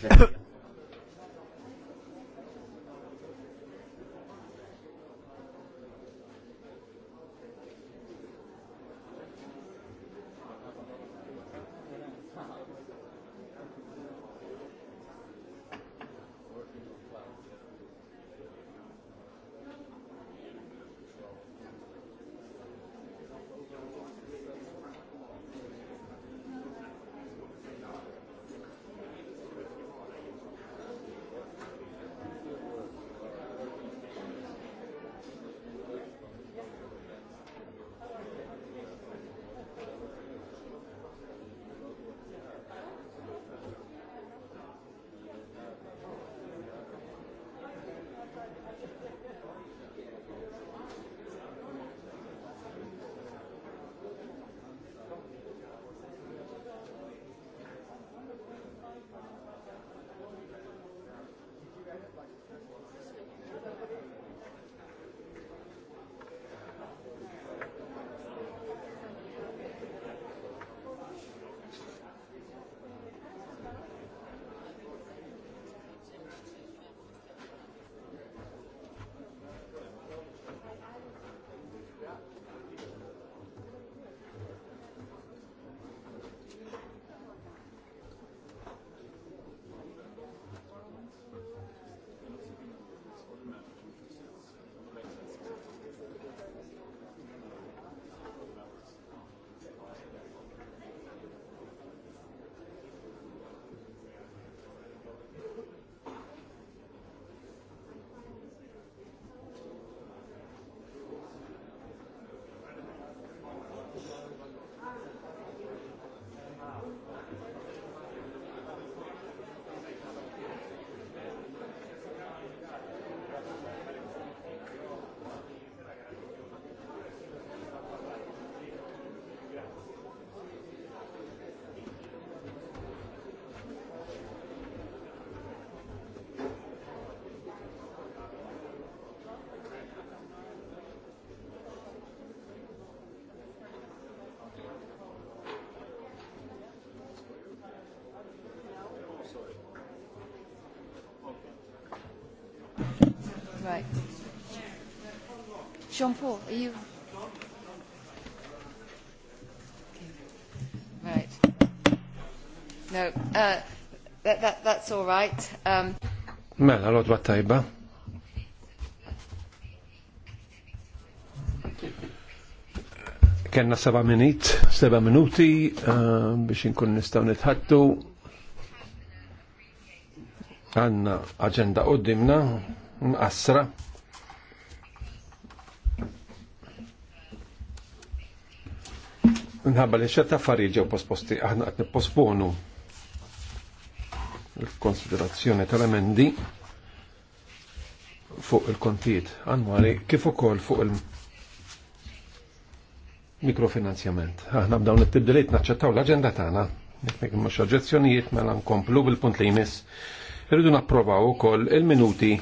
tlet Jean-Paul, are you? Right. No, uh, that, that, that's all right. Um, Mela, l-odwa tajba. Kenna seba minut, seba minuti uh, biex nistaw nitħattu. Għanna agenda qoddimna, asra. minħabba li xetta affarijiet ġew posposti aħna qed nipposponu il-konsiderazzjoni tal-emendi fuq il-kontijiet annwali kif ukoll fuq il- mikrofinanzjament. Aħna b'dawn it-tibdiliet naċċettaw l-aġenda tagħna. Jekk mhux oġġezzjonijiet mela nkomplu bil-punt li jmiss. Irridu napprovaw ukoll il-minuti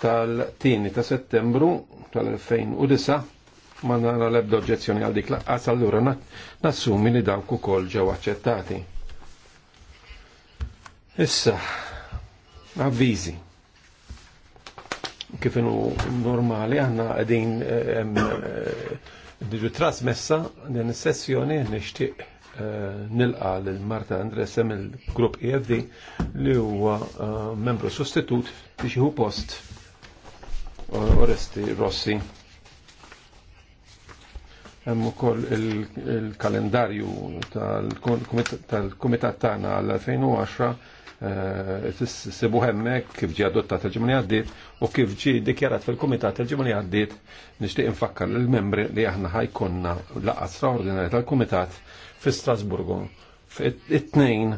tal-tieni ta' Settembru tal-2009 ma nara l-ebda oġġezzjoni għal dik laqqas allura nassumi li dawk ukoll ġew aċċettati. Issa, avviżi. Kif inhu normali aħna qegħdin diġu trasmessa din is-sessjoni nixtieq eh, nilqa lil Marta Andresem il-grupp EFD li huwa eh, membru sostitut biex post eh, Oresti Rossi Hemm ukoll il-kalendarju tal-Kumitat tagħna għal-2010 eh, tissibu hemmhekk kif ġie adottat il-ġimgħa għaddiet u kif ġie dikjarat fil-Kumitat il-ġimgħa għaddiet nixtieq infakkar lill-membri li aħna ħajkonna laqgħa straordinarja tal-Kumitat fi Strasburgu it-tnejn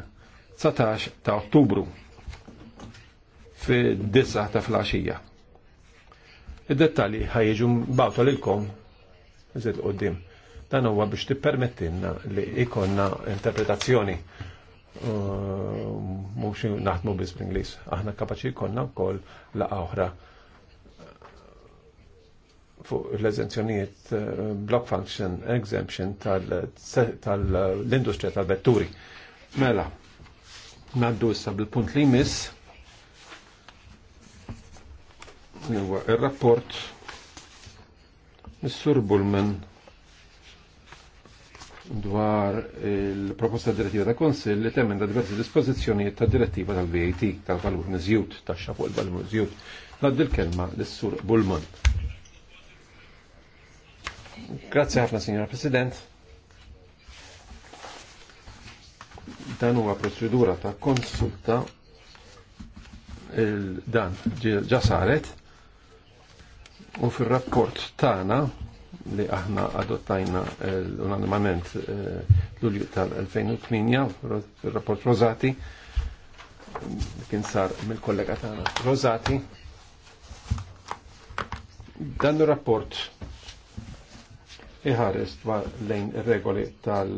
19 ta' Ottubru fi 9 ta' flaxija. id dettalji ħajġu mbagħtu lilkom iżed dim. Dan huwa biex tippermettinna li ikonna interpretazzjoni uh, mux naħdmu biz bl-Ingliż. Aħna kapaċi jkollna wkoll laqa oħra fuq l-eżenzjonijiet uh, block function exemption tal industria tal-vetturi. Mela, naddu issa bil-punt li jmiss il-rapport Missur Bullman dwar il-proposta direttiva ta' konsil li temmenda diversi dispożizzjonijiet ta' direttiva tal-VAT, tal-valur nizjut, taxxa fuq il-valur nizjut, ta' dil kelma l-Sur Bulman. Grazie ħafna, Signora President. Dan huwa procedura ta' konsulta il-dan ġa saret U fil-rapport tagħna li aħna adottajna eh, unanimament eh, l-ulju tal-2008 fil-rapport Rosati kien sar mill-kollega tagħna Rosati dan rapport iħares dwar lejn regoli tal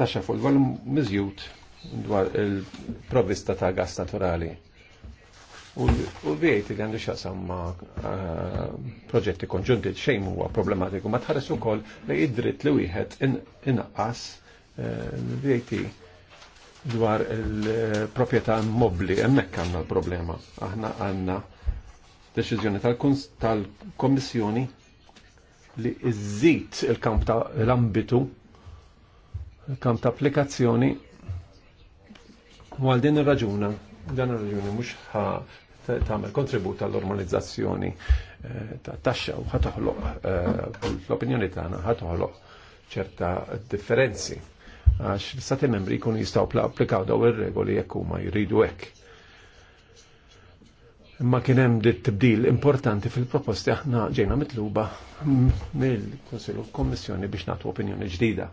taxxa fuq il-volum miżjud dwar il-provvista ta' gas naturali U l li għandu xaqsam ma eh, proġetti konġunti xejn huwa problematiku, ma tħares ukoll li id-dritt li wieħed inqas eh, l-VAT dwar il-propieta mobli, emmek għanna l-problema. Aħna għanna deċizjoni tal-komissjoni li iżżid il-kamp ta' l-ambitu, il-kamp ta' applikazzjoni, u għal din ir-raġuna, dan ir-raġuni mhux ħa tagħmel kontribut għall normalizzazzjoni eh, ta' taxxa u ħatoħloq eh, l-opinjoni tagħna ħatoħloq ċerta differenzi għax l-istati membri jkunu jistgħu applikaw daw ir-regoli jekk huma jridu hekk. Imma kien hemm dit tibdil importanti fil-proposti aħna ġejna mitluba mill-Kunsill u l Kommissjoni biex nagħtu opinjoni ġdida.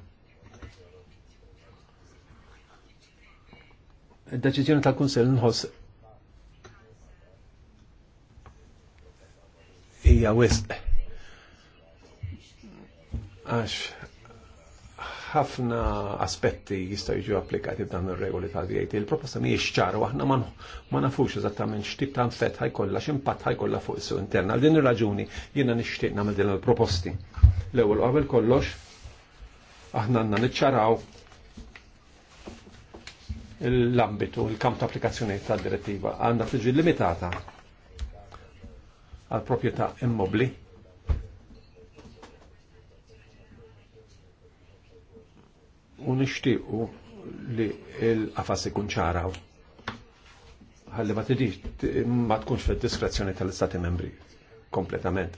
Id-deċiżjoni tal-Kunsill nħoss hija wisq. Għax ħafna aspetti jistgħu jiġu applikati f'dan ir-regoli tal-VAT. Il-proposta mhijiex ċara u aħna ma nafux eżattament x'tip ta' nfett ħajkollha x'impatt ħajkollha fuq is-suq interna. Għal din ir-raġuni jiena nixtieq nagħmel din il-proposti. L-ewwel qabel kollox aħna għandna niċċaraw l-ambitu, il-kamp ta' applikazzjoni ta' direttiva għandha tiġi limitata għal proprjetà immobli. U nixtiequ li l-qafas ikun ċaraw. Għalli ma tidix ma tkunx fid-diskrezzjoni tal-Istati membri kompletament.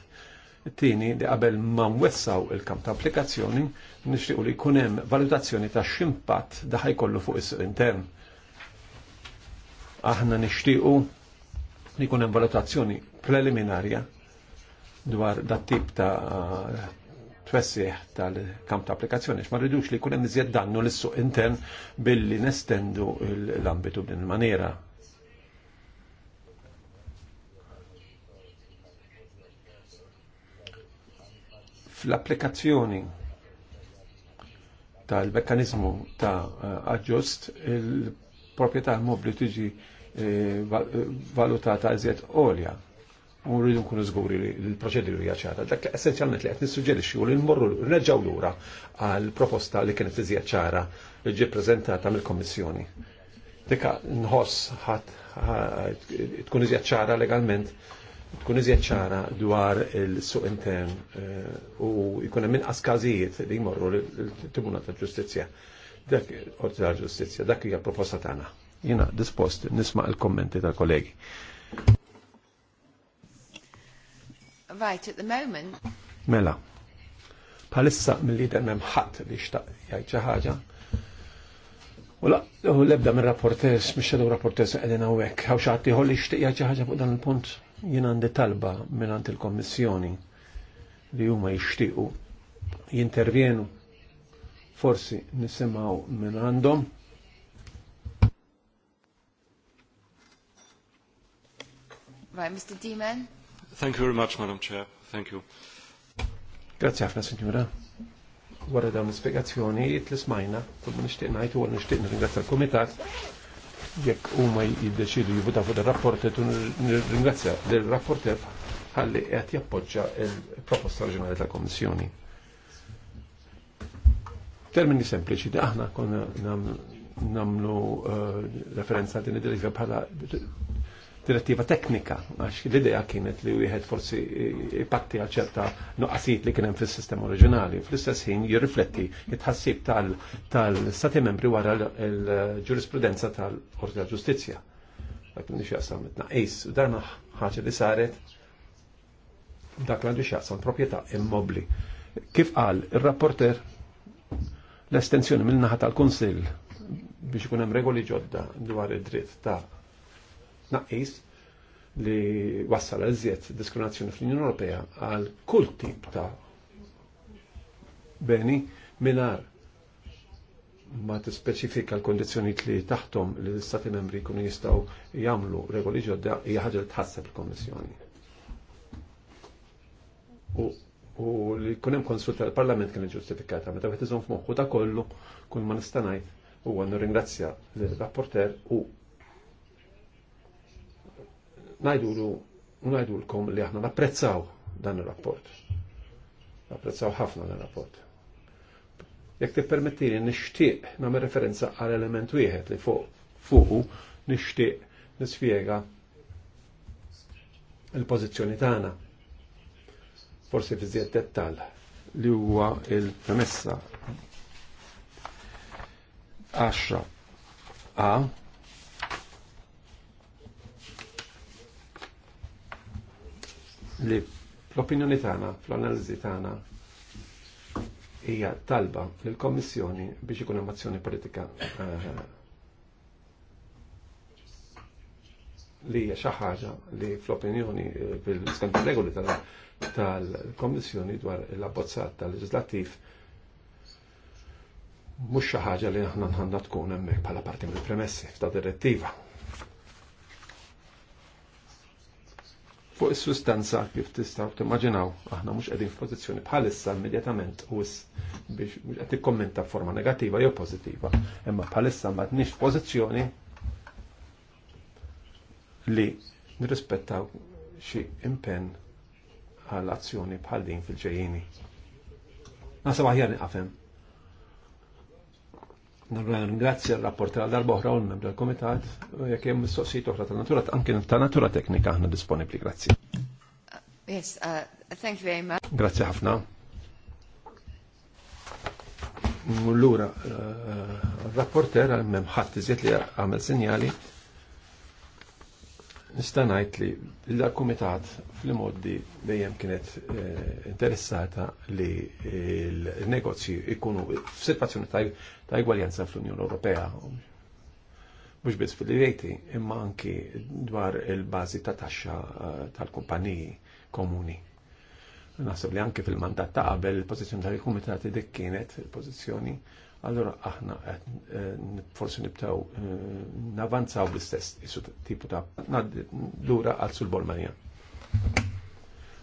Tini li qabel ma mwessaw il-kamp ta' applikazzjoni nixtiequ li jkun hemm valutazzjoni ta' x'impatt daħaj kollu fuq is-suq intern. Aħna nixtiequ li jkun hemm valutazzjoni preliminarja dwar dat tip ta' twessieħ tal-kamp ta' applikazzjoni, ma rridux li kunem iżjed dannu l-suq intern billi nestendu l-ambitu b'din maniera. Fl-applikazzjoni tal-mekkanizmu ta' aġġust, il proprjetà mobli tiġi eh, valutata iżjed olja u rridu nkunu zguri li l-proċeduri hija ċara. Dak essenzjalment li qed nissuġġerixxi u li nmorru nerġgħu lura għal proposta li kienet iżjed ċara li ġie ppreżentata mill-Kommissjoni. Dika nħoss ħadd tkun iżjed ċara legalment tkun iżjed ċara dwar il-suq intern eh, u jkun hemm inqas każijiet li jmorru l tribuna tal-Ġustizzja. Dak Qorti tal-Ġustizzja, dak hija proposta tagħna. Jiena dispost nisma' il-kommenti tal-kollegi right at the moment. Mela, palissa mill-lider ħadd li xtaq jgħid ħaġa. U l-ebda minn rapportess, mux xedu rapportess għedin għawek, għaw xaħti li xtaq jgħid ħaġa fuq dan il-punt jien għandi talba minn il-kommissjoni li huma jixtiequ jintervjenu forsi nisimgħu minn għandhom Right, Mr. Demon? Thank you very much, Madam Chair. Thank you. Grazie ħafna, Signora. Wara dawn l-spiegazzjoni, it-lismajna, kull nishtiq najtu għal nishtiq nirringrazzja l-Komitat jekk huma jiddeċidu jivutaw fuq il rapportet u nirringrazzja lill-rapporter ħalli qed jappoġġa l-proposta oriġinali tal-Kommissjoni. Termini sempliċi, aħna konna namlu eh, referenza din id-direttiva bħala direttiva teknika, għax l-idea kienet li wieħed forsi ipatti għal ċerta nuqqasijiet li kien hemm fis-sistema oriġinali, fl-istess ħin jirrifletti jitħassib tal-Stati membri wara l-ġurisprudenza tal-Qorti tal-Ġustizzja. Dak li xjaqsam it-naqis, u dan ħaġa li saret dak li għandu xjaqsam proprjetà immobli. Kif qal ir-rapporter l-estensjoni mill-naħa tal-Kunsill biex ikun hemm regoli ġodda dwar id-dritt ta' tnaqqis li wassal għal diskriminazzjoni fl-Unjoni Ewropea għal kull tip ta' beni minar ma t-specifika l kondizjoni li taħtom li l-Stati membri kunu jistaw jamlu regoli ġodda jħagġa li tħasseb il-Kommissjoni. U, u li kun hemm konsulta l-Parlament kien ġustifikata meta qed f f'moħħu ta' kollu kull ma nista' ngħid huwa nirringrazzja l-rapporter u najdulu najdulkom li aħna napprezzaw dan il-rapport. Napprezzaw ħafna dan il-rapport. Jek ti permettili nishtiq nam referenza għal element wieħed li fuq fuqu nishtiq nispjega il-pozizjoni tagħna. Forsi fi żjed dettal li huwa il-premessa 10 A li fl-opinjoni tagħna, fl-analiżi tagħna hija talba lill kommissjoni biex ikun hemm azzjoni politika eh, li hija xi ħaġa li fl-opinjoni bil-skont eh, regoli tal-Kommissjoni dwar l-abbozzat tal-leġislattiv mhux xi ħaġa li aħna nħanna tkun hemmhekk bħala parti mill-premessi f'ta' direttiva. fuq is-sustanza kif tista' timmaġinaw aħna mhux qegħdin f'pożizzjoni bħalissa immedjatament u biex qed tikkommenta f'forma negattiva jew pożittiva, imma bħalissa ma tniex f'pożizzjoni li nirrispettaw xi impenn għall azzjoni bħal din fil-ġejjini. Nasab aħjar niqafem. Ringrazzja l-rapport tal-darbohra u l-membri tal-komitat, jek jem mistoqsijiet oħra ta' natura, anke ta' natura teknika aħna disponibli, grazzi. Uh, yes, uh, thank you very much. Grazzi ħafna. Mullura, uh, rapporter għal-mem ħadd iżjed li għamel sinjali nista' li l-kumitat fil moddi dejjem kienet eh, interessata li l-negozji ikunu f'sitwazzjoni ta' igwaljanza fl-Unjoni Ewropea Mux biss fil-rejti imma anki dwar il-bażi ta' taxxa eh, tal-kumpaniji komuni. Naħseb li anke fil-mandat ta' qabel il-pożizzjoni tal-kumitati dik kienet il-pożizzjoni allora aħna eh, forsi nibtaw eh, navanzaw bl-istess isu tipu ta' lura għal sul bolmanija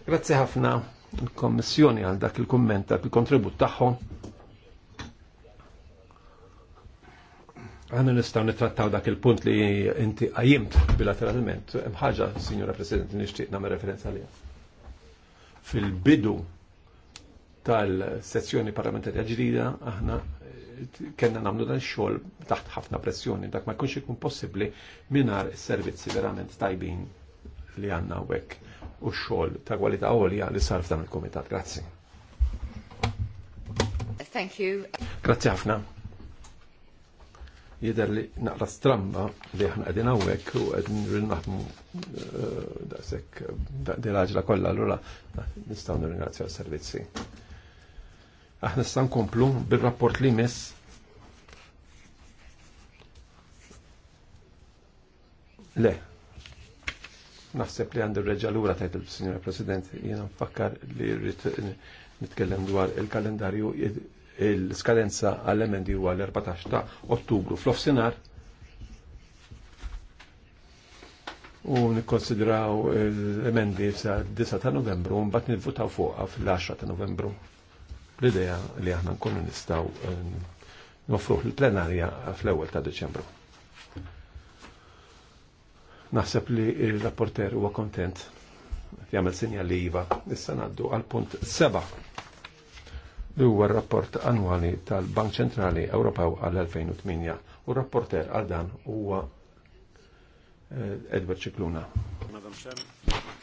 Grazzi ħafna l kommissjoni għal dak il-komment, dak il-kontribut tagħhom. Għanna nistaw nitrattaw dak il-punt li inti għajimt bilateralment. ħaġa Signora President, nixtieq nagħmel referenza li. Fil-bidu tal-sezzjoni parlamentarja ġdida, aħna kena namlu dan xol taħt ħafna pressjoni, dak ma jkunx ikun possibli minar servizzi verament tajbin li għanna wek u xol ta' kwalità għolja li sarf dan il-komitat. Grazzi. Thank you. Grazzi ħafna. Jider li naqra stramba li ħan għedin għawek u għedin rinnaħmu eh, da' sekk da' eh, dil kolla l-ura eh, nistaw nirringrazzja s-servizzi. Aħna s nkomplu bir-rapport li mess Le. Naħseb li għandu reġalura tajt il-Signora President, jena nfakkar li rrit nitkellem dwar il-kalendarju il-skadenza għall-emendi huwa l-14 ta' Ottubru fl-ofsinar u nikkonsidraw l-emendi sa' 9 ta' Novembru u mbagħad nivvutaw fuqha fl-10 ta' Novembru l-ideja li aħna nkunu nistaw eh, nofruħ l-plenarja fl-ewwel ta' Deċembru. Naħseb li il-rapporter huwa kontent jagħmel sinja li iva issa naddu għal punt seba' li huwa r-rapport annwali tal-Bank Ċentrali Ewropew għal-2008 u r-rapporter għal dan huwa eh, Edward Cikluna. Madam Chairman.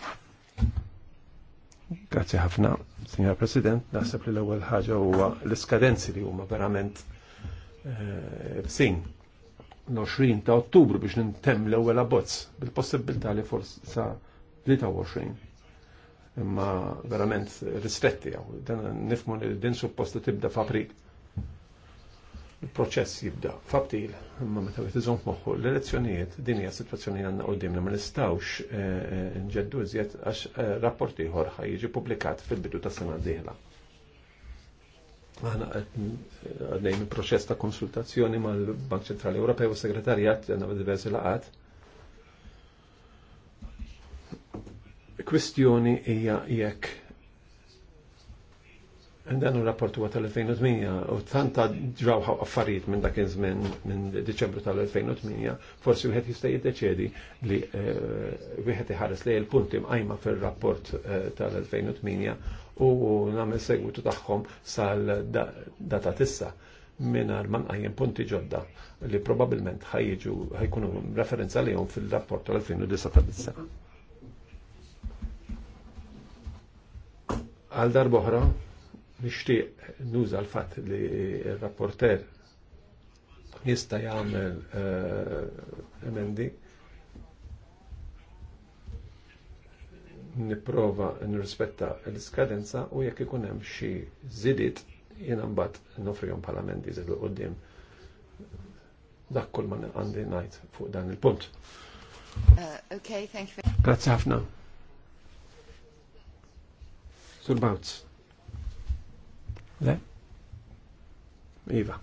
Grazie ħafna, Signor President, naħseb li l-ewwel ħaġa huwa l-iskadenzi li huma verament eh, sin l-20 ta' Ottubru biex nintem l-ewwel abbozz bil-possibilità li forsi sa 23. Imma verament rispetti jew dan nifhmu li din supposta tibda f'April il-proċess jibda. Fabtil, ma meta bħet iżon moħħu, l-elezzjonijiet din hija situazzjoni għandna qoddimna ma nistgħux eh, eh, nġeddu iżjed għax eh, rapport ieħor ħaj jiġi pubblikat fil-bidu ta' sena d-dieħla. Aħna għaddejn proċess ta' konsultazzjoni mal-Bank Ċentrali Ewropew u Segretarjat għandna diversi laqat. Kwistjoni hija jekk Dan u rapport huwa tal-2008 u tanta ġrawħa affarijiet minn dak iż minn Diċembru tal-2008, forsi wieħed jista' jiddeċiedi li eh, wieħed iħares li il-punti mqajma fir-rapport eh, tal-2008 u nagħmel segwitu tagħhom sal-data tissa mingħajr ma nqajjem punti ġodda li probabbilment ħajjiġu ħajkunu referenza lihom fil-rapport tal-2009 Għal darboħra, nishtiq nuża l-fatt li r-rapporter jista' jagħmel eh, emendi nipprova nirrispetta l-iskadenza u jekk ikun hemm xi żidiet jiena mbagħad nofrihom bħala emendi żid l dak kull ma għandi ngħid fuq dan il-punt. Uh, okay, thank you. ħafna. Sur Ne? Iva.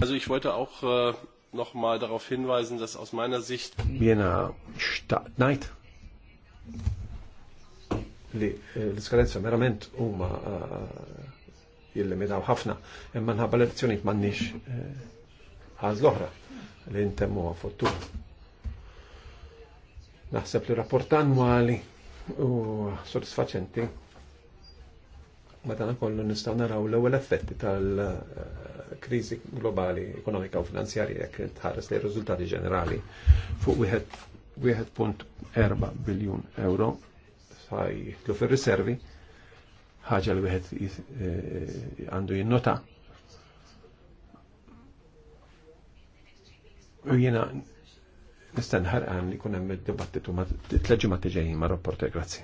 Also ich wollte auch uh, noch mal darauf hinweisen, dass aus meiner Sicht Jena Nein. Li äh, l-iskadenza verament huma äh, jillimitaw ħafna, imma nħabba l-elezzjonijiet m'għandniex ħaż l-oħra li ntemmuha fottur. Naħseb li rapport annwali u sodisfaċenti madana kollu nistaw naraw l-ewwel effetti tal krizi globali ekonomika u finanzjarja jekk tħares li riżultati ġenerali fuq 1.4 punt biljun euro faj tlu fil riservi ħaġa li wieħed eh, għandu jinnota. U jiena nistenħar għan li kunem id dibattitu ma t-tleġi ma t-ġejjin ma' rapporti, grazzi.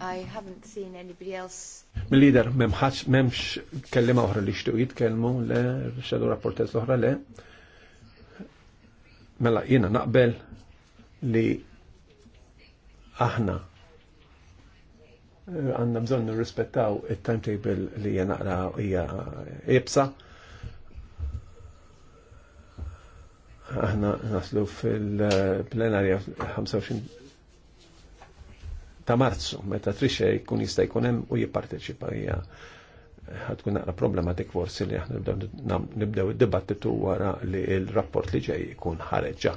I haven't seen anybody else. Mill-lider, memħax, memx kellima uħra li xtu jitkellmu, le, xedu rapportez uħra le. Mela, jina naqbel li aħna eh, għanna bżon nirrispettaw il-timetable li jena naqra hija ibsa. Aħna naslu fil-plenarja ta' marzu, meta trixe jkun jista' jkun hemm u jipparteċipa hija ħatkun naqra problematik forsi li aħna nibdew id-dibattitu wara li l rapport li ġej jkun ħareġġa.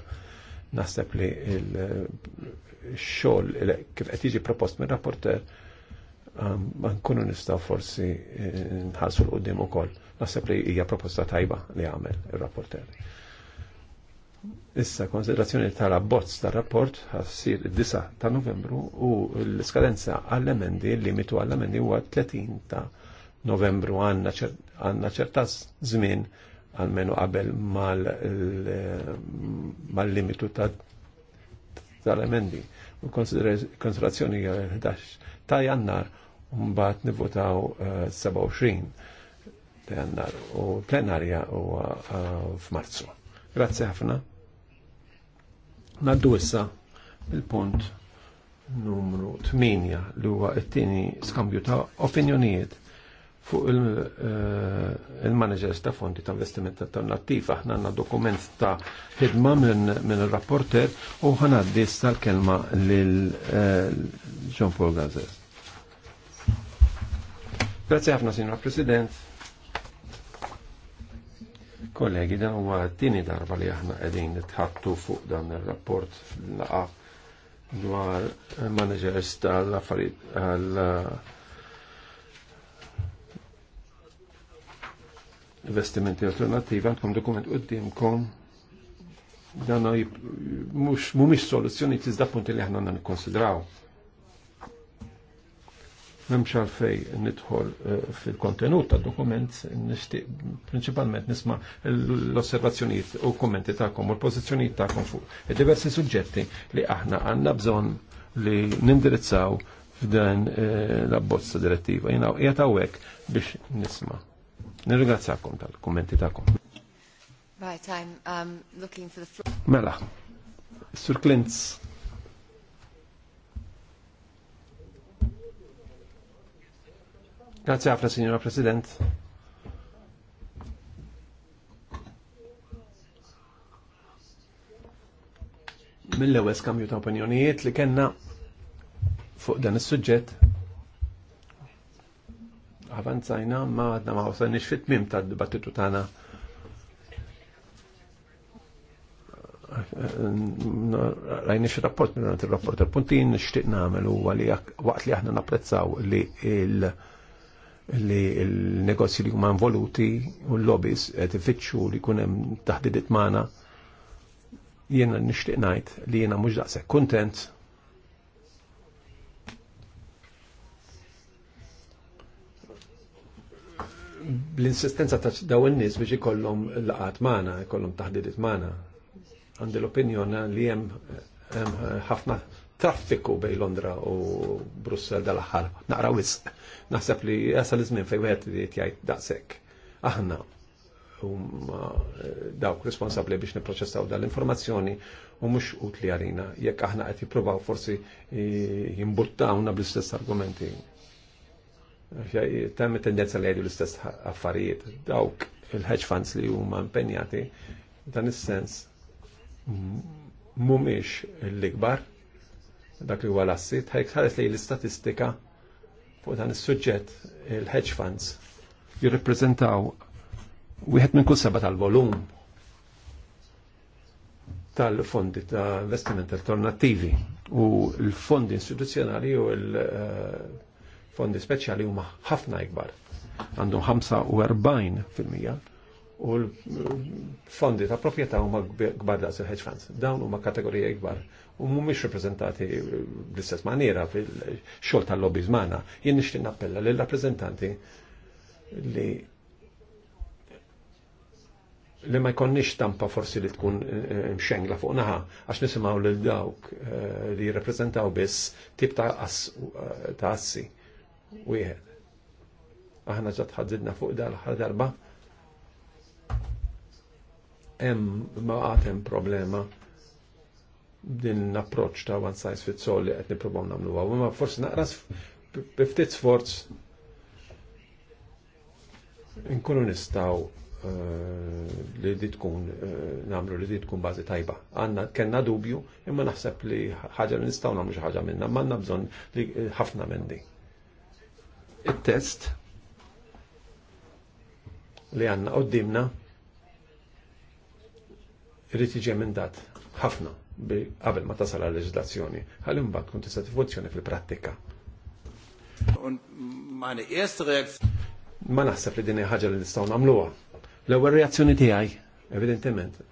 Naħseb li x xogħol kif qed jiġi propost minn rapporter um, ma nkunu nistgħu forsi eh, nħallsu l qudiem ukoll. Naħseb li hija proposta tajba li għamel ir-rapporter. Issa konsiderazzjoni tal-abbozz tal-rapport għassir id-9 ta' novembru u l-skadenza għall-emendi, l-limitu għall-emendi huwa 30 ta' novembru għanna ċerta żmien għalmenu qabel eh, mal-limitu tal-emendi. U konsiderazzjoni 11 ta' jannar mbagħad nivotaw 27 eh, ta' jannar u plenarja huwa eh, f'Marzu. Grazzi ħafna. Naddu issa il-punt numru 8 li huwa t-tieni skambju ta' opinjonijiet fuq eh, il-managers ta' fondi ta' investiment alternattiv. Aħna għandna dokument ta' ħidma minn il-rapporter u ħanaddi issa l-kelma lil eh, Jean Paul Gazes. Grazie ħafna, Signor President. Kollegi, dan huwa t tini darba li aħna qegħdin nitħattu fuq dan ir-rapport laqa dwar managers tal-affarijiet għal investimenti alternativi għandkom dokument qudiemkom dan mhumiex soluzzjoni tiżda punti li aħna nikkonsidraw. konsidraw Memx għalfej nidħol eh, fil-kontenut ta' dokument, nishtiq principalment nisma l osservazzjoniet u kommenti ta'kom u l-pozizjonijiet ta'kom fuq diversi suġġetti li aħna għanna bżon li nindirizzaw f'dan eh, la bozza direttiva. Jena u jgħatawek biex nisma. Nirringrazzakom tal-kommenti ta'kom. Right, I'm um, looking for the floor. Mela, Sir Klintz. Grazie ħafna, Signora President. mill-ewwel skambju ta' opinjonijiet li kellna fuq dan is-suġġett avanzajna ma għadna ma għosan fit-mim ta' dibattitu tagħna. Rajni xi rapport minn rapport tal-puntin nixtieq nagħmel huwa li waqt li aħna napprezzaw li il- li l-negozji li huma voluti u l-lobbies qed ifittxu li jkun hemm maħna magħna jiena nixtieq ngħid li jiena mhux daqshekk kuntent l-insistenza ta' daw n-nis biex ikollhom laqat magħna, ikollhom taħdidiet magħna. Għandi l li hemm ħafna traffiku bej Londra u Brussel dal-aħħar. Naqra wis. Naħseb li jasal izmin fej fejn wieħed li jtjajt daqsek. Aħna huma eh, dawk responsabbli biex nipproċessaw dal-informazzjoni u mhux utli għalina jekk aħna qed jippruvaw forsi eh, jimbuttawna bl-istess argumenti. Eh, Temm tendenza li jgħidu l-istess affarijiet. Dawk il-hedge funds li huma impenjati dan is-sens mumiex l-ikbar dak li huwa l-assit, ħares li l-istatistika fuq dan is-suġġett il-hedge funds jirrepreżentaw wieħed minn kull seba' tal-volum tal-fondi ta' investiment alternattivi u l-fondi istituzzjonali u l-fondi eh, speċjali huma ħafna ikbar. Għandhom 45% u l-fondi ta' proprjetà huma kbar daqs il-hedge funds. Dawn huma kategorija ikbar u mhumiex rappreżentati bl-istess maniera fil-xogħol tal-lobby zmana, Jien nixtieq nappella lil rappreżentanti li li ma jkonniex tampa forsi li tkun eh, eh, mxengla fuq naħa, għax nisimgħu lil dawk eh, li jirrappreżentaw biss tip ta' assi wieħed. Aħna ġat ħaddidna fuq dal-ħar darba hemm ma għad hemm problema din l-approċ ta' one size fits all li qed nippruvaw namlu għaw, ma forsi naqras biftit sforz nkunu nistgħu eh, li di tkun eh, namlu li di tkun bażi tajba. Għanna kena dubju imma naħseb li ħaġa li nistgħu nagħmlu xi ħaġa ma għanna bżonn li eh, ħafna mendi. il It-test li għandna għoddimna irid jiġi emendat ħafna għabel ma tasal għal-leġislazzjoni, ħalli mbagħad kun tista' funzjoni fil-prattika. Ma naħseb li dini ħagġa li nistaw namluwa. l ewel reazzjoni ti għaj, evidentement,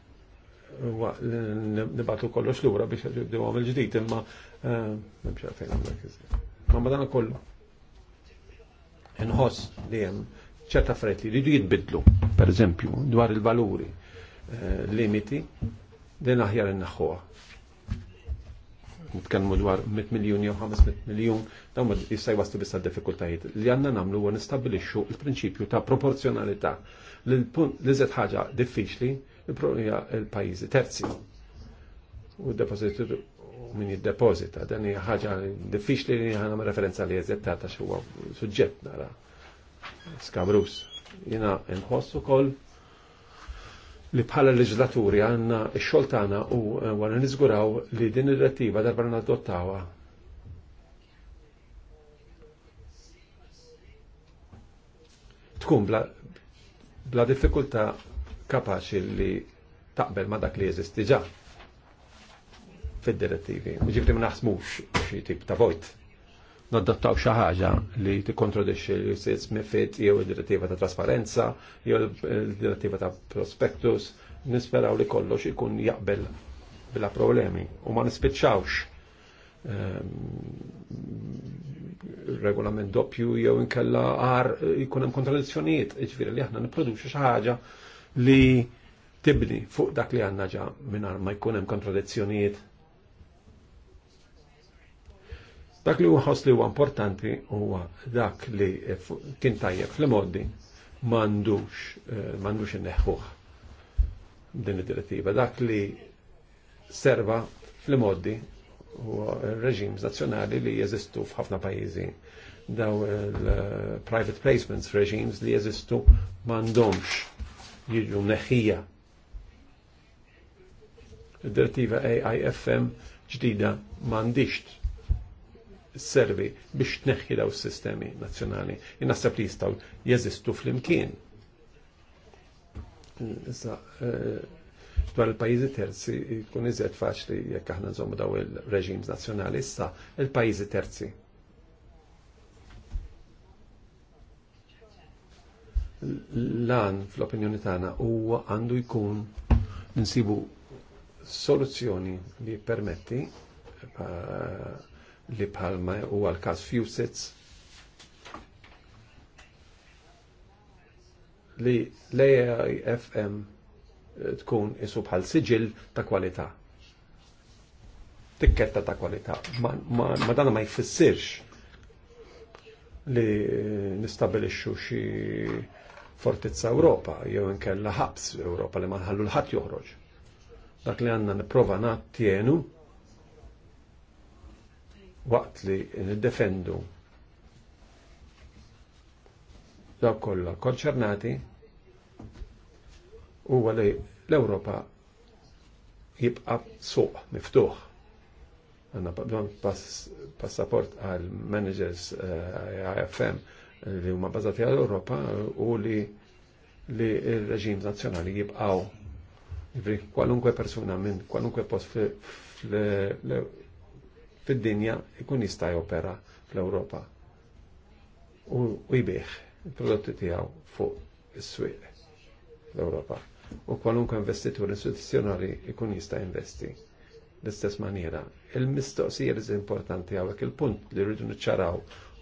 Nibatu kollox l lura biex għabdu għamil ġdijt, imma eh, nemx għalfejn għamlek iżda. Ma madana kollu. Nħos li jem ċerta affarijiet li jridu per eżempju, dwar il-valuri, eh, limiti, din aħjar innaħħuha. Nitkellmu dwar 100 miljun jew 500 miljun, dawn jista' jwastu biss diffikultajiet. Li għandna nagħmlu huwa nistabbilixxu l-prinċipju ta' proporzjonalità. Li żed ħaġa diffiċli hija l-pajjiżi terzi. U d min jiddepozita, dan hija ħaġa diffiċli li ħana referenza li jeżed ta' ta' xuwa suġġett nara. Skabrus. Jina nħossu kol li bħala leġislaturi għanna x-xogħol tagħna u għanna eh, niżguraw li din id-direttiva darba nadottawha tkun bla, bla diffikultà kapaċi li taqbel ma dak li jeżisti ġa fid-direttivi. Ġifri ma naħsmux xi tip ta' vojt nadottaw xi ħaġa li tikkontradixxi l-UCS MIFID jew id-direttiva ta' trasparenza jew id-direttiva ta' prospectus, nisperaw li kollox ikun jaqbel bila problemi u ma nispiċċawx ehm, regolament doppju jew inkella għar ikun hemm kontradizzjonijiet, jiġifieri li aħna nipproduċu xi ħaġa li tibni fuq dak li għandna ġa mingħajr ma jkun hemm kontradizzjonijiet Dak li uħos li huwa importanti huwa dak li kien tajjeb fl Moddi m'għandux eh, m'għandux inneħħuh din id-direttiva. Dak li serva fl Moddi huwa reġim nazzjonali li jeżistu f'ħafna pajjiżi daw il-private placements regimes li jeżistu m'għandhomx jiġu neħħija. Id-direttiva AIFM ġdida mandiċt servi biex tneħħi daw s-sistemi nazzjonali. Innaħseb li jistaw jeżistu fl-imkien. Eh, dwar il-pajizi terzi jkun iżjed faċli jekk aħna nżommu daw il reġim nazzjonali issa il-pajizi terzi. Lan fl-opinjoni tagħna huwa għandu jkun insibu soluzzjoni li permetti eh, li bħalma huwa l-każ Fusets li l-AIFM eh, tkun isu bħal siġil ta' kwalità. Tikketta ta' kwalità. Ma, ma, ma dana ma jfissirx li eh, nistabilixxu xi fortizza Ewropa jew inkella ħabs Ewropa li ma nħallu l-ħadd joħroġ. Dak li għandna nipprova nagħtienu waqt li niddefendu dawk kollha konċernati huwa li l-Ewropa jibqa' suq miftuħ. Għanna Għandna passaport għal managers IFM eh, li huma bażati għal Ewropa u li li il-reġim nazjonali jibqaw kwalunkwe persuna minn kwalunkwe post fid-dinja ikun jista' jopera fl-Ewropa u jbieħ il-prodotti tiegħu fuq is-swieq fl ewropa U kwalunkwe investitur istituzzjonali ikun jista' investi l-istess maniera. Il-mistoqsija li importanti għawek il-punt li rridu niċċaraw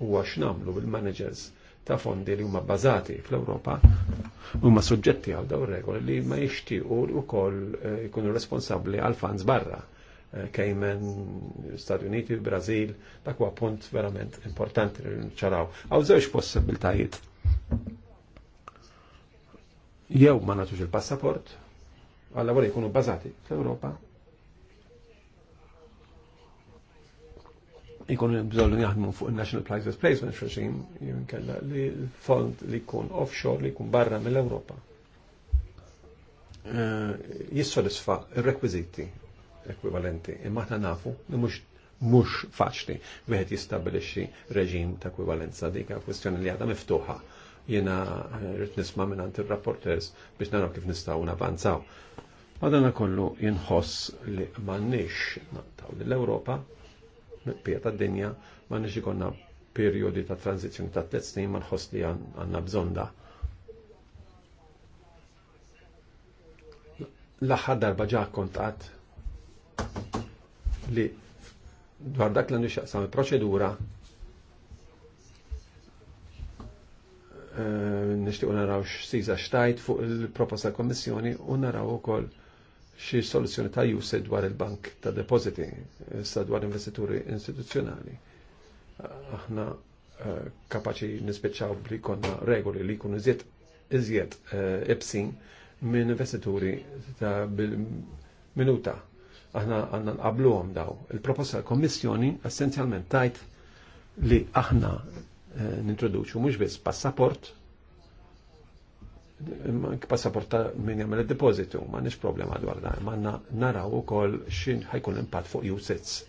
għax namlu bil-managers ta' fondi li huma bbażati fl-Ewropa huma suġġetti għal daw regoli li ma jixtiequ wkoll eh, ikunu responsabbli għal fans barra Eh, Cayman, Stati Uniti, Brazil, dak huwa punt verament importanti li nċaraw. Għaw żewġ possibiltajiet. Jew ma nagħtux il-passaport, għal wara jkunu bażati fl-Ewropa. Ikun bżonnu jaħdmu fuq il-National prices Placement Regime, jinkella li fond li jkun offshore li jkun barra mill-Ewropa eh, jissodisfa il-rekwiziti ekwivalenti. Imma ta' nafu li mhux faċli wieħed jistabilixxi reġim ta' ekwivalenza dik hija kwestjoni li għadha miftuħa. Jiena eh, rrid nisma' mingħand ir-rapporters biex naraw kif nistgħu navanzaw. Madonna kollu jinħoss li m'għandniex naqtaw l-Ewropa pieta d-dinja m'għandniex ikonna periodi ta' tranzizjoni ta' tliet snin ma nħoss li għandna bżonda. L-aħħar darba ġa li dwar dak li nixaqsam il-proċedura eh, nishtiq naraw x-siza xtajt fuq il-proposta kommissjoni u naraw u koll xie soluzzjoni ta' juse dwar il-bank ta' depositi, sa' dwar investituri istituzjonali. Aħna eh, kapaċi nispeċaw li konna regoli li kunu iżjed iżjed eh, ibsin minn investituri ta' minuta aħna għanna nqablu għom daw. Il-proposta kommissjoni essenzjalment tajt li aħna eh, nintroduċu mux biss passaport, passaport ta' minn jagħmel id ma nix problema dwar da' ma naraw ukoll x'in ħajkun impatt fuq usits.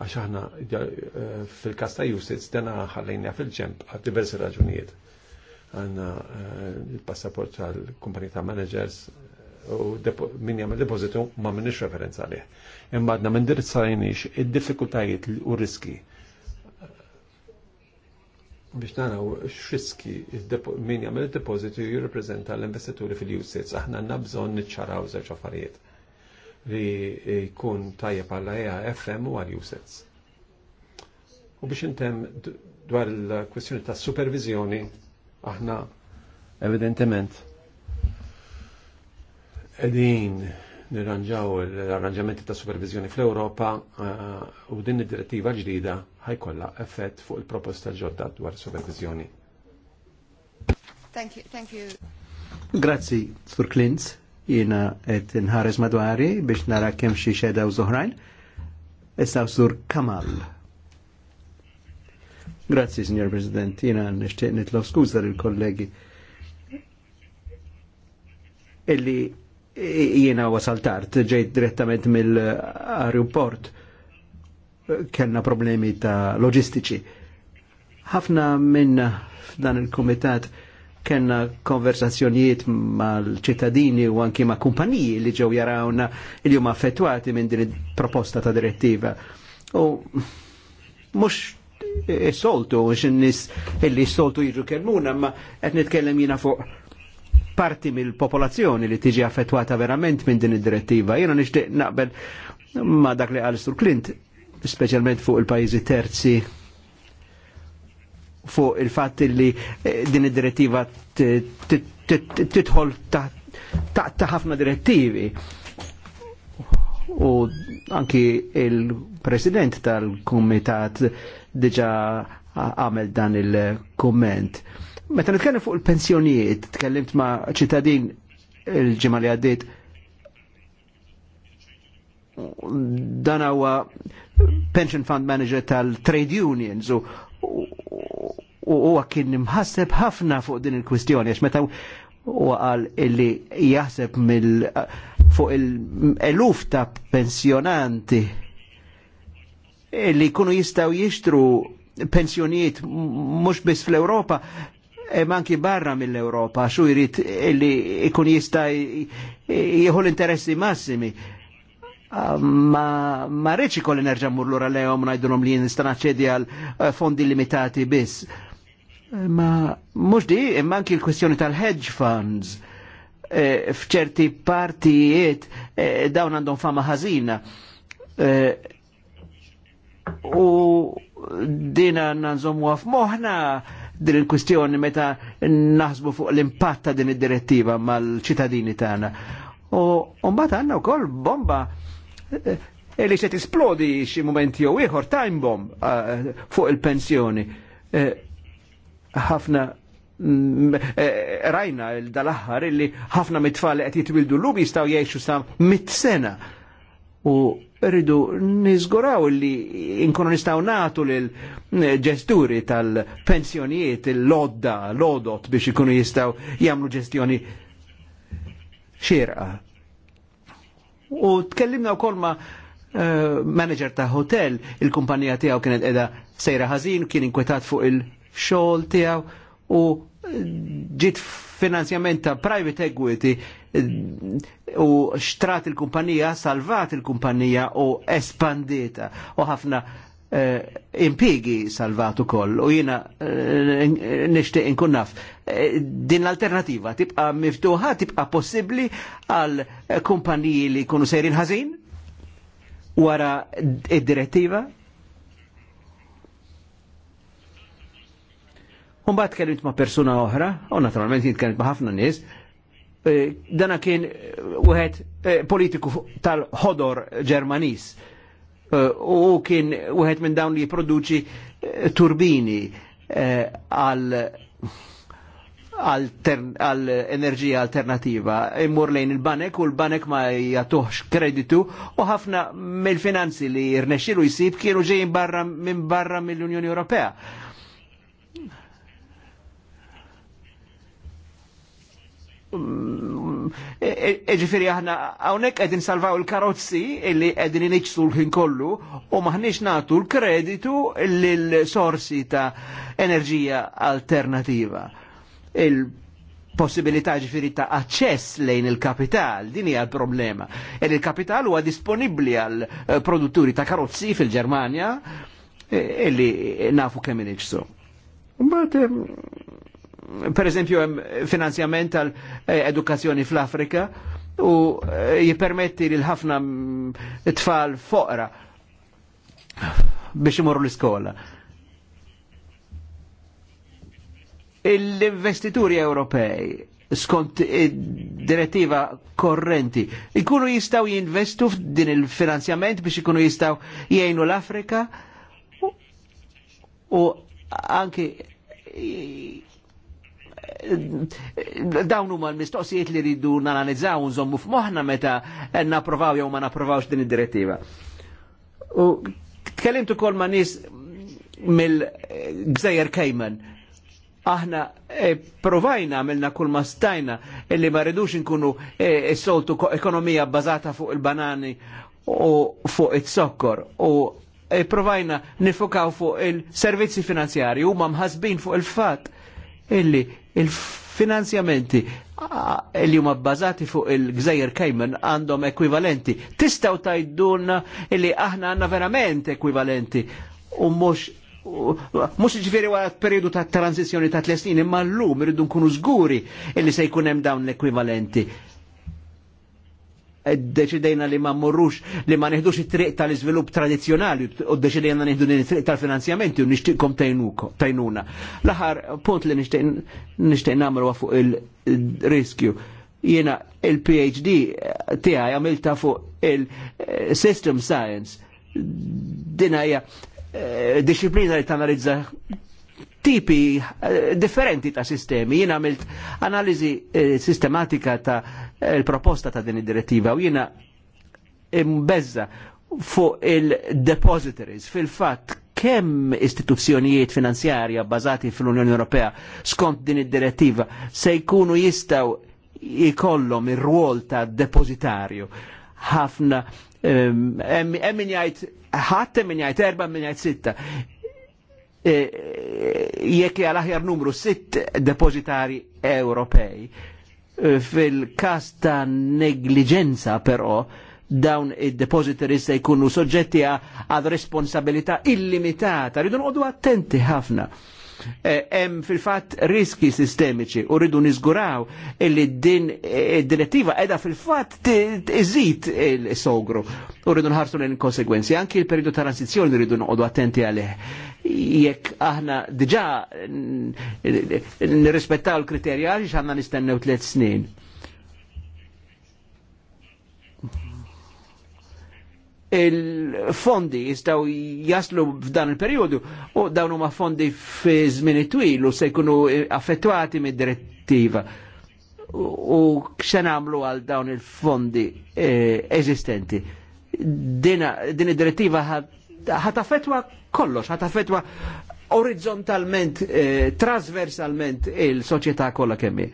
Għax aħna eh, fil-kas ta' usits dana ħallejna fil-ġemp għal diversi raġunijiet. Għanna eh, il-passaport tal-kumpanija ta' managers, u min jagħmel depozitu ma minnix referenza għalih. Imma għadna mindirizzajniex id-diffikultajiet u riski biex naraw x'riski min jagħmel depositu jirreprezenta jirrepreżenta l-investituri fil-usits. Aħna għandna bżonn niċċaraw żewġ affarijiet li jkun tajjeb għal FM u għal usits. U biex intem dwar il-kwestjoni ta' supervizjoni aħna evidentement edin nirranġaw l-arranġamenti ta' supervizjoni fl-Europa eh, u din id-direttiva ġdida ħajkolla effett fuq il-proposta ġodda dwar supervizjoni. Thank you, thank you. Grazzi, Sur Klintz, jina et nħares madwari biex nara kem xie xeda u zoħrajn. Issa Sur Kamal. Grazzi, Signor President, jina nishtiq nitlof skuża l kollegi illi jiena wasaltart, ġejt direttament mill-aeroport, kellna problemi ta' loġistiċi. Ħafna minna f'dan il-komitat kellna konversazzjonijiet mal-ċittadini u anki ma' kumpaniji li ġew jarawna li huma affettwati minn din proposta ta' direttiva. U mhux is-soltu, e, x'in-nies illi s-soltu jiġu kelmuna, ma qed nitkellem jiena fuq parti mill-popolazzjoni li tiġi affettwata verament minn din id-direttiva. Jena nixtieq naqbel ma dak li għal Sur Clint, specialment fuq il pajjiżi terzi fuq il-fatt li eh, din id-direttiva titħol ta' ħafna direttivi. U anki il-president tal kumitat diġa għamel dan il-komment. Meta nitkellem fuq il-pensjonijiet, tkellimt ma' ċittadin il-ġimgħa li għaddiet dan huwa pension fund manager tal-trade unions u huwa kien imħasseb ħafna fuq din il-kwistjoni għax meta u qal illi jaħseb mill fuq il-eluf ta' pensjonanti illi jkunu jistgħu jixtru pensjonijiet mhux biss fl-Europa E manki barra mill-Europa, xu jrid li ikun jista jieħu l-interessi massimi. Ah, ma, ma reċi kolli nerġa murlura l-ura lejom najdulom li nista naċċedi għal eh, fondi limitati biss. Ma mux di, manki anki l-kwestjoni tal-hedge funds. Eh, fċerti partijiet eh, dawn għandhom fama ħażina. u dina nanżom għaf moħna din il-kwistjoni meta naħsbu fuq l-impatt ta' din id-direttiva mal-ċittadini tagħna. U mbagħad għandna wkoll bomba eh, li se tisplodi xi mument jew ieħor time bomb eh, fuq il-pensjoni. Eh, ħafna mm, rajna dal-aħħar illi ħafna mit-tfal qed jitwildu l jistgħu jgħixu sa mit sena u rridu nizguraw li inkunu nistaw natu lil eh, ġesturi tal-pensjonijiet, l-lodda, l-odot biex ikunu jistaw jamlu ġestjoni xirqa. U tkellimna u kolma eh, manager ta' hotel, il-kumpanija tijaw kienet edha sejra ħazin, kien inkwetat fuq il-xol tijaw u ġit finanzjament ta' private equity u xtrat il-kumpanija, salvat il-kumpanija u espandita u ħafna eh, impigi u koll u jina eh, nishtiq nkun naf eh, din l-alternativa tibqa miftuħa tibqa possibli għal kumpaniji li kunu sejrin ħażin wara id-direttiva Umbat kellimt ma' persuna oħra, u naturalment jitkellimt ma' ħafna nies, eh, dana kien eh, wieħed eh, politiku tal-ħodor Ġermanis. U kien wieħed minn dawn li jipproduċi turbini għal għal enerġija alternativa. Immur lejn il-banek u l-banek ma jatuħx kreditu u ħafna mill-finanzi li jirnexxilu jisib kienu ġejjin barra minn barra mill-Unjoni Ewropea Mm, mm, mm, Eġifiri e, aħna għawnek għedin salvaw il-karozzi illi għedin iniċsu l-ħin kollu u maħniċ natu l-kreditu l-sorsi ta' enerġija alternativa. Il-possibilità ġifiri ta' access lejn il-kapital, din hija l-problema. Ed il-kapital huwa disponibli għal eh, produtturi ta' karozzi fil-Germania eh, illi nafu kemm iniċsu. Mbagħad ehm, per eżempju hemm finanzjament tal-edukazzjoni eh, fl-Afrika u eh, jipermetti li l-ħafna mm, tfal foqra biex imorru l-iskola. L-investituri Ewropej skont eh, direttiva korrenti. Ikunu jistaw jinvestu f'din il-finanzjament biex ikunu jistaw jgħinu l-Afrika u anki dawn huma l-mistoqsijiet li rridu nanalizzaw nżommu f'moħħna meta napprovaw jew ma napprovawx din id-direttiva. U tkellimt ukoll ma' nies mill-Gżejjer Cayman. Aħna eh, provajna għamilna kull ma stajna illi ma rridux nkunu eh, soltu ekonomija bbażata fuq il-banani u fuq it-sokkor u eh, provajna nifokaw fuq il-servizzi finanzjari u mħasbin fuq il-fat illi il-finanzjamenti eh, li huma bbażati fuq il-Gżejjer Cayman għandhom ekwivalenti. Tistgħu tgħidulna li aħna għandna verament ekwivalenti u mhux mux ġifiri għat periodu ta' transizjoni ta' tlesnin, imma l-lum irridu nkunu zguri illi se jkun hemm dawn l-ekwivalenti deċidejna li ma morrux li ma neħdux it-triq tal-iżvilupp tradizjonali u deċidejna neħdu it-triq tal-finanzjamenti u nixtiqkom tajnuna. l aħħar punt li nixtieq wa fuq il-riskju. Jiena il-PhD tiegħi għamilta fuq il-System Science. Din hija eh, disciplina li tanalizza tipi eh, differenti ta' sistemi. Jiena għamilt analiżi eh, sistematika ta' il-proposta ta' din id-direttiva u jiena imbezza fuq il-depositories fil-fatt kemm istituzzjonijiet finanzjarja bbażati fl-Unjoni Ewropea skont din id-direttiva se jkunu jistgħu jkollhom ir-rwol ta' depositarju. ħafna hemm min jgħid ħadd min jgħid erba' min jgħid sitta. E, e, jekk l aħjar numru sitt depositarji Ewropej Eh, fil-kas ta' negliġenza però dawn id-depository se jkunu soġġetti għad responsabilità illimitata. Ridu nqodu attenti ħafna. Eh, hemm fil-fatt riski sistemiċi u rridu niżguraw illi din eh, id-direttiva edha fil-fatt iżid il-sogru u rridu nħarsu l inkonsegwenzi Anki il-periodu transizjoni rridu noqogħdu attenti għalih jekk aħna diġa nirrispettaw l-kriterja għaliex għandna nistennew tliet snin. il-fondi jistaw jaslu f'dan il-periodu u dawn huma fondi fi żmien twil u se jkunu affettwati mid-direttiva u xen għamlu għal dawn il-fondi eh, eżistenti. Din id-direttiva ħat affettwa kollox ħata fetwa orizzontalment, eh, trasversalment il soċieta kolla kemmi.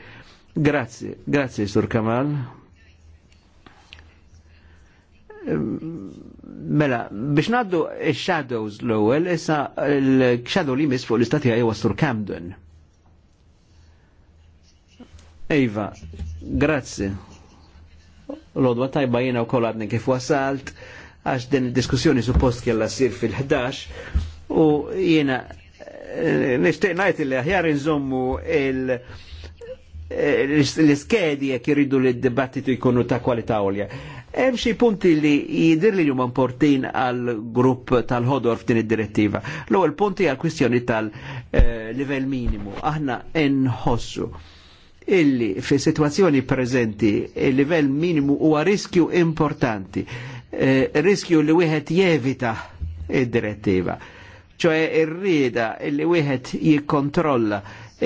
Grazie, grazie Sur Kamal. Mela, biex naddu il-shadows l-ewel, issa il-shadow li mis fuq l-istati għaj Sur Camden. Ejva, grazzi. L-odwa tajba jena u koladni kif wasalt għax din diskussjoni suppost kella sir fil-11 u jena eh, nishtiq najt li aħjar nżommu il- eh, l-iskedi jek jiridu li d-dibattitu jkunu ta' kwalità għolja. Hemm xi punti li jidir li huma importin għal grupp tal-ħodor f'din id-direttiva. L-ewwel punti għal kwistjoni tal-livell minimu. Aħna nħossu illi fi situazzjoni preżenti il-livell minimu huwa riskju importanti Eh, riskju li wieħed jevita id-direttiva. ċoħe ir li wieħed jikkontrolla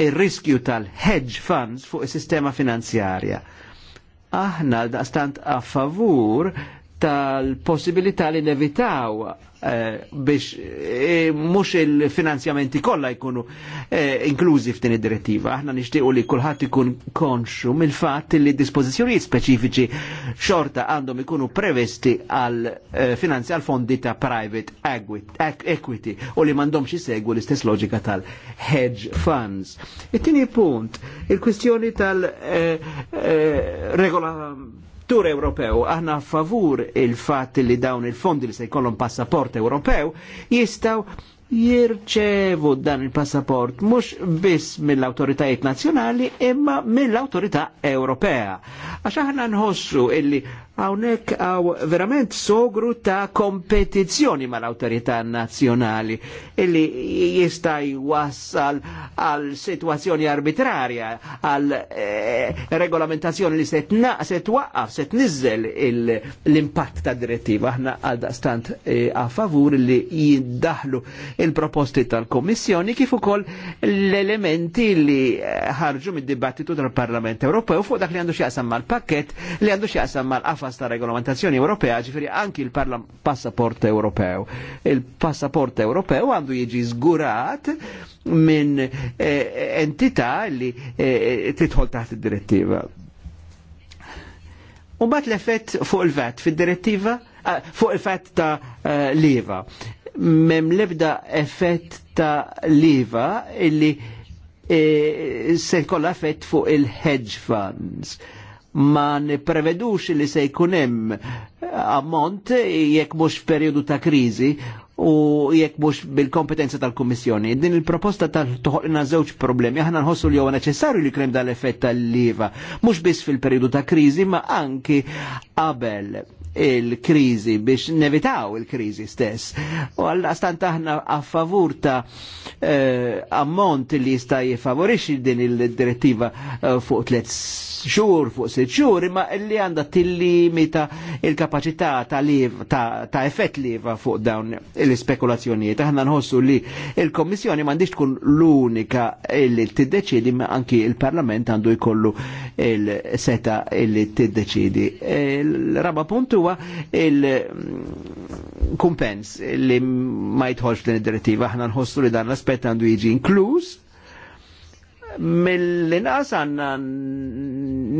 il-riskju tal-hedge funds fuq is-sistema finanzjarja. Aħna daqstant a favur tal-possibilità li nevitaw Eh, biex eh, mux il-finanzjamenti kollha jkunu eh, inklużi f'din id-direttiva. Aħna nixtiequ li kulħadd ikun konxu mill-fatt li dispożizzjonijiet speċifiċi xorta għandhom ikunu prevesti għal finanzi għal fondi ta' private equity u li m'għandhomx isegwu l-istess loġika tal-hedge funds. It-tieni punt, il-kwistjoni tal tal-eh-regolament tur Ewropew, aħna favur il fatt li dawn il-fondi li se jkollhom passaport Ewropew jistgħu jirċevu dan il-passaport mhux biss mill-awtoritajiet nazzjonali imma mill-awtorità Ewropea. Għax aħna nħossu illi Hawnhekk għaw verament sogru ta' kompetizzjoni mal-awtorità nazzjonali illi jista' jwassal għal sitwazzjoni arbitrarja, għal eh, regolamentazzjoni li se twaqqaf, se tniżel l-impatt ta' direttiva. Aħna għal stant eh, a favur li jiddaħlu il-proposti tal-Kommissjoni kif ukoll l-elementi li eh, ħarġu mid-dibattitu tal-Parlament Ewropew fuq dak li għandu x'jaqsam mal-pakket li għandu x'jaqsam mal-qafas fil ta' regolamentazzjoni Ewropea, ġifiri anki il-passaport Ewropew. Il-passaport Ewropew għandu jiġi zgurat minn eh, entità li eh, titħol taħt id-direttiva. U bat l-effett fuq il vet fil-direttiva, eh, fuq il vet ta' uh, liva. Mem lebda effett ta' liva illi eh, se kolla effett fuq il-hedge funds. Uh, ma niprevedux li se jkunem ammont jekk mhux periodu ta' kriżi u jekk mhux bil-kompetenza tal-Kummissjoni. Din il-proposta tal-toħolna żewġ problemi, aħna nħossu li huwa neċessarju li krem dal-effett tal-liva, mhux biss fil-periodu ta' kriżi, ma anki qabel il-krizi biex nevitaw il-krizi stess. U għalla stant aħna għaffavur ta' eh, ammont li jista' jifavorixi din il-direttiva eh, fuq tlet xhur, fuq sitt xhur, imma li għandha tillimita il-kapacità ta' liv, ta', ta effett liva fuq dawn l-ispekulazzjonijiet. Aħna nħossu li il-Kommissjoni m'għandix tkun l-unika li tiddeċidi ma anki il-Parlament għandu jkollu il-seta li tiddeċidi. Il-raba puntu huwa il-kumpens mm, li ma jitħolx din id-direttiva. Aħna nħossu li dan l-aspett għandu jiġi inkluż mill-inqas għanna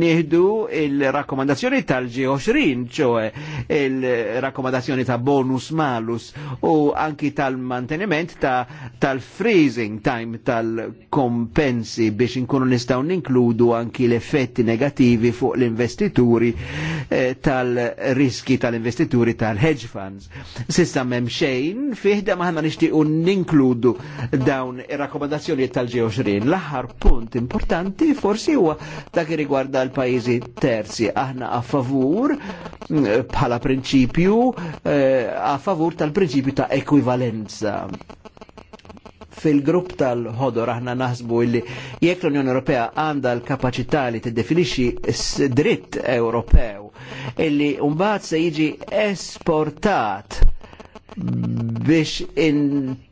nieħdu il-rakkomandazzjoni tal-G20, ċoe il-rakkomandazzjoni ta' bonus malus u anki tal-manteniment ta' tal-freezing time tal-kompensi biex inkunu nistaw ninkludu anki l-effetti negativi fuq l-investituri eh, tal-riski tal-investituri tal-hedge funds. Sissa mem xejn, fiħda maħna nishtiqu ninkludu dawn il-rakkomandazzjoni tal-G20. l punt importanti forsi huwa dak riguarda l-pajjiżi terzi. Aħna a favur mm, bħala prinċipju eh, a favur tal-prinċipju ta' ekwivalenza fil-grupp tal-ħodor aħna naħsbu illi jekk l-Unjoni Ewropea għandha l-kapaċità li tiddefinixxi dritt Ewropew illi mbagħad se jiġi esportat biex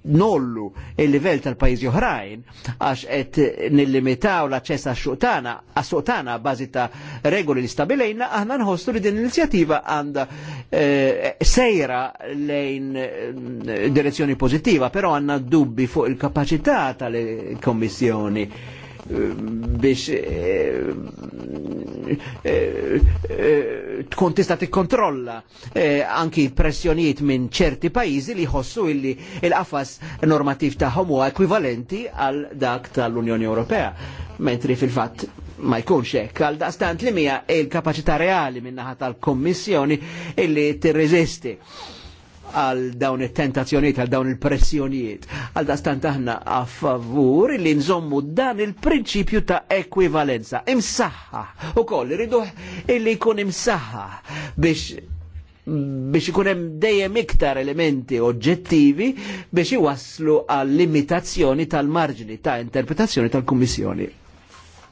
nollu il-livell tal-pajjiżi oħrajn għax qed nillimitaw l-aċċess għax-suqtana għas-suqtana bażi ta' regoli li stabilejna aħna nħossu li din l-inizjattiva għandha eh, sejra lejn eh, direzzjoni pożittiva, però għandna dubbi fuq il-kapaċità tal-Kommissjoni biex eh, eh, eh, tkun tista' tikkontrolla anki pressjonijiet minn ċerti pajjiżi li jħossu illi l qafas normativ tagħhom huwa ekwivalenti għal dak tal-Unjoni Ewropea. Mentri fil-fatt ma jkunx hekk għal daqstant li mija il-kapaċità reali min-naħa tal-Kommissjoni illi tirreżisti għal dawn it-tentazzjonijiet, għal dawn il-pressjonijiet. Għal dastant aħna a favur li nżommu dan il-prinċipju ta' ekwivalenza. Imsaħħa. U koll, rridu illi jkun imsaħħa biex biex ikun hemm dejjem iktar elementi oġġettivi biex iwaslu għall limitazzjoni tal-marġni ta' interpretazzjoni tal-Kummissjoni.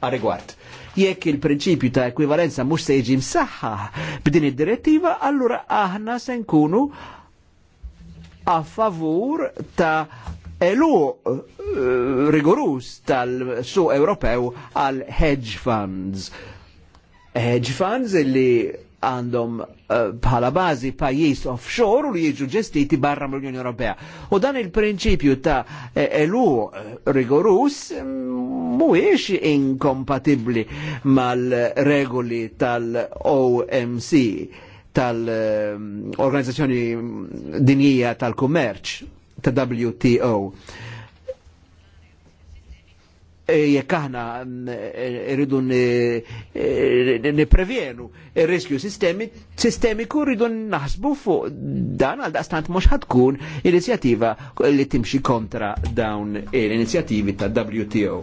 A rigward jekk il-prinċipju ta' ekwivalenza mhux se jiġi msaħħa b'din id-direttiva, allura aħna se nkunu a favur ta' elu eh, rigorus tal-su Ewropew għal hedge funds. Hedge funds illi għandhom eh, bħala bazi pajis offshore u li jiġu ġestiti barra mill-Unjoni Ewropea. U dan il-prinċipju ta' elu eh, rigorus mm, mhuwiex inkompatibbli mal-regoli tal-OMC tal-Organizzazzjoni Dinjija tal-Kummerċ, ta' WTO. E jekk aħna rridu niprevjenu ir-riskju sistemiku rridu naħsbu fuq dan għal daqstant mhux ħadkun inizjattiva li timxi kontra dawn l-inizjattivi ta' WTO.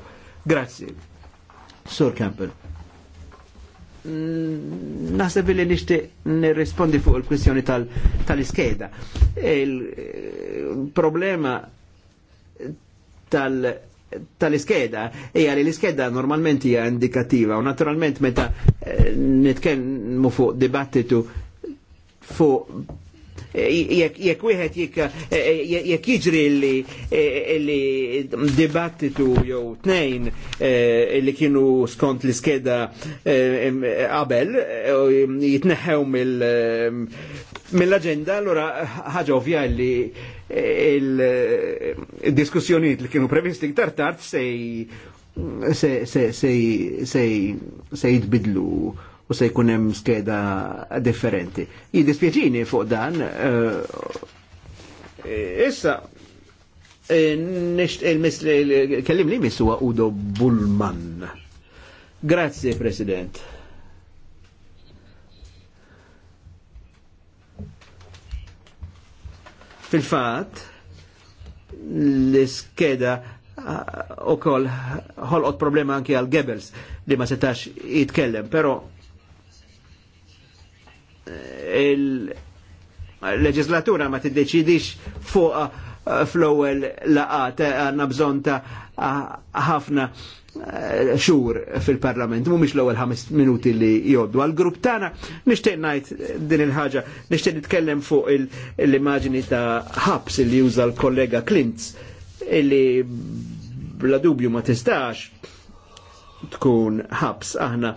Grazzi. Sur Campbell. Mm, naħseb li nixtieq nirrispondi fuq il-kwistjoni tal-iskeda. Il-problema eh, tal- tal-iskeda hija li l-iskeda normalment hija indikativa u naturalment meta eh, nitkellmu fuq dibattitu fuq jekk wieħed jekk eh, jiġri li eh, dibattitu jew tnejn eh, li kienu skont li skeda qabel jitneħħew mill-aġenda, allora ħaġa ovvja li il-diskussjonijiet li kienu previsti iktar tard sej se se jitbidlu u se jkun hemm skeda differenti. Jiddispjaċini fuq dan, eh, issa eh, nisht il-misli, kellim li miswa Udo Bullman. Grazie, President. Fil-fat, l-skeda eh, u kol ħolqot problema anki għal gebels li ma setax jitkellem, pero il-leġislatura ma t-deċidix fuq eh, fl-ewwel laqat għanna bżonn ta' ħafna eh, xur fil-parlament, mumiex l-ewwel ħames minuti li joddu. Għal grupp tagħna nixtieq ngħid din il-ħaġa, nixtieq nitkellem fuq l-immaġini ta' ħabs li juża l-kollega Klintz illi bla dubju ma tistax tkun ħabs aħna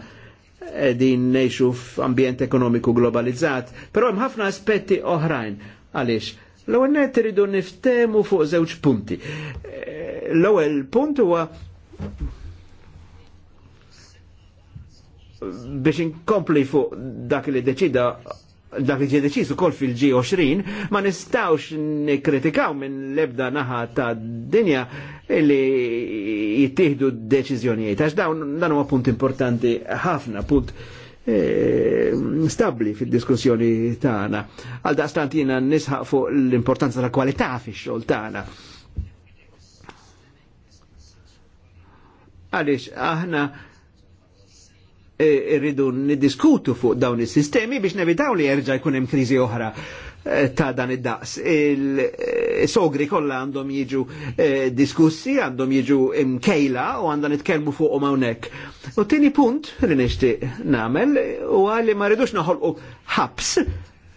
din nejxu f'ambjent ekonomiku globalizzat, pero hemm ħafna aspetti oħrajn. Għaliex, l-ewwel net iridu niftemu fuq żewġ punti. L-ewwel punt huwa biex inkompli fuq dak li deċida dak li ġie deċiż ukoll fil-G20 ma nistawx nikkritikaw minn l-ebda naħa ta' dinja illi jittieħdu deċiżjonijiet għax dawn dan huwa punt importanti ħafna punt e, stabli fil-diskussjoni tagħna. Għal daqstant jiena nisħaq fuq l-importanza ta' kwalità fix-xogħol tagħna. Għaliex aħna E, irridu niddiskutu fuq dawn is-sistemi biex nevitaw li jerġa' jkun hemm kriżi oħra e, ta' dan id-daqs. Il-sogri e, kollha għandhom jiġu diskussi, għandhom jiġu imkejla u għandhom nitkellmu fuq hawnhekk. U tieni punt li nixtieq nagħmel huwa li ma rridux noħolqu ħabs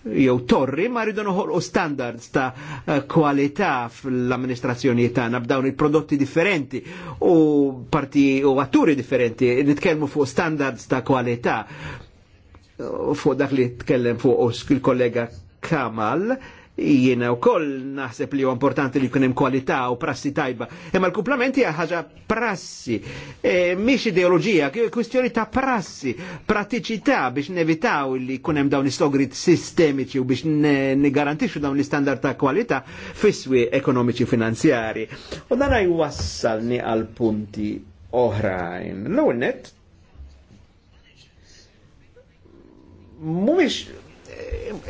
jew torri ma rridu noħolqu standards ta' eh, kwalità fl-amministrazzjoni tagħna b'dawn il-prodotti differenti u parti u atturi differenti nitkellmu fuq standards ta' kwalità eh, fuq dak li tkellem fuq il-kollega Kamal jiena u koll naħseb li huwa importanti li jkun hemm kwalità u prassi tajba. Imma l kumplamenti hija ħaġa prassi, e, mhix ideoloġija, kwistjoni ta' prassi, pratiċità biex nevitaw li jkun hemm dawn istogrit sistemiċi u biex nigarantixxu dawn l-istandard ta' kwalità fiswi swi ekonomiċi finanzjari. U dan jwassalni għal punti oħrajn. L-ewwel net mhumiex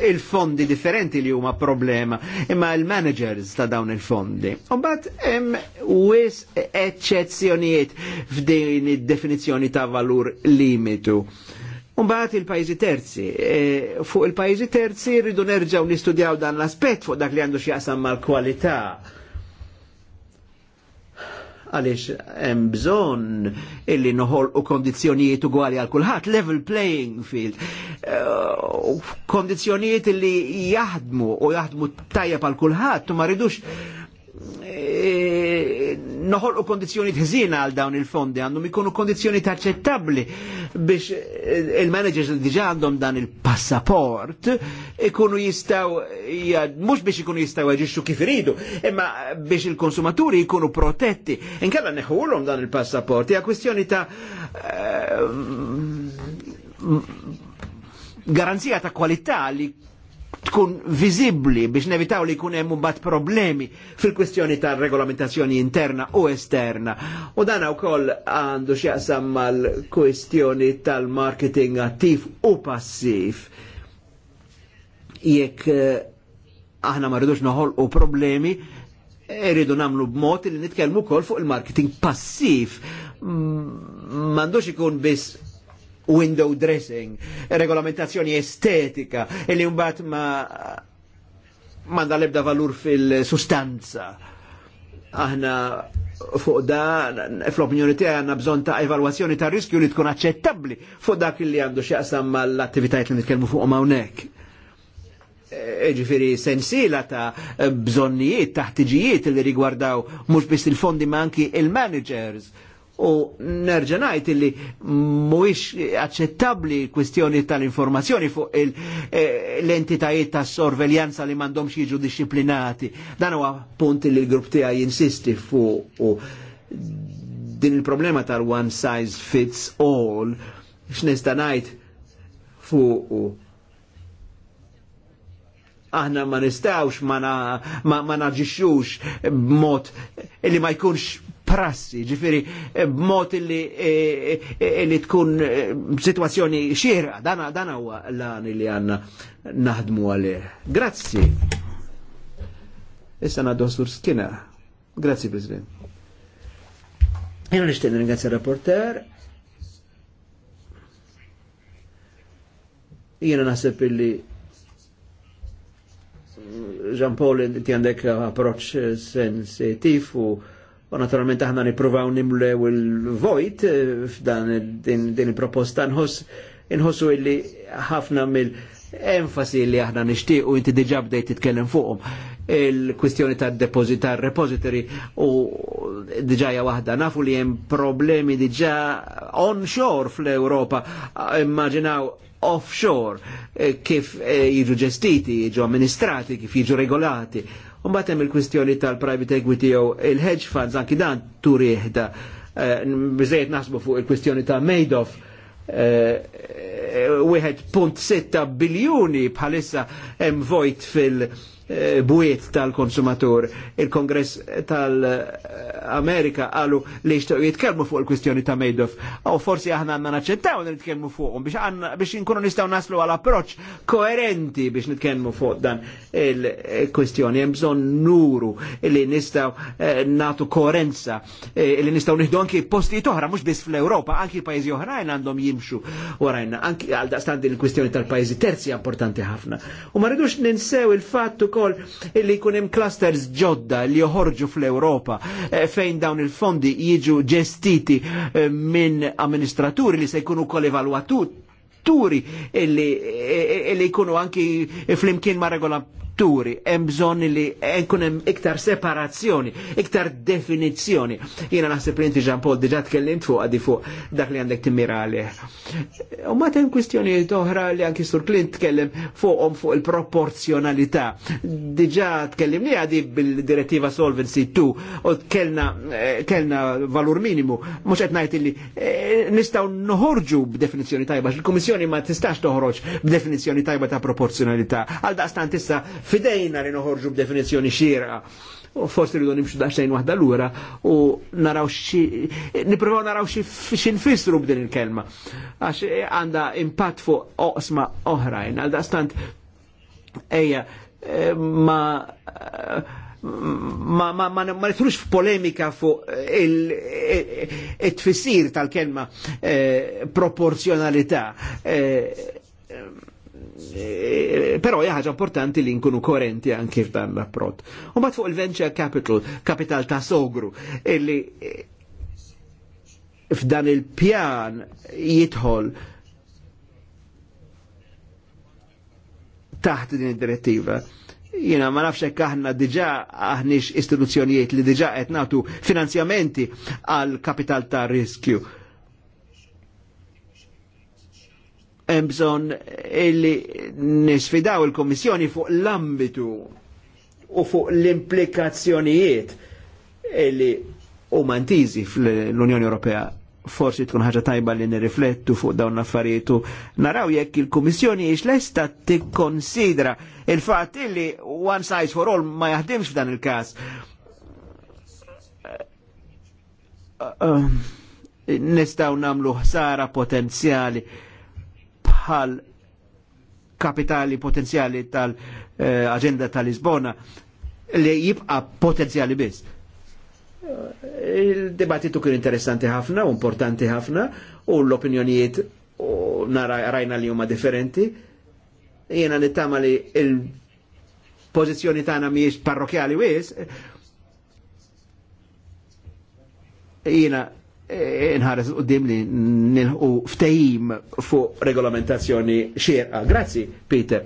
il-fondi differenti li huma problema, imma il-managers ta' dawn il-fondi. u Umbat hemm wis eċċezzjonijiet f'din id-definizzjoni ta' valur limitu. Umbaħt il-pajzi terzi. E, fuq il-pajzi terzi rridu nerġaw nistudjaw dan l-aspet fuq dak li għandu xjaqsam mal-kwalità għaliex hemm bżonn illi noħol u kondizzjonijiet ugwali għal kulħadd, level playing field. Uh, kondizzjonijiet illi jaħdmu u jaħdmu tajjeb għal kulħadd u ma rridux Eh, noħol u kondizjoni tħizina għal dawn il-fondi, għandhom ikunu kondizjoni taċċettabli biex eh, il-managers li diġa għandhom dan il-passaport ikunu jistaw, mux biex ikunu jistaw għagġiċu kif ridu, imma biex il-konsumaturi ikunu protetti. Inkella neħulom dan il-passaport, hija kwestjoni ta' eh, garanzija ta' kwalità li tkun viżibbli biex nevitaw li jkun hemm mbagħad problemi fil-kwestjoni tar regolamentazzjoni interna u esterna. U dan wkoll għandu x'jaqsam mal-kwestjoni tal-marketing attiv u passiv. Jekk eh, aħna ma rridux u problemi, irridu namlu b'mod li nitkellmu wkoll fuq il-marketing passiv. M'għandux ikun biss window dressing, regolamentazzjoni estetika, illi e mbagħad ma manda lebda valur fil-sustanza. Aħna fuq da, fl-opinjoni tiegħi għandna bżonn ta' evalwazzjoni ta' riskju li tkun aċċettabbli fuq dak li għandu x'jaqsam mal-attivitajiet li nitkellmu fuqhom hawnhekk. E, e Ġifiri sensila ta' bżonnijiet, ta' ħtiġijiet li rigwardaw mhux biss il-fondi ma' anki il-managers. il managers u nerġenajt illi mhuwiex aċċettabbli kwestjoni tal-informazzjoni fuq eh, l-entitajiet ta' sorveljanza li m'għandhomx jiġu disciplinati. Dan huwa punt li l-grupp tiegħi jinsisti fuq din il-problema tal-one size fits all x'nista' ngħid fuq aħna ma nistawx ma naġixxux b'mod li ma jkunx prassi, ġifiri eh, b'mod li, e, eh, e, eh, li tkun situazzjoni xira, dana, dana huwa l-għan li għanna naħdmu għalih. Grazzi. Issa għaddu għasur skina. Grazzi, Prezident. Jena li nishtiq ringrazzja rapporter. Jena naħseb illi Jean Paul ti għandek approċ sensitif u U naturalment aħna nippruvaw nimlew il-vojt eh, f'dan din il-proposta nħoss inħossu illi ħafna mill-enfasi li aħna nixtieq u inti diġà bdejt titkellem fuqhom il-kwistjoni ta' depositar repository u diġaja waħda nafu li hemm problemi diġa onshore fl-Europa immaġinaw offshore eh, kif eh, jiġu ġestiti, jiġu amministrati, kif jiġu regolati U hemm il-kwistjoni tal-private equity jew il-hedge funds anki dan turieħda. Eh, biżejjed naħsbu fuq il-kwistjoni ta' Madoff. Eh, eh, wieħed punt sitta biljuni bħalissa hemm vojt fil- Eh, buiet tal-konsumatur. Il-Kongress tal-Amerika għalu li jishtaw jitkelmu fuq il-kwistjoni ta' Madoff. U forsi aħna għanna naċċettaw nitkelmu fuqhom biex għanna biex nkunu nistaw naslu għal approċ koerenti biex nitkelmu fuq dan il-kwistjoni. Hemm bżonn nuru li nistaw eh, natu koerenza eh, li nistaw nieħdu anki postijiet oħra mhux biss fl-Ewropa, anki pajjiżi oħrajn għandhom jimxu warajna. Anki għal daqstant il-kwistjoni tal-pajjiżi terzi importanti ħafna. U ma rridux ninsew il-fatt ukoll illi jkun hemm clusters ġodda li joħorġu fl-Ewropa eh, fejn dawn il-fondi jiġu ġestiti eh, minn amministraturi li se jkunu ukoll evalwaturi turi eh, illi jkunu anki fl-imkien ma' regola strutturi, hemm bżonn li nkun hemm iktar separazzjoni, iktar definizzjoni. Jiena naħseb li inti Jean Paul diġà tkellimt fuq għadi fuq dak li għandek timmira għalih. U ma tem kwistjoni oħra li anki Sur Clint tkellem fuqhom fuq il-proporzjonalità. Diġà tkellimni għadi bil-direttiva Solvency 2 u kellna eh, kellna valur minimu, mhux qed ngħid li eh, nistgħu noħorġu b'definizzjoni tajba, il-Kummissjoni ma tistax toħroġ b'definizzjoni tajba ta' proporzjonalità. Għal daqstant issa fidejna li noħorġu b'definizjoni xira u forsi rridu nimxu daċċajn wahda l-ura u naraw xie, niprofaw naraw xi nfissru b'din il-kelma, għax għanda impatt fuq oqsma oħrajn, Għalda stant, eja eh, eh, ma ma ma ma ma nitrux f'polemika fuq il-tfissir eh, tal-kelma proporzjonalità Eh, però hija ħaġa importanti li nkunu korenti anki f'dan l approt U mbagħad fuq il-venture capital, kapital ta' sogru, illi f'dan il-pjan jidħol taħt din id-direttiva. Jina ma nafx hekk aħna diġà aħniex istituzzjonijiet li diġà qed nagħtu finanzjamenti għal kapital ta' riskju bżon illi nisfidaw il-Komissjoni fuq l-ambitu u fuq l-implikazzjonijiet illi u mantizi fl-Unjoni Ewropea forsi tkun ħaġa tajba li nirriflettu fuq dawn l-affarijiet u naraw jekk il-Kummissjoni ix lesta tikkonsidra il-fatt illi one size for all ma jaħdimx f'dan il-każ. Eh, eh, nistaw namlu ħsara potenzjali bħal kapitali potenzjali tal-agenda tal-Lisbona li jibqa potenzjali biss. Il-debattitu kien interessanti ħafna, importanti ħafna, u l-opinjonijiet nara rajna li huma differenti. Jena nittama li il pozizjoni tagħna miex parrokjali wis, Jena E, nħares qoddim li nilħu ftehim fuq regolamentazzjoni xierqa. Grazzi, Peter.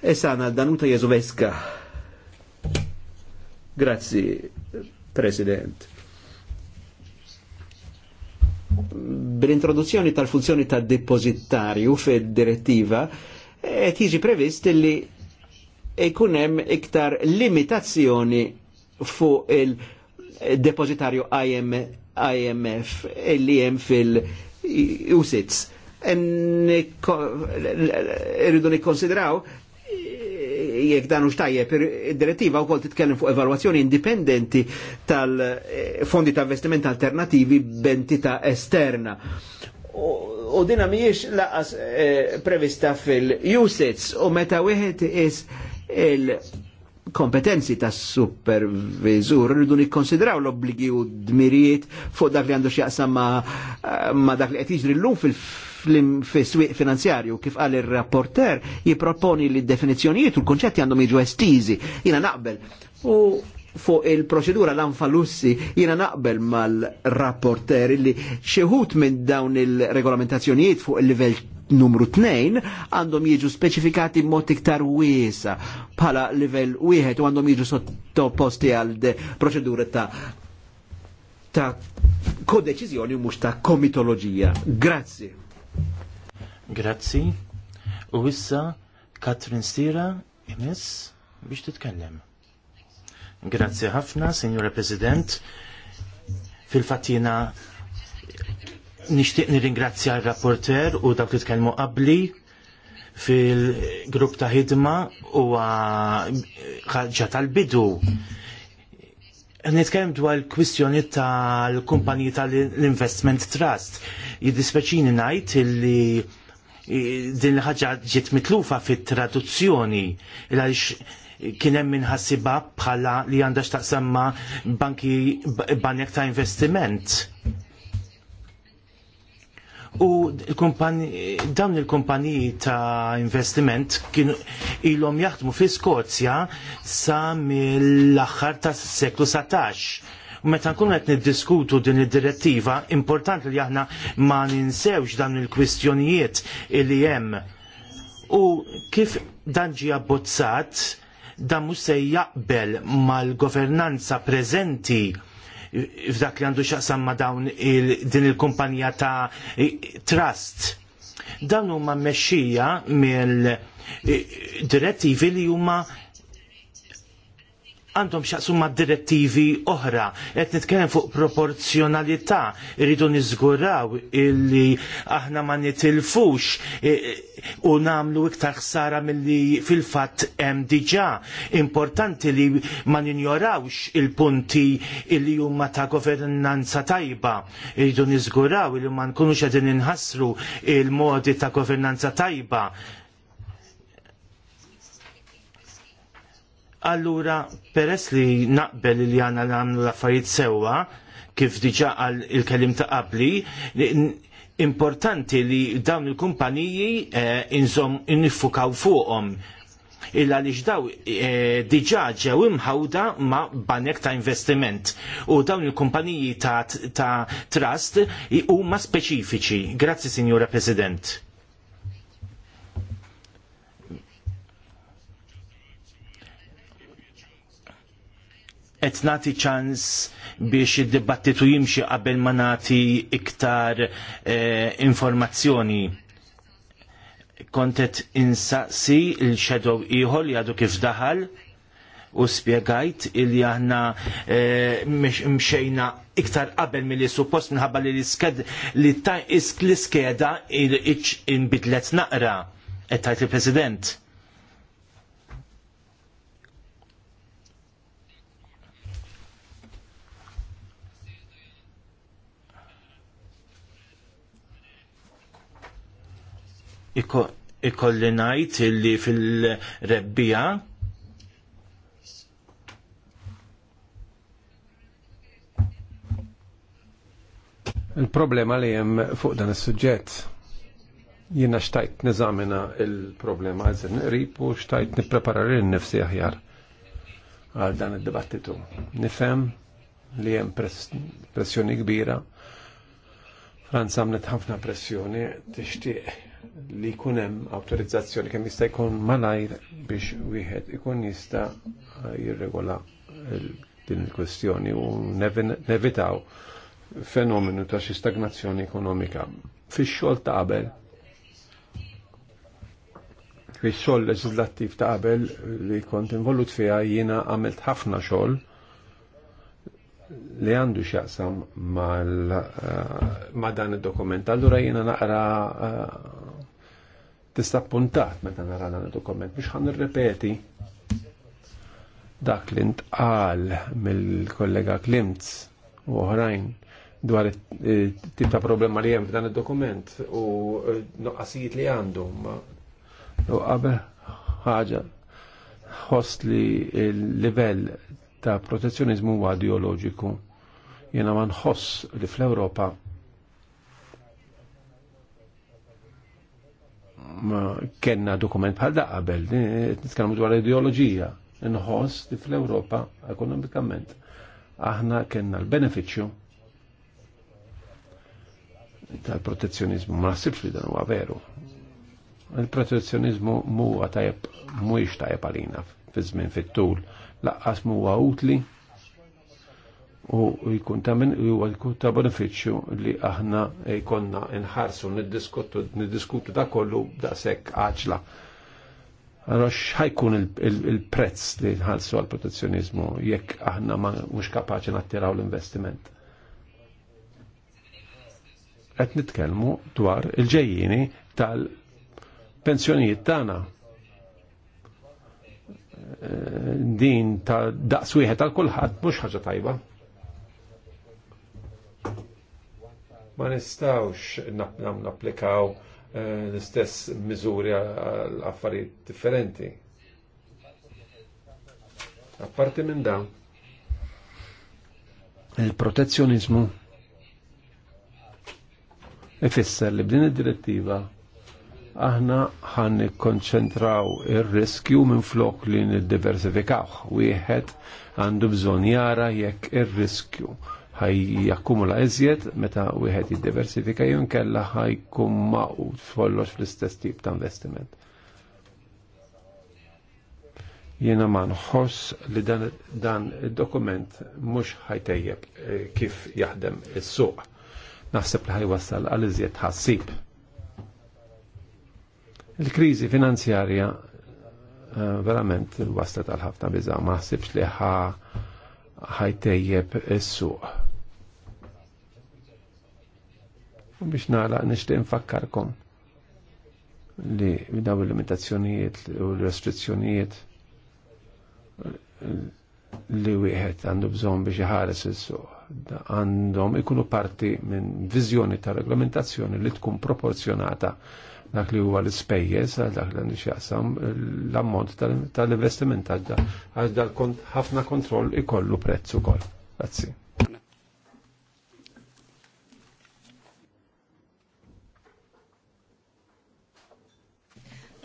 Issa għana Danuta Jezoveska. Grazzi, President. bil introduzzjoni tal-funzjoni ta' depozitarju fil-direttiva, e tiġi previst li ikunem iktar limitazzjoni fuq il- depozitarju IMF li jem fil-USITS. Irridu nikkonsidraw jek dan hux tajjeb id-direttiva wkoll titkellem fuq evaluazzjoni indipendenti tal-fondi ta' investiment alternativi b'entità esterna. U dina mhijiex laqas eh, prevista fil-usage u meta wieħed is il- kompetenzi ta' supervizur rridu nikkonsidraw l-obbligi u dmirijiet fuq dak li għandu xjaqsam ma, ma dak li qed jiġri llum fil fis-swieq finanzjarju kif qal ir-rapporter jipproponi li d-definizzjonijiet u l-konċetti għandhom jiġu estiżi. Jiena naqbel. U fuq il-proċedura l-anfalussi jina naqbel mal-rapporter li xeħut minn dawn il-regolamentazzjonijiet fuq il-livell numru 2 għandhom jiġu speċifikati mod iktar wiesa bħala livell wieħed u għandhom jiġu sottoposti għal proċedura ta' ta' kodeċizjoni mhux ta' komitoloġija. Grazzi. Grazzi. U issa Katrin Sira imis biex titkellem. Grazzi ħafna, Signora President. fil fattina Nixtieq nirringrazzja r-rapporter u dawk li tkellmu qabli fil-grupp ta' ħidma u ħaġa tal-bidu. Nitkellem dwar il-kwistjoni tal-kumpaniji tal-investment trust. Jiddispeċini ngħid li din l-ħaġa ġiet mitlufa fit-traduzzjoni għaliex kien hemm minħassiba bħala li għandha x'taqsemma banki banjek ta' investiment u dawn il-kumpaniji ta' investiment kienu ilhom jaħdmu fi Skozja sa mill-aħħar tas seklu 17. U meta nkunu qed niddiskutu din id-direttiva, importanti li aħna ma ninsewx dan il-kwistjonijiet li hemm. U kif dan ġie abbozzat, dan mhux se jaqbel mal-governanza preżenti f'dak li għandu xaqsam ma' dawn il, din il-kumpanija ta' trust. Dawn huma mmexxija mill direttivi li huma għandhom xaqsumma direttivi oħra, qed nitkellem fuq proporzjonalità, irridu niżguraw illi aħna ma nitilfux e, e, u namlu iktar ħsara milli fil-fatt hemm diġà. Importanti li ma ninjorawx il-punti illi huma ta' governanza tajba. Irridu niżguraw illi ma nkunux qegħdin inħassru il-modi ta' governanza tajba Allura, peress li naqbel li għana għamlu l-affarijiet sewa, kif diġa għal il-kelim ta' qabli, importanti li dawn il-kumpaniji eh, inżom innifukaw fuqom. Illa li ġdaw eh, diġa ġew imħawda ma banek ta' investiment. U dawn il-kumpaniji ta', ta trust huma speċifiċi. Grazzi, Signora President. qed nagħti ċans biex id-dibattitu jimxi qabel ma nagħti iktar eh, informazzjoni. Kontet insaqsi il xedow ieħor li għadu kif daħal u spiegajt illi aħna eh, mxejna iktar qabel mill-li suppost minħabba li l-isked li ta' isk l-iskeda il-iċ inbidlet naqra, ettajt il-President. ikolli najt illi fil-rebbija Il-problema li jem fuq dan il-sujġet jina xtajt nizamina il-problema għazin rib u xtajt nipreparari l nifsi aħjar għal dan il-dibattitu. Nifem li jem pressjoni kbira Franza għamlet ħafna pressjoni tixtieq li jkun hemm awtorizzazzjoni kemm jista' jkun malajr biex wieħed ikun jista' jirregola din il-kwestjoni u nevitaw fenomenu ta' xi stagnazzjoni ekonomika. Fix-xogħol ta' qabel fix-xogħol leġislattiv ta' qabel li kont involut fiha jiena għamilt ħafna xogħol li għandu xaqsam eh, ma dan id dokument Allura jiena naqra eh, disappuntat meta nara dan id-dokument biex ħan nirrepeti dak li ntqal mill-kollega Klimt u oħrajn dwar it-tip ta' problema li hemm f'dan id-dokument u noqqasijiet li għandu ma u qabel ħaġa ħoss li l-livell ta' protezzjonizmu huwa ideoloġiku jiena ma nħoss li fl-Ewropa kena dokument bħal da qabel, nitkellmu dwar ideoloġija, inħoss li fl-Ewropa ekonomikament aħna kena l-beneficju tal-protezzjonizmu, ma nasibx li dan huwa veru. Il-protezzjonizmu mhuwa tajjeb mhuwiex tajjeb għalina fizzmin żmien fit-tul, laqqas mhuwa utli u jkun ta' minn u għalku ta' beneficju li aħna jkonna eh, nħarsu niddiskutu ta' kollu da' sekk għaxla. Għara xħajkun il-prezz li nħarsu għal protezzjonizmu jekk aħna ma mux kapaċi nattiraw l-investiment. Qed nitkellmu dwar il-ġejjini tal-pensjonijiet tagħna eh, din ta' daqs wieħed għal kulħadd mhux ħaġa tajba. ma nistawx napplikaw eh, l-istess miżuri għal affarijiet differenti. Apparti minn dan, il-protezzjonizmu ifisser li b'din id-direttiva aħna ħan nikkonċentraw ir-riskju minn flok li niddiversifikawh. Wieħed għandu bżonn jara jekk ir-riskju ħaj jakkumula eżjed meta wieħed jiddiversifika kella ħaj kumma u follox fl-istess tip ta' investiment. Jiena ma nħoss li dan, dan id-dokument mhux ħajtejjeb eh, kif jaħdem is-suq. Naħseb li ħajwassal għal iżjed ħassib. Il-kriżi finanzjarja eh, verament il-wassal għal ħafna biża' ma naħsibx li ħajtejjeb is-suq. U biex nagħlaq nixtieq nfakkarkom li daw il-limitazzjonijiet u l-restrizzjonijiet li wieħed għandu bżonn biex iħares is-suq għandhom ikunu parti minn viżjoni ta' reglamentazzjoni li tkun proporzjonata dak li huwa l-ispejjeż għal dak li xjaqsam l-ammont tal-investiment għal ħafna kontroll ikollu prezz ukoll. Grazie.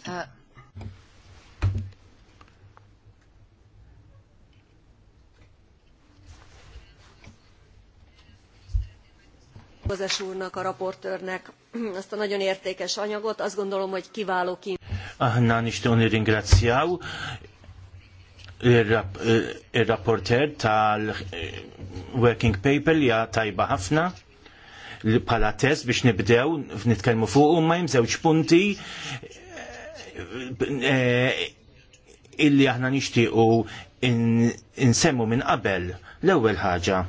Uh, úrnak, a raportőrnek ezt a nagyon értékes anyagot. Azt gondolom, hogy kiváló kín. Aħna nixtieq nirringrazzjaw ir-rapporter eh, tal-working eh, paper li tajba ħafna bħala test biex nibdew nitkellmu fuq u ma jimżewġ punti Eh, illi aħna nixtiequ insemmu minn qabel l-ewwel ħaġa.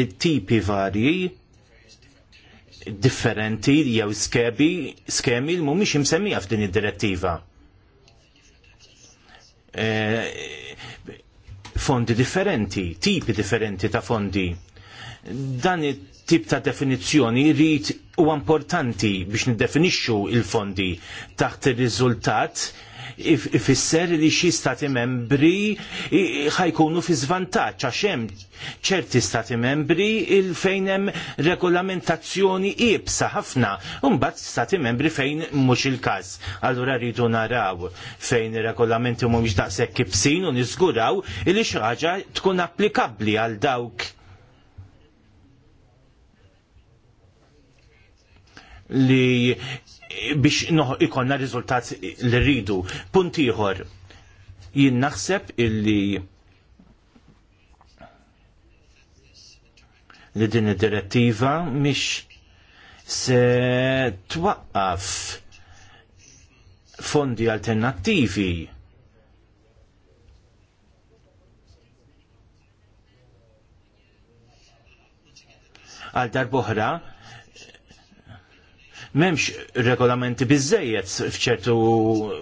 It-tipi varji differenti jew skebi skemi l mhumiex imsemmija f'din id-direttiva. Eh, fondi differenti, tipi differenti ta' fondi. Dan it tip ta' definizzjoni rrit u importanti biex niddefinixxu il-fondi taħt ir-riżultat ifisser li xi stati membri ħajkunu fi żvantaġġ għax hemm ċerti stati membri il fejn hemm regolamentazzjoni iebsa ħafna u mbagħad stati membri fejn mhux il-każ. Allura rridu naraw fejn ir-regolamenti mhumiex daqshekk kibsin u niżguraw li xi ħaġa tkun applikabbli għal dawk li biex no, ikonna riżultat li rridu. Punt ieħor, jien naħseb illi li din id-direttiva mhix se twaqqaf fondi alternattivi għal darboħra memx regolamenti bizzejiet fċertu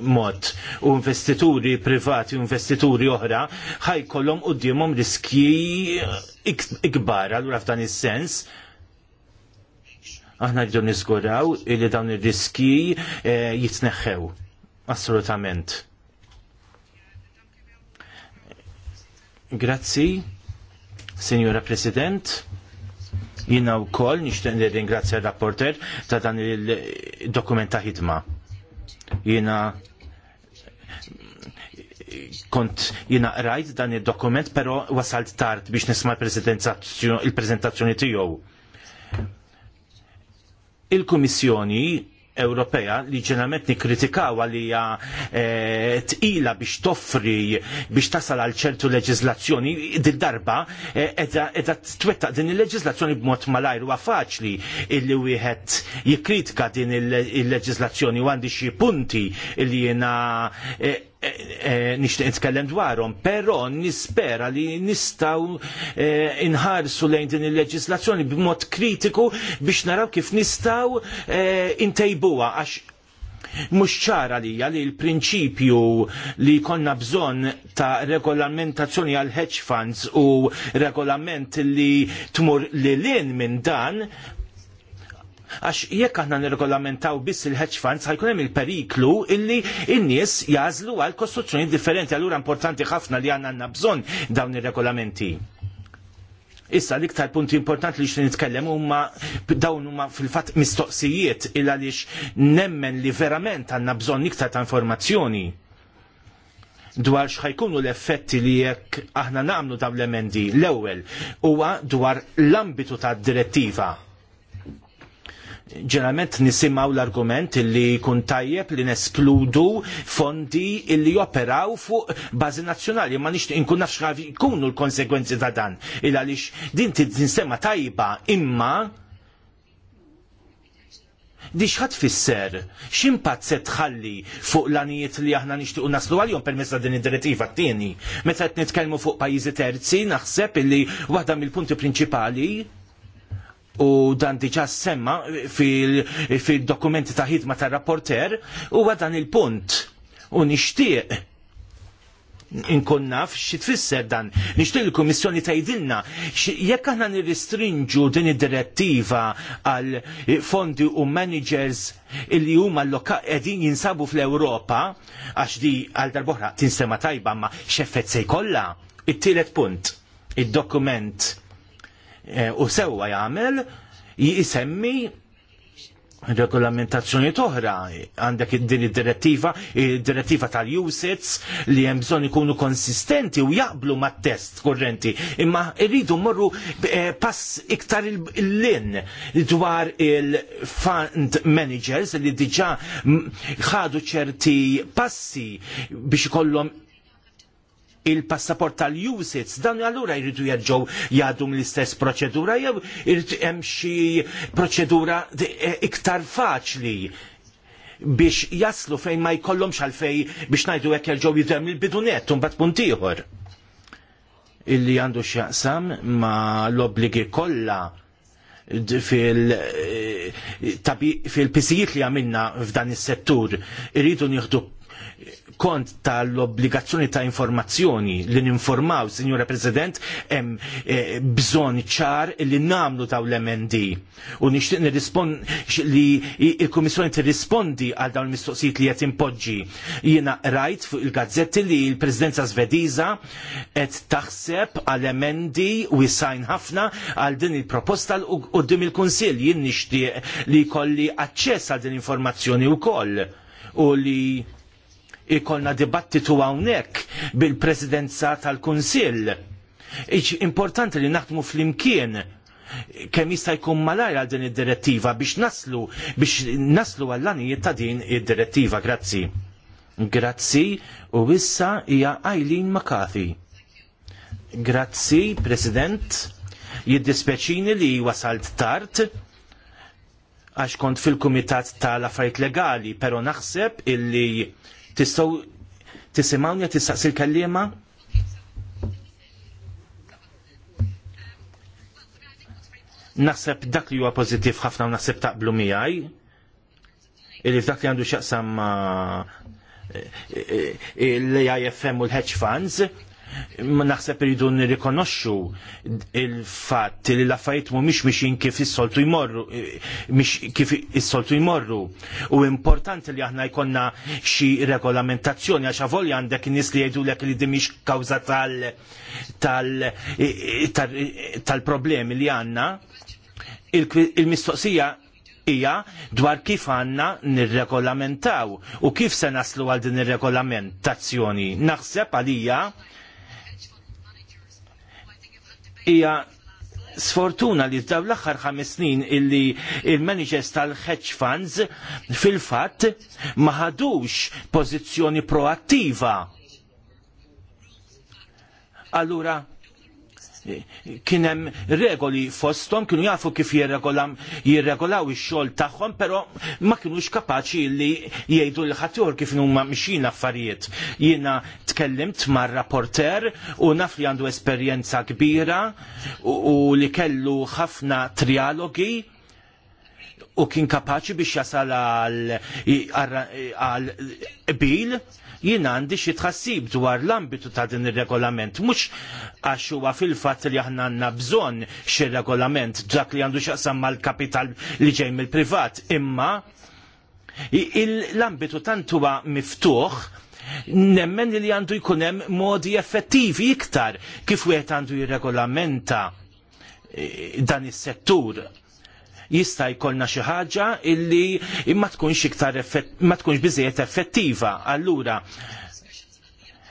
mod u investituri privati u investituri oħra ħajkollhom djemom riski ikbar allura f'dan is-sens aħna rridu niżguraw li dawn ir-riski eh, jitneħħew assolutament. Grazzi, Signora President. Jina u kol, nishtiq li l-rapporter ta' dan il-dokument ta' ħidma. Jina kont jina rajt dan il-dokument, pero wasalt tard biex nisma il-prezentazzjoni tijow. Il-Komissjoni Ewropea li ġenament nikritikaw għalija hija eh, tqila biex toffri biex tasal għal ċertu leġizlazzjoni din darba eh, edha twettaq din il-leġizlazzjoni b'mod malajr huwa faċli illi wieħed jikkritika din il-leġizlazzjoni u għandi xi punti li jiena eh, Eh, eh, nixtieq nitkellem dwarhom, però nispera li nistgħu eh, inħarsu lejn din il-leġislazzjoni b'mod kritiku biex naraw kif nistgħu intejbuha għax Mux ċara li li l-prinċipju li konna bżon ta' regolamentazzjoni għal hedge funds u regolament li tmur li minn dan Għax jekk aħna nirregolamentaw biss il-hedge funds ħajkun hemm il-periklu illi n-nies jażlu għal kostruzzjoni differenti allura importanti ħafna li għandna għandna bżonn dawn ir-regolamenti. Issa l-iktar punti importanti li xtin nitkellem huma dawn huma fil-fatt mistoqsijiet il għaliex nemmen li verament għandna bżonn iktar ta' informazzjoni dwar xħajkunu l-effetti li jekk aħna namlu dawn l-emendi. L-ewwel huwa dwar l-ambitu tad direttiva ġeneralment nisimaw l-argument li kun tajjeb li neskludu fondi li operaw fuq bażi nazzjonali. Ma nix inkun nafx jkunu l-konsekwenzi ta' dan. Il għaliex din tinsema tajba imma di xħat fisser, ximpat se tħalli fuq l-anijiet li aħna nixtiqu naslu għal-jom permessa din id-direttiva t-tieni. Meta t-nitkelmu fuq pajizi terzi, naħseb illi waħda mill-punti prinċipali u dan diġa semma fil-dokumenti ta' ħidma ta' rapporter huwa dan il-punt. U nixtieq inkun naf xi tfisser dan. Nixtieq il-Kummissjoni tgħidilna jekk aħna nirristrinġu din id-direttiva għal fondi u managers illi huma l-loka qegħdin jinsabu fl-Ewropa għax di għal darbohra tinsema tajba ma x'effett se jkollha. It-tielet punt, id-dokument Eh, u sewwa jagħmel jisemmi regolamentazzjoni toħra għandek din id-direttiva, id-direttiva tal-usits li hemm bżonn ikunu konsistenti u jaqblu mat-test kurrenti. Imma rridu mmorru eh, pass iktar il-lin dwar il-fund managers li diġà ħadu ċerti passi biex ikollhom il-passaport tal-usits, dan allura jridu jaġġow jgħaddu mill-istess proċedura, jew hemm xi proċedura e, iktar faċli biex jaslu fejn ma jkollhomx għalfej biex ngħidu hekk jerġgħu jidhem il-bidunet un bat punt ieħor. Illi għandu x'jaqsam ma l-obbligi kollha fil-pisijiet fil e, li għamilna f'dan is-settur irridu nieħdu kont tal-obbligazzjoni ta' informazzjoni li ninformaw, Sinjura President, hemm e, eh, bżonn ċar li namlu taw l-MND. U nixtieq li il-Kummissjoni tirrispondi għal dawn il-mistoqsijiet li qed impoġġi. Jiena rajt fuq il-gazzetti li l-Presidenza Svediża qed taħseb għal emendi u sajn ħafna għal din il-proposta u dim il-Kunsill jien nixtieq li jkolli aċċess għal din informazzjoni wkoll u li ikolna dibattitu hawnhekk bil-presidenza tal-Kunsill. Importanti li naħdmu fl-imkien kemm jista' jkun malajr għal din id-direttiva biex naslu biex naslu għall-għanijiet ta' din id-direttiva. Grazzi. Grazzi u issa hija Eileen McCarthy. Grazzi, President. Jiddispeċini li wasalt tard għax kont fil-Kumitat tal-Affarijiet Legali, pero naħseb illi tistaw tisimgħuni qed tistaqsi l-kelliema? Naħseb dak li huwa pożittiv ħafna u naħseb taqblu miegħi. Illi f'dak li għandu xaqsam ma' eh, eh, l-AIFM u l-hedge funds, ma naħseb iridu nirrikonoxxu il-fatt li l-affarijiet mhumiex mixin kif is-soltu jmorru eh, mhix kif is-soltu jmorru. U importanti li aħna jkollna xi regolamentazzjoni għax avolja għandek nies li jgħidulek li dimix kawża tal-problemi li għandna. Il-mistoqsija hija dwar kif għanna nirregolamentaw u kif se naslu għal din ir-regolamentazzjoni. Naħseb għalija hija sfortuna li f'daw l-aħħar ħames snin illi il-managers tal-hedge funds fil-fatt ma ħadux pożizzjoni proattiva. Allura kienem regoli fostom, kienu jafu kif jirregolaw ix-xogħol tagħhom, però ma kienux kapaċi li jgħidu l ħaddieħor kif huma mixin affarijiet. Jiena tkellimt mar rapporter u naf li għandu esperjenza kbira u, li kellu ħafna trialogi u kien kapaċi biex jasal għal bil jina għandi xi tħassib dwar l-ambitu ta' din ir-regolament, mhux għax huwa fil-fatt li aħna għandna bżonn xi regolament dak li għandu x'aqsam mal-kapital li ġej mill-privat, imma l-ambitu tant huwa miftuħ nemmen li għandu jkun hemm modi effettivi iktar kif wieħed għandu jirregolamenta eh, dan is-settur jista' jkollna xi ħaġa illi ma tkunx iktar ma tkunx biżejjed effettiva. Allura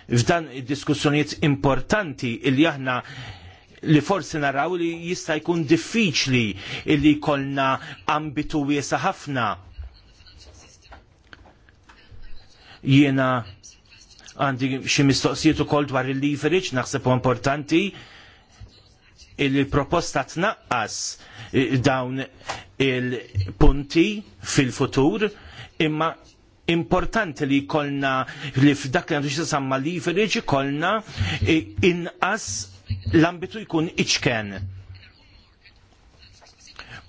f'dan id-diskussjonijiet importanti illi aħna li forsi naraw li jista' jkun diffiċli illi jkollna ambitu wiesa ħafna. Jiena għandi xi mistoqsijiet ukoll dwar il-leverage naħseb importanti il-proposta tnaqqas eh, dawn il-punti fil-futur imma importanti li kolna li f'dak li għandu xisamma li fil kolna eh, inqas l-ambitu jkun iċken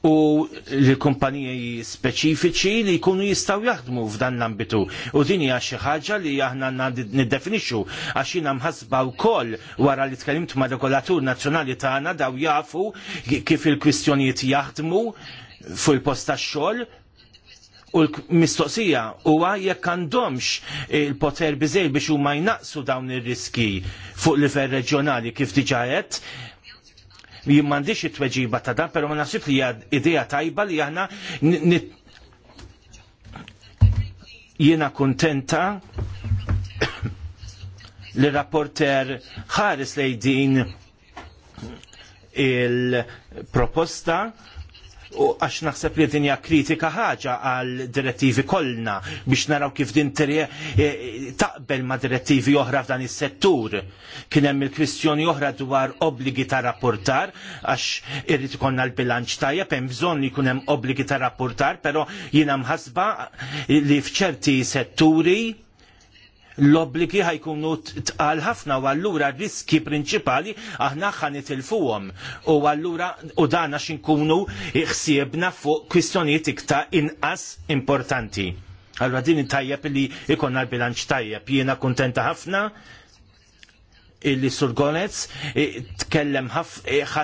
u l-kumpaniji speċifiċi li jkunu jistaw jaħdmu f'dan l-ambitu. U din hija xi ħaġa li aħna niddefinixxu għax jiena mħasba wkoll wara li tkellimt ma' regolatur nazzjonali tagħna daw jafu kif il-kwistjonijiet jaħdmu fuq il-post tax-xogħol u l-mistoqsija huwa jekk għandhomx il-poter biżej biex huma jnaqsu dawn ir-riski fuq livell reġjonali kif diġa jimmandiċ it-tweġiba ta' dan, pero ma nasib li idea tajba li aħna jiena kontenta li rapporter ħares lej il-proposta u għax naħseb li dinja kritika ħaġa għal direttivi kollna biex naraw kif din e, e, taqbel ma direttivi oħra f'dan is-settur. Kien hemm il-kwistjoni oħra dwar obbligi ta' rapportar għax irrid ikollna l-bilanċ tajjeb hemm bżonn li jkun hemm obbligi ta' rapportar, però jiena mħassba li f'ċerti setturi l-obbligi ħajkunu tqal ħafna u allura riski prinċipali aħna ħan itilfuhom u allura u dana x'inkunu inkunu ħsiebna fuq kwistjonijiet iktar inqas importanti. Allura din tajjeb li ikonna l-bilanċ tajjeb. Jiena kuntenta ħafna illi sur Gonez eh, tkellem eh,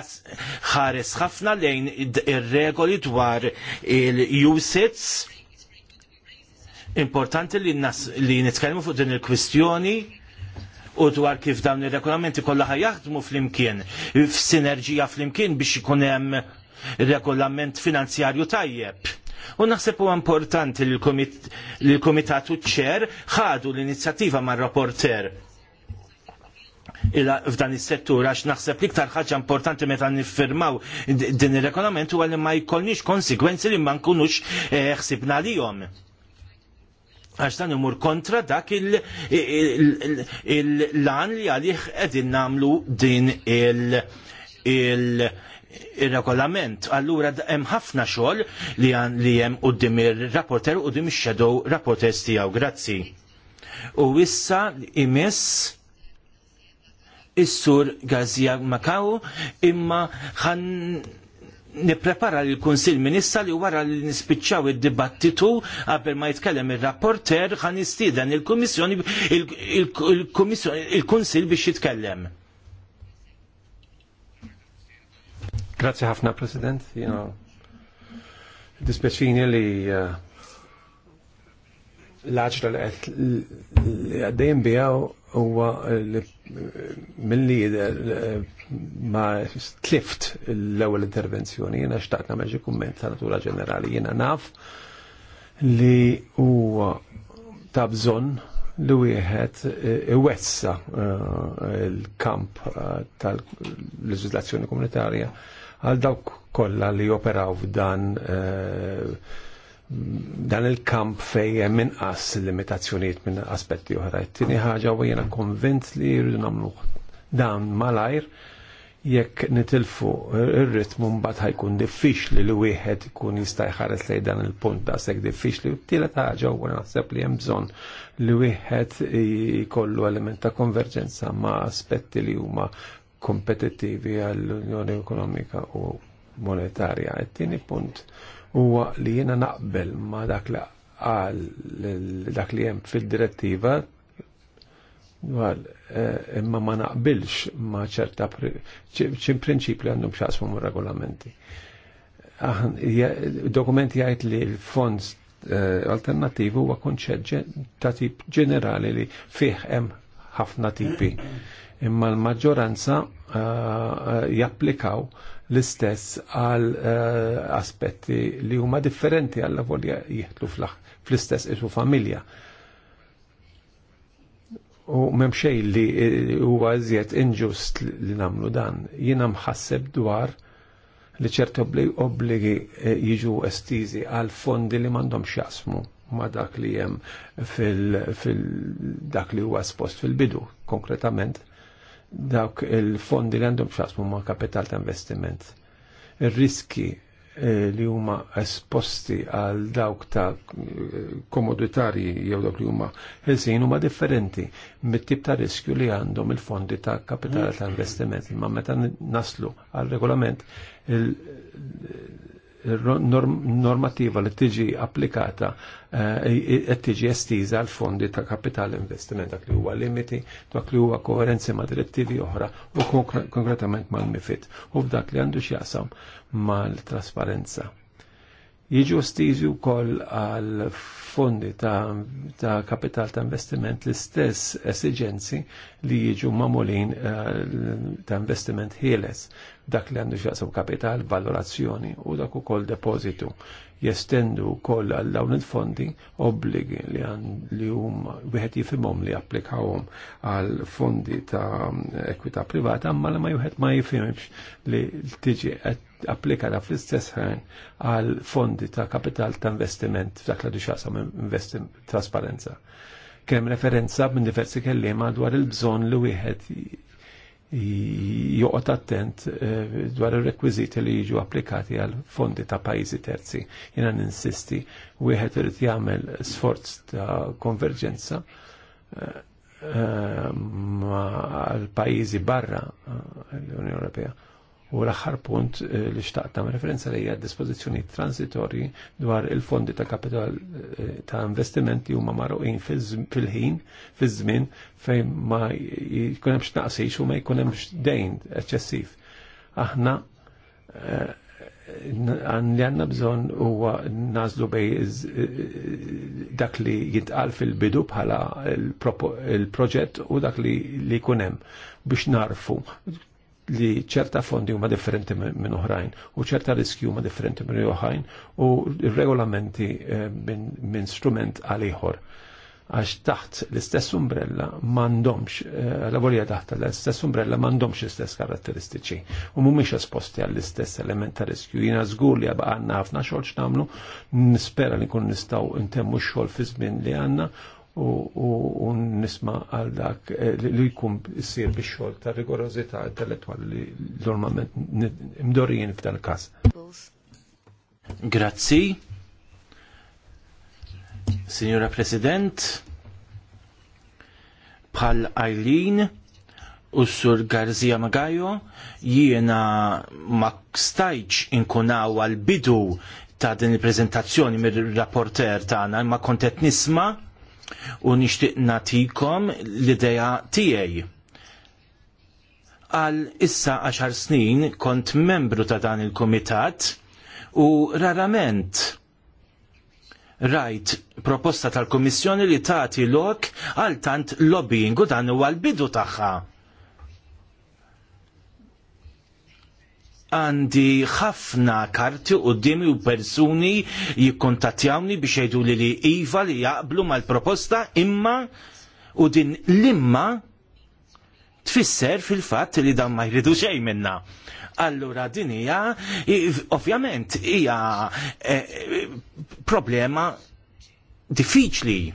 ħares ħafna lejn ir-regoli dwar il-usits Importanti li, nas, li nitkellmu fuq din il-kwistjoni u dwar kif dawn ir-regolamenti kollha jaħdmu flimkien, f'sinerġija flimkien biex ikun hemm regolament finanzjarju tajjeb. U naħseb huwa importanti li l-Komitatu ċer ħadu l-inizjattiva mar rapporter f'dan is-settur għax naħseb l-iktar ħaġa importanti meta niffirmaw din ir-regolament huwa li ma jkollniex konsekwenzi li ma nkunux eh, ħsibna lihom għax dan imur kontra dak il-lan li għalih qegħdin namlu din il- il-regolament. Allura hemm ħafna xogħol li hemm quddiem ir-rapporter u dim ix-shadow rapporter tiegħu. Grazzi. U issa imiss is-sur Gazija Makaw imma ħan nipprepara l konsil Minissa li wara li nispiċċaw id-dibattitu qabel ma jitkellem ir-rapporter għan istidan il-Kummissjoni il konsil biex jitkellem. Grazie ħafna President, Dispeċini li eh, l li għaddejn bijaw huwa eh, eh, milli eh, ma tlift l-ewwel intervenzjoni jiena xtaqt nagħmel xi kumment ta' natura ġenerali jiena naf li huwa ta' bżonn li wieħed iwessa l-kamp tal-leġislazzjoni komunitarja għal dawk kollha li operaw f'dan dan il-kamp fej hemm inqas limitazzjonijiet minn aspetti oħra. Tieni ħaġa u jiena konvint li jridu namlu dan malajr jekk nitilfu ir-ritmu mbagħad ħajkun diffiċli li wieħed ikun jista' jħares lejn dan il-punt daqshekk diffiċli. Tielet ħaġa huwa naħseb li hemm bżonn li wieħed jkollu element ta' konverġenza ma' aspetti li huma kompetittivi għall-Unjoni Ekonomika u Monetarja. Et-tieni punt huwa li jiena naqbel ma dak li għal dak li hemm fil-direttiva Għal, e, imma ma naqbilx ma ċerta ċim prinċipli għandhom xaqsmu mu regolamenti. Dokumenti għajt li l-fonds e, alternativu huwa konċett ta' tip ġenerali li fih hemm ħafna tipi. Imma l-maġġoranza e, japplikaw l-istess għal eh, aspetti li huma differenti għal volja jieħtlu fl-istess isu familja. U memxej li eh, huwa iżjed inġust li namlu dan. Jiena mħasseb dwar li ċerti obbligi eh, jiġu estizi għal fondi li mandom xasmu ma dak li jem fil, fil dak li huwa spost fil-bidu konkretament dawk il-fondi li għandhom xasmu ma' kapital ta' investiment. Il-riski eh, li huma esposti għal dawk ta' komoditarji jew dawk li huma ħelsin huma differenti mit-tip ta' riskju li għandhom il-fondi ta' kapitali ta' mm. investimenti. Ma meta naslu għal regolament normativa li tiġi applikata qed eh, e-, e-, tiġi estiza għal fondi ta' kapital investiment dak li huwa limiti, dak li huwa koherenzi ma' direttivi oħra u konkretament ma' mifit u f'dak li għandu x'jaqsam mal-trasparenza. Jiġu stiżi wkoll għal fondi ta', kapital ta' investiment l-istess esigenzi li jiġu mamulin eh, ta' investiment ħieles dak li għandu xaqsam kapital, valorazzjoni u dak u kol depositu jestendu kol għal dawn il-fondi obbligi li għum wieħed jifhimhom li applikawhom għal fondi ta' ekwita privata, ma li ma wieħed ma jifhimx li tiġi da fl-istess ħin għal fondi ta' kapital ta' investiment f'dak li xaqsam investim trasparenza. Kemm referenza minn diversi kelliema dwar il-bżonn li wieħed joqgħod attent eh, dwar ir-rekwiżiti li jiġu applikati għal fondi ta' pajjiżi terzi. Jiena ninsisti wieħed irid jagħmel sforz ta' konverġenza eh, eh, ma' l-pajjiżi barra l-Unjoni Ewropea U l-axħar punt eh, li xtaqtam referenza li dispożizzjoni transitorji dwar il-fondi ta' kapital eh, ta' investimenti huma marruqin fil-ħin, fiż-żmien fejn ma jkun hemmx u ma jkun hemmx dejn eċċessiv. Aħna eh, li għanna bżon huwa nażlu bej dak li jitqal fil-bidu bħala il-proġett u dak li jkun hemm biex narfu li ċerta fondi huma differenti minn oħrajn u ċerta riski huma differenti minn oħrajn u regolamenti eh, minn strument għal ieħor għax taħt l-istess umbrella m'għandhomx eh, lavorija taħt l-istess umbrella m'għandhomx l-istess karatteristiċi u mhumiex esposti għall-istess element ta' riskju. Jina żgur li għandna ħafna xogħol x'namlu, nispera li kun nistgħu intemmu xogħol fi żmien li għandna u nisma għal dak eh, li jkun issir biex xogħol ta' rigorozità intellettwali li normalment imdorijin f'dan każ. Grazzi. Signora President, bħal Eileen u s-sur Garzija Magajo jiena ma stajċ inkunaw għal bidu ta' din il-prezentazzjoni mir-rapporter tagħna ma kontet nisma' u nixtieq natikom l-idea tiegħi. Għal issa għaxar snin kont membru ta' dan il kumitat u rarament rajt proposta tal kummissjoni li tagħti lok għal tant lobbying u dan huwa l-bidu tagħha. għandi ħafna karti u u persuni jikkontattjawni biex jajdu li li Iva li jaqblu mal-proposta imma u din l-imma tfisser fil-fatt li dan ma jridu xejn minna. Allura din hija ovvjament hija eh, problema diffiċli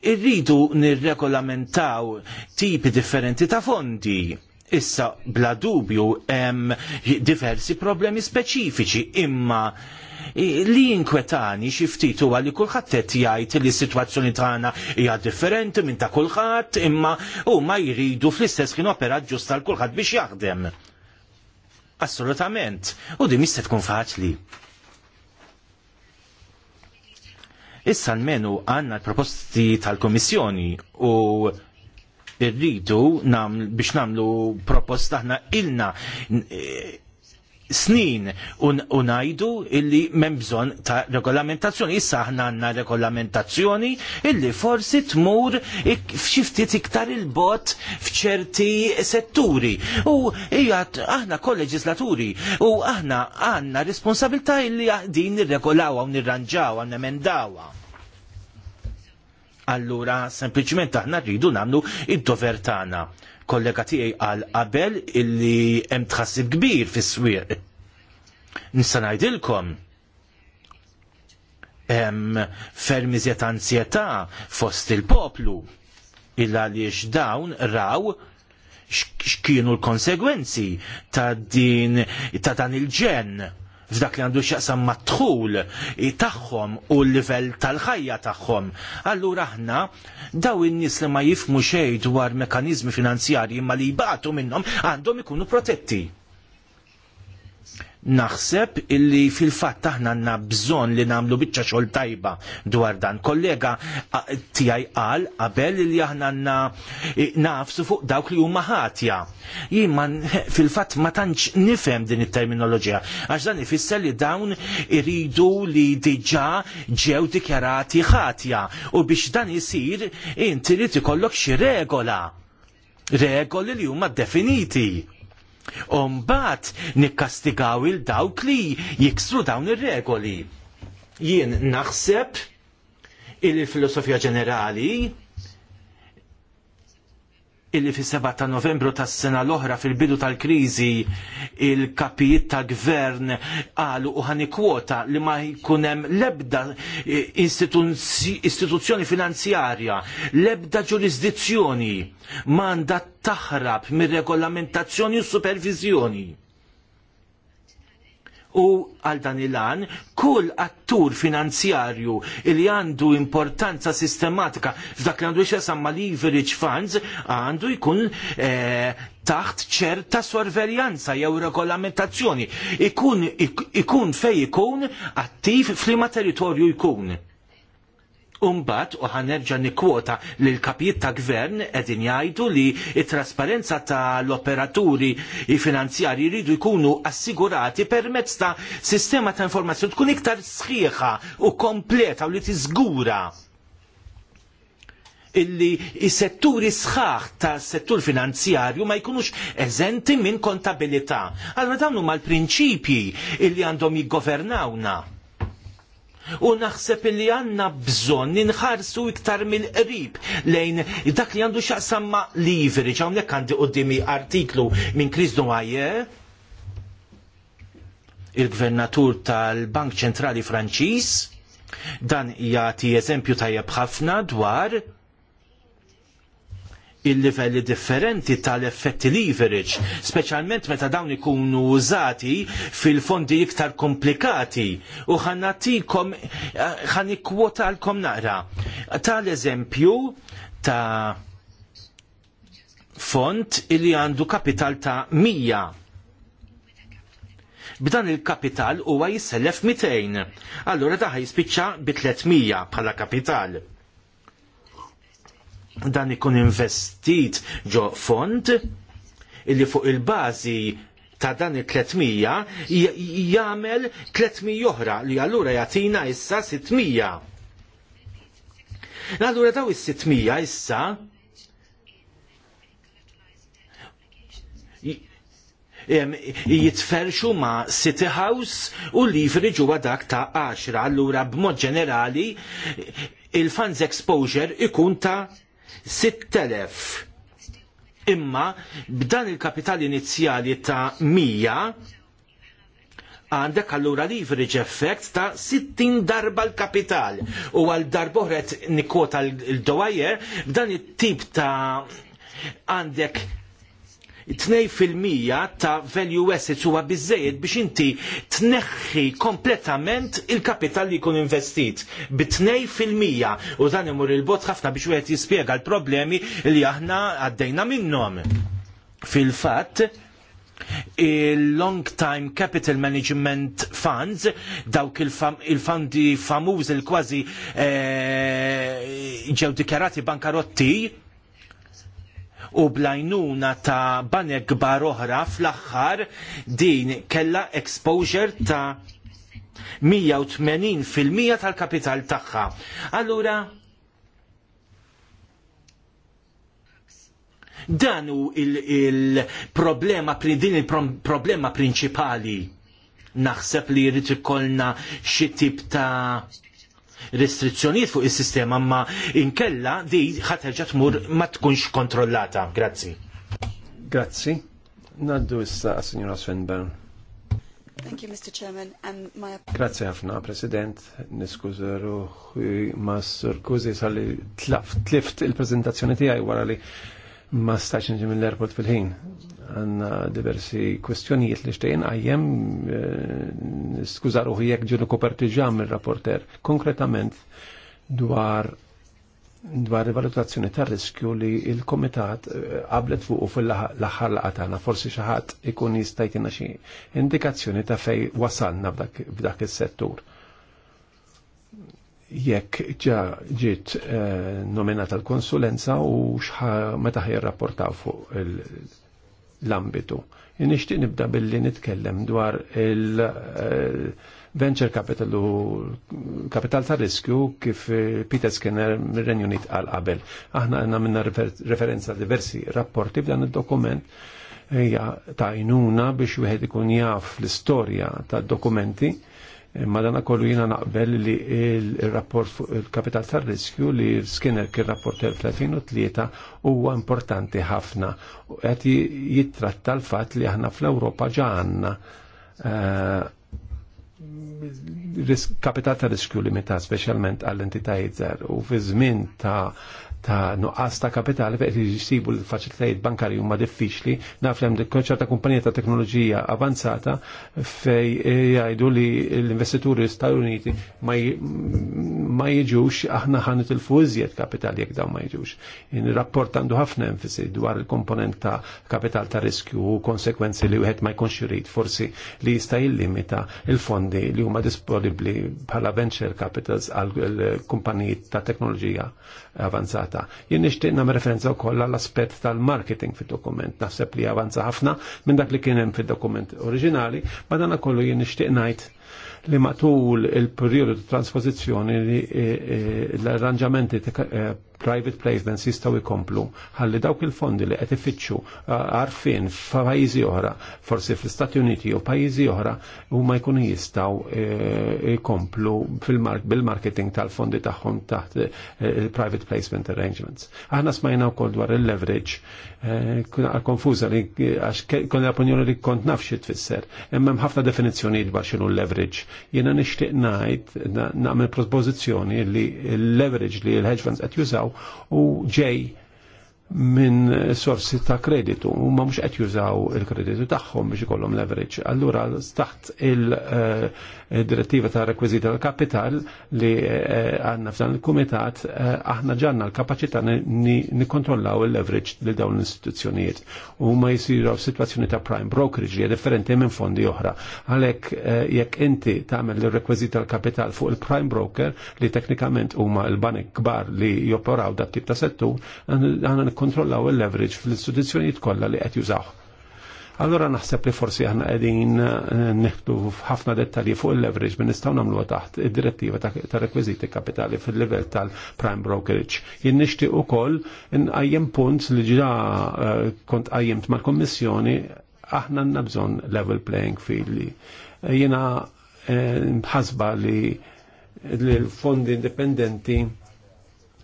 irridu nirregolamentaw tipi differenti ta' fondi Issa bla dubju hemm diversi problemi speċifiċi imma li inkwetani xi ftit huwa li kulħadd qed jgħid li s-sitwazzjoni tagħna hija differenti minn ta' kulħadd imma huma jridu fl-istess kien opera ġusta l kulħadd biex jaħdem. Assolutament. U din se tkun faċli. Issa l-menu għanna l-proposti tal-Komissjoni u irridu biex namlu proposta ħna ilna e, snin un, unajdu illi membżon ta' regolamentazzjoni. Issa ħna għanna regolamentazzjoni illi forsi tmur ik, fxiftit iktar il-bot fċerti setturi. U jgħat aħna kolleġislaturi u aħna għanna responsabilta illi din nirregolawa u nirranġawa u nemendawa. Allura, sempliciment aħna rridu nagħmlu id-dover tagħna. Kollega tiegħi għal qabel illi hemm tħassib kbir fis-swieq. Nista' ngħidilkom hemm fermiżiet iżjed fost il-poplu illa għaliex dawn raw x'kienu l-konsegwenzi ta' din ta' dan il-ġen f'dak li għandu x'jaqsam mat-tħul tagħhom u l-livell tal-ħajja tagħhom. Allura aħna daw in-nies li ma jifmu xejn dwar mekanizmi finanzjarji ma li jibatu minnhom għandhom ikunu protetti naħseb illi fil-fatt aħna għandna bżonn li nagħmlu biċċa xogħol tajba dwar dan. Kollega tiegħi qal qabel li aħna għanna nafsu fuq dawk li huma ħatja. Jimman fil-fatt ma tantx nifhem din it-terminoloġija għax dan ifisser li dawn iridu li diġà ġew dikjarati ħatja u biex dan isir inti li tikollok xi regola regoli li huma definiti Umbat nikkastigaw il-dawk li jiksru dawn ir-regoli. Jien naħseb il-filosofija ġenerali illi fis 7 ta' novembru tas sena l-oħra fil-bidu tal-krizi il-kapijiet ta' gvern għalu u ħani kwota li ma jkunem lebda eh, istituzzjoni finanzjarja, lebda ġurisdizzjoni manda taħrab mir regolamentazzjoni u supervizjoni. U għal dan il an kull attur finanzjarju li għandu importanza sistematika f'dak li għandu xesam ma leverage funds għandu jkun eh, taħt ċerta sorveljanza jew regolamentazzjoni. Ikun, ikun fej ikun attiv f'liema territorju jkun. Umbat u ħanerġa nikwota li l-kapijiet ta' gvern edin jgħidu li t trasparenza tal operaturi finanzjari jridu jkunu assigurati permezz ta' sistema ta' informazzjoni tkun iktar sħiħa u kompleta u li tiżgura illi is-setturi sħaħ ta' settur finanzjarju ma jkunux eżenti minn kontabilità. Allora dawn huma l-prinċipji illi għandhom jiggovernawna u naħseb li għanna bżon ninħarsu iktar mill-qrib lejn dak li għandu xaqsam ma' leverage, għamlek għandi qoddimi artiklu minn Chris Noaie, il-gvernatur tal-Bank Ċentrali Franċiż, dan jagħti eżempju tajjeb ħafna dwar il-livelli differenti tal-effetti leverage, speċjalment meta dawn ikunu użati fil-fondi iktar komplikati u ħannatikom eh, ħan għalkom naqra. Tal-eżempju ta' font illi għandu kapital ta' 100 b'dan il-kapital huwa jissellef 200. Allura daħ jispiċċa bi 300 bħala kapital dan ikun investit ġo fond illi fuq il-bazi ta' dan il-300 jagħmel 300 oħra li allura jagħtina issa 600. Allura daw is-600 issa jitferxu ma' City House u li friġu dak ta' 10. Allura b'mod ġenerali il-funds exposure ikun ta' 6000 imma b'dan il-kapital inizjali ta' 100 għandek allura leverage effect ta' 60 darba l-kapital u għal darboħret nikota l-dowajer b'dan it-tip ta' għandek 2% ta' value assets huwa biżejjed biex inti tneħħi kompletament il-kapital li jkun investit bi 2% u dan imur il-bot ħafna biex wieħed jispjega l-problemi li aħna għaddejna minnhom. Fil-fatt, il-Long Time Capital Management Funds, dawk il fundi famuż il-kważi eh, ġew dikjarati bankarotti, u blajnuna ta' banek kbar oħra fl-aħħar din kella exposure ta' 180% tal-kapital tagħha. Allura dan hu il-problema il din il-problema prinċipali naħseb li jrid ikollna xi tip ta' restrizzjonijiet fuq is-sistema ma inkella di ħaterġa tmur ma tkunx kontrollata. Grazzi. Grazzi. Naddu issa signora Svenbern. Thank you, Mr. Chairman. And my... Grazie ħafna, President. Niskużeru ruħi ma surkużi sali tlift il-prezentazzjoni tiegħi wara li ma staċ nġi mill-airport fil-ħin għanna diversi kwestjonijiet li xtejn għajjem eh, skużar uħi jek ġunu koperti ġam il-rapporter konkretament dwar dwar valutazzjoni ta' riskju li il-komitat eh, qablet fuq u fil-laħħar laqatana forsi xaħat ikun jistajtina xi indikazzjoni ta' fej wasalna f'dak is-settur jekk ġa ġiet eh, nominata l-konsulenza u xħa meta ħaj rapportaw fuq il- l-ambitu. Nixtieq nibda billi nitkellem dwar il-venture eh, capital u kapital ta' riskju kif eh, Peter Skinner mir-Renju għal qabel. Aħna għandna minna referenza diversi rapporti f'dan id-dokument ta' jnuna biex wieħed ikun jaf l-istorja tad dokumenti Madana kollu jina naqbel li il-rapport fuq il-kapital tar riskju li Skinner kien rapport tal-2003 huwa importanti ħafna. Qed jittratta l-fatt li aħna fl-Ewropa ġa għandna eh, kapital tar riskju limitat speċjalment għall entitajiet żgħar u fi żmien ta' ta' nuqqas ta' kapitali fejn jisibu l-faċilitajiet bankarji huma diffiċli, naf li hemm ċerta kumpanija ta' teknoloġija avanzata fej eh, jgħidu li l-investituri stati Uniti ma jiġux aħna ħanet il iżjed kapitali jekk dawn ma jiġux. Il-rapport għandu ħafna enfisi dwar il-komponent ta' kapital ta' riskju u konsekwenzi li wieħed ma jkunx irid forsi li jista' jillimita il-fondi li huma disponibbli bħala venture capitals għal kumpaniji ta' teknoloġija avanzata. Jien nixtieq nagħmel referenza wkoll għall aspett tal-marketing fid-dokument. Naħseb li avanza ħafna minn dak li kien hemm fid-dokument oriġinali, ma dan kollu jien nixtieq ngħid li matul il-periodu ta' transpożizzjoni eh, eh, l-arranġamenti eh, private placements jistgħu jkomplu ħalli dawk il-fondi li qed ifittxu uh, għarfien f'pajjiżi oħra, forsi fl-Istati Uniti u pajjiżi oħra, huma jkunu jistgħu jkomplu eh, bil-marketing tal-fondi tagħhom taħt eh, eh, private placement arrangements. Aħna smajna wkoll dwar il-leverage, konfuża li għax kuna l-opinjoni li kont nafx tfisser, imma ħafna definizzjonijiet dwar xinu leverage. Jiena nixtieq ngħid nagħmel propożizzjoni li l-leverage li l-hedge funds qed jużaw jużaw u ġej minn sorsi ta' kreditu u ma mux qed jużaw il-kreditu tagħhom biex ikollhom leverage. Allura taħt il- eh, Eh, direttiva ta' rekwizita tal kapital li eh, għanna f'dan il-kumitat eh, aħna ġanna l-kapacità nikontrollaw il-leverage li dawn l-istituzzjonijiet u ma jisiru situazzjoni ta' prime brokerage li differenti minn fondi oħra. Għalek jekk inti tagħmel l rekwizita tal kapital fuq il-prime broker li teknikament huma l-banek kbar li joporaw dat tip ta' settur, għanna nikkontrollaw il-leverage fl-istituzzjonijiet kollha li qed jużawh Allora naħseb li forsi aħna qegħdin eh, neħdu f'ħafna dettalji fuq il-leverage minn nistgħu nagħmluha taħt id-direttiva ta' rekwiżiti kapitali fil-livell tal-prime brokerage. Jien nixtieq ukoll inqajjem punt li ġra eh, kont qajjimt mal-Kommissjoni aħna għandna bżonn level playing field eh, jiena ħasba li l-fondi indipendenti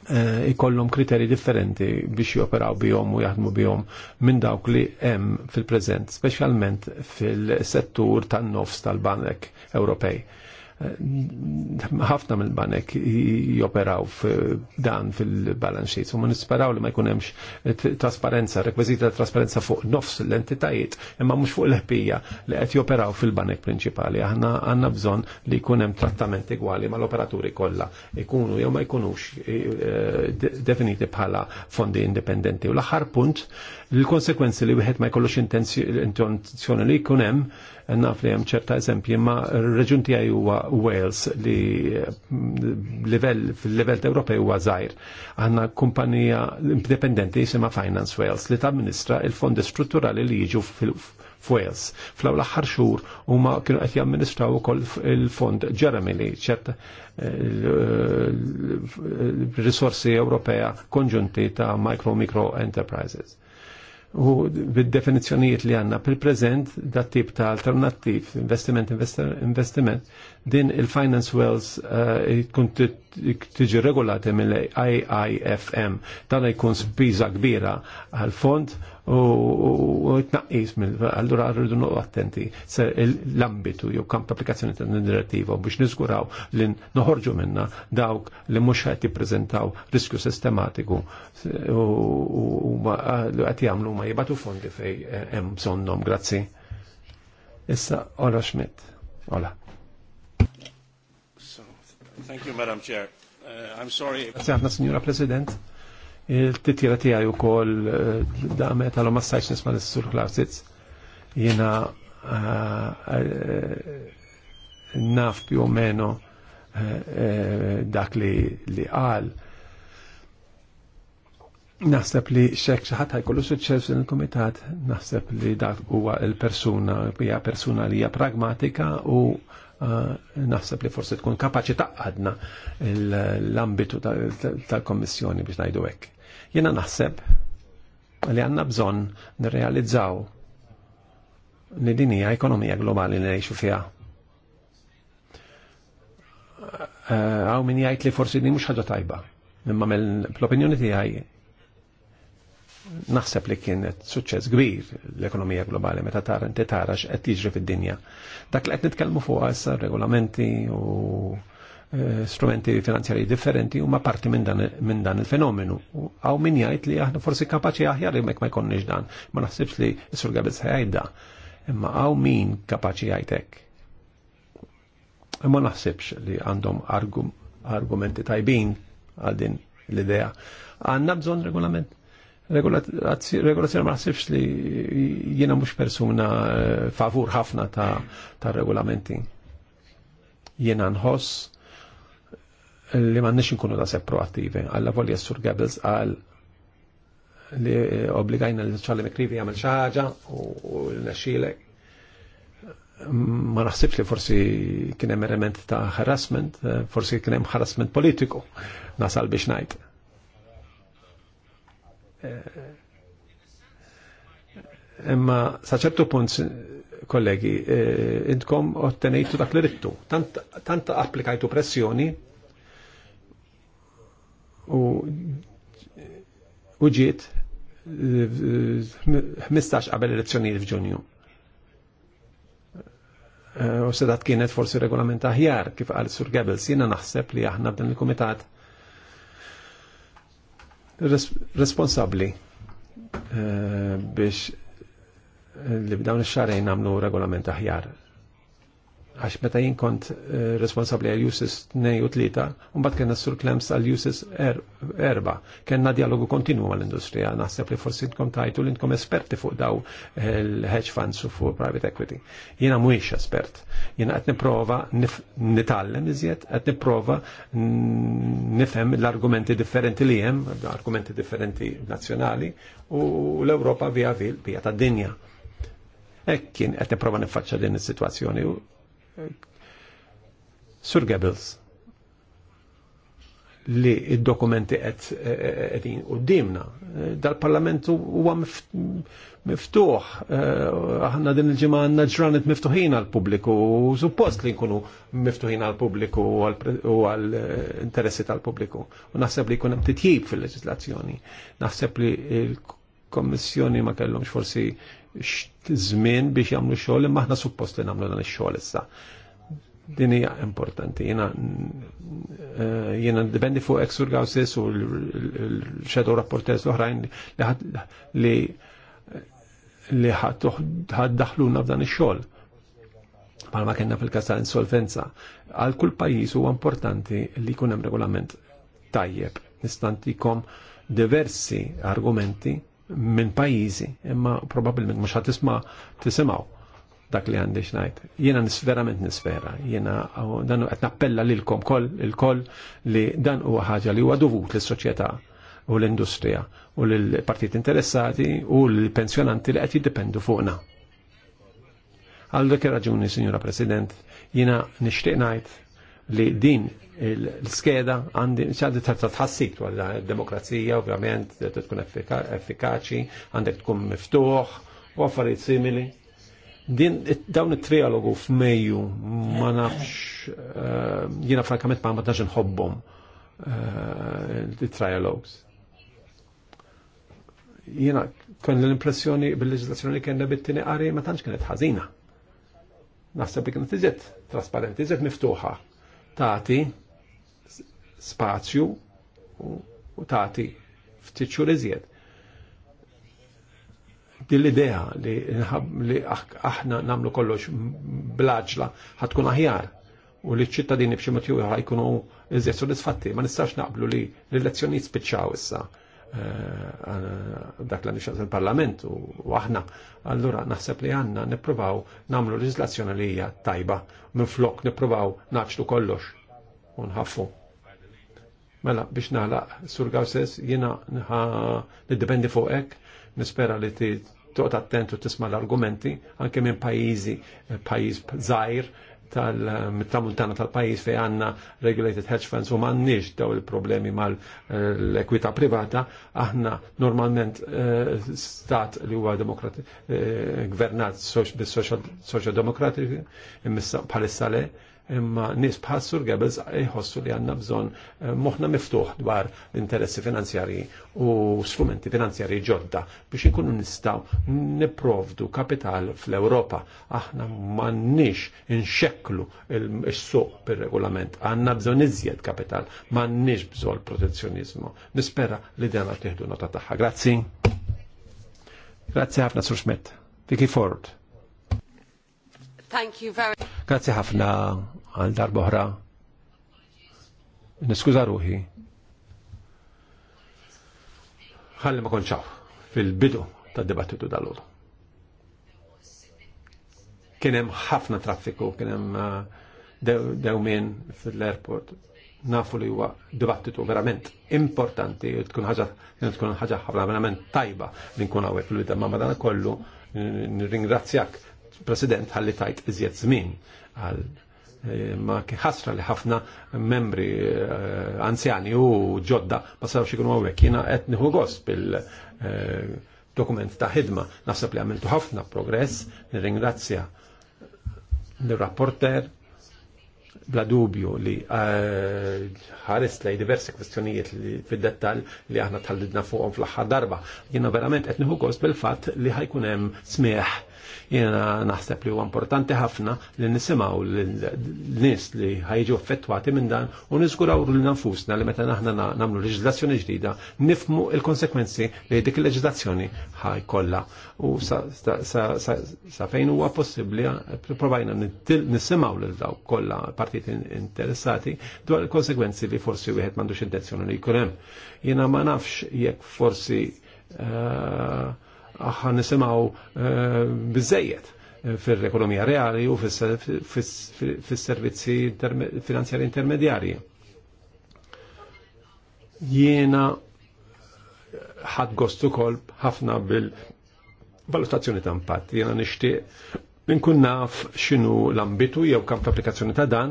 Eh, ikollhom kriteri differenti biex joperaw bihom u jaħdmu bihom minn dawk li hemm fil-preżent, speċjalment fil-settur tan-nofs tal-banek Ewropej Eh, ħafna mill-banek joperaw dan fil-balance sheets u ma nisperaw li ma jkun trasparenza, rekwiżita trasparenza fuq nofs l-entitajiet imma mhux fuq l-ħbija li qed joperaw fil-banek prinċipali. Aħna għandna bżonn li jkun hemm trattament igwali mal-operaturi kollha ikunu jew ma jkunux eh, definiti bħala fondi indipendenti. U l-aħħar punt l-konsekwenzi li wieħed ma jkollux intenzjoni li jkun hemm, naf li hemm ċerta eżempji, ma r-reġun tiegħi huwa Wales li mm, livell fil-livell Ewropej huwa żgħir. Għandna kumpanija indipendenti jisimha Finance Wales li tamministra il-fondi strutturali li jiġu f'Wales. Flaw l-aħħar xhur huma kienu qed jamministraw ukoll il-fond Jeremy li ċerta eh, risorsi Ewropea konġunti ta' micro micro enterprises u bid-definizzjonijiet li għanna pil-prezent dat tip ta' alternattiv, investiment, investiment, din il-finance wells eh, jkun tiġi regulati mill-IIFM, dan jkun spiża kbira għal-fond u it-naqis tnaqqis allura rridu nuqqa attenti l-ambitu jew kamp applikazzjoni ta' n direttiva biex nizguraw li noħorġu minna dawk li mux ħajti prezentaw riskju sistematiku u għati għamlu ma jibatu fondi fej eh, hemm bżonnhom, grazzi. Issa Ola Schmidt. Ola. Thank you, Madam Chair. Uh, I'm sorry. Grazie, Signora Presidente il-titjera tijaj u kol damet għallu ma stajx nisma l-sur Klausitz jena naf più o meno dak li għal Naħseb li xek xaħat kollu suċċess fil komitat naħseb li dak huwa il-persuna, hija persuna li hija pragmatika u naħseb li forsi tkun kapaċi taqqadna l-ambitu tal-Kommissjoni biex ngħidu hekk. Jena naħseb li għanna bżon nirrealizzaw li din hija ekonomija globali li ngħixu fiha. Eh, għaw min jgħid li forsi din mhux ħaġa tajba. Imma mill-opinjoni tiegħi naħseb li kienet suċċess kbir l-ekonomija globali meta tara inti tara x'qed jiġri fid-dinja. Dak li qed nitkellmu fuq issa regolamenti u Eh, strumenti finanzjari differenti u ma parti minn dan il-fenomenu. Għaw minn jgħid li aħna forsi kapaċi aħjar li mek ma jkonniex dan, ma naħsibx li s-sur għabiz ħajda. Imma għaw min kapaċi jgħidek. Imma naħsibx li għandhom argumenti tajbin għal l-idea. Għanna bżon regolament regolazzjoni ma naħsibx li jiena mhux persuna eh, favur ħafna ta', ta regolamenti. Jiena nħoss li ma nixin kunu sepp proattivi. Għalla voli jessur Goebbels għal li obligajna li Charlie McCreevy jagħmel xi ħaġa u l naxilek Ma naħsibx li forsi kienem element ta' harassment, forsi kienem harassment politiku nasal biex najt. Imma saċertu punt kollegi, eh, intkom ottenejtu dak li rittu. Tant applikajtu pressjoni u uġiet 15 eh, qabel elezzjonijiet f'Ġunju. Eh, u sedat kienet forsi regolament aħjar kif għal Sur Goebbels jiena naħseb li aħna b'dan il-kumitat responsabbli eh, biex li b'dawn ix-xarejn nagħmlu regolament aħjar għax meta jien kont eh, responsabbli għal uses 2 u 3, bat kellna sur klems għal uses 4. Er-, Kenna dialogu kontinu mal-industrija, naħseb li forsi intkom tajtu li intkom esperti fuq daw il-hedge eh, funds u fuq private equity. Jiena mhuwiex espert. Jiena qed nipprova nitallem iżjed, qed nipprova nifhem l-argumenti differenti li hemm, argumenti differenti nazzjonali u l-Ewropa via Vil via tad-dinja. Ekkin, kien qed nipprova din is-sitwazzjoni Sur Goebbels li id-dokumenti qed eh, dimna, eh, Dal-Parlament huwa miftuħ, eh, aħna din il-ġimgħa għandna ġranet miftuħin għall-pubbliku u suppost li nkunu miftuħin għall-pubbliku u għall-interessi tal-pubbliku. U naħseb li jkun hemm titjib fil-leġislazzjoni. Naħseb li l-Kommissjoni ma kellhomx forsi żmien biex jagħmlu xogħol imma aħna suppost li nagħmlu dan ix-xogħol issa. Din hija importanti. Jiena eh, jiena dipendi fuq Exur Gawsis u l-Shadow Rapporters l-oħrajn li li ħaddaħluna f'dan ix-xogħol. Palma kena fil-kas tal-insolvenza. Għal kull pajjiż huwa importanti li jkun hemm regolament tajjeb. Nistantikom diversi argumenti minn pajjiżi, imma probabbilment mhux ħadd tisma' tisimgħu dak li għandi xnajt. Jena nisverament nisfera, jena dan qed nappella lilkom koll il-koll li dan huwa ħaġa li huwa dovut lis-soċjetà u l-industrija u l-partit interessati u l-pensjonanti li qed jiddependu fuqna. Għal dik raġuni, Sinjora President, jena nixtieq ngħid li din l-skeda għandi ċandi ta' tħassib għal demokrazija ovvjament tkun effikaċi, għandek tkun miftuħ u affarijiet simili. Din dawn it-trialogu f'Mejju ma nafx eh, jiena frankament ma ma nħobbhom eh, it-trialogs Jiena kon l-impressjoni bil-leġislazzjoni li kena bit tieni qari ma tantx kienet ħażina. Naħseb li kienet iżet trasparenti, iżet miftuħa. Tati spazju u tagħti ftit xhur iżjed. Din l-idea li aħna nagħmlu kollox blaġla ħatkun aħjar u li ċittadini b'xi matju ieħor jkunu iżjed sodisfatti, ma nistax naqblu li l-elezzjonijiet spiċċaw issa eh, eh, dak l nixaq il-parlament u aħna allura naħseb li għanna nipprovaw namlu leġislazzjoni li hija tajba minn flok nipprovaw naċlu kollox u nħaffu. Mela, biex naħlaq, sur Gawses, jena nħa niddependi fuqek, nispera li ti toqt attentu tisma l-argumenti, anke minn pajizi, eh, pajiz zaħir, tal-tramuntana tal-pajis fej għanna regulated hedge funds u nix daw il-problemi mal l-ekwita privata, aħna normalment eh, stat li huwa eh, gvernat bis social demokratiku, imissa le, imma nis bħassur gebels jħossu li għanna bżon eh, moħna miftuħ dwar interessi finanzjari u strumenti finanzjari ġodda biex ikunu nistaw niprovdu kapital fl-Europa. Aħna nix inxeklu il-suq per-regolament, għanna bżon iżjed kapital, nix bżon protezzjonizmu. Nispera li dana tieħdu nota taħħa. Grazzi. Grazzi ħafna Sur Schmidt. Vicky Ford. Grazie ħafna għal darboħra. Niskuża ruħi. Ħalli ma konċaw fil-bidu tad dibattitu dal-għodu. Kienem ħafna traffiku, kienem uh, dewmin fil-airport. Nafu li huwa dibattitu verament importanti, u tkun ħaġa tkun ħaġa ħafna verament tajba li nkun hawnhekk fil-bidda ma' madana kollu nirringrazzjak President ħalli tajt iżjed żmien għal eh, ma ħasra li ħafna membri eh, anzjani u ġodda ma sarawx ikunu għawek. Jena qed nieħu gost bil eh, dokument ta' ħidma. Naħseb li għamiltu ħafna progress, nirringrazzja l-rapporter, bla dubju li ħarist lej diversi kwestjonijiet li fid-dettal li aħna tħallidna fuqhom fl-aħħar darba. Jiena verament qed nieħu gost bil-fatt li ħajkun hemm smieħ Jiena naħseb li huwa importanti ħafna li nisimgħu l-nies li ħajġu effettwati minn dan u niżguraw lil nafusna li meta naħna nagħmlu leġislazzjoni ġdida nifmu il-konsekwenzi li dik il-leġislazzjoni ħajkollha. U sa fejn huwa possibbli provajna nisimgħu lil dawk kollha partiti interessati dwar il-konsekwenzi li forsi wieħed m'għandux intenzjoni li jkun hemm. Jiena ma nafx jekk forsi uh, aħħa nisimaw eh, bizzejiet eh, fil-ekonomija reali u fil-servizzi finanzjari intermedjari. Jiena ħad gostu kolb ħafna bil-valutazzjoni ta' impatt. Jiena nishtiq minkun naf xinu l-ambitu jew kamp applikazzjoni ta' dan.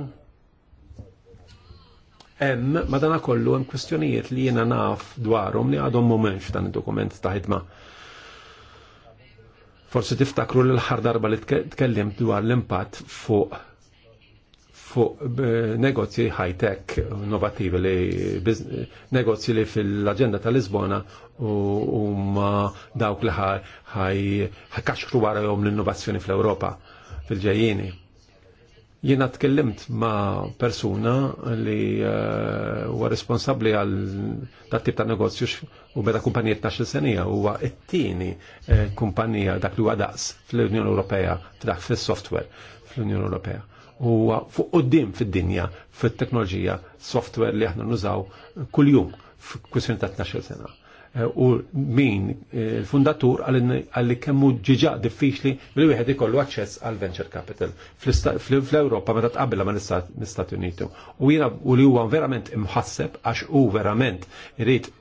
Hemm madana kollu hemm kwestjonijiet li jiena naf dwarhom li għadhom mhumiex dan id-dokument ta' ħidma. Forsi tiftakru l-ħar darba li tkellimt dwar l-impatt fuq fuq eh, negozji high-tech innovativi li negozji li fil-agenda tal-Lisbona u ma dawk li ħaj ħakaxkru warajom l-innovazzjoni fl-Europa fil-ġejjini. Jiena tkellimt ma' persuna li eh, huwa uh, responsabbli għal dat tip ta' negozju u beda kumpanija 12 senija huwa t-tieni eh, kumpanija dak li huwa daqs fl-Unjoni Ewropea dak fis-software fl-Unjoni Ewropea. Huwa fuq quddiem fid-dinja fit-teknoloġija software li aħna nużaw kuljum f'kwissjoni ta' 12 sena u min eh, il-fundatur għalli kemmu ġiġa diffiċli li wieħed ikollu aċċess għal venture capital fl-Ewropa meta tqabbilha ma' l-Istati Uniti. U jiena u li huwa verament imħasseb għax hu verament irid eh,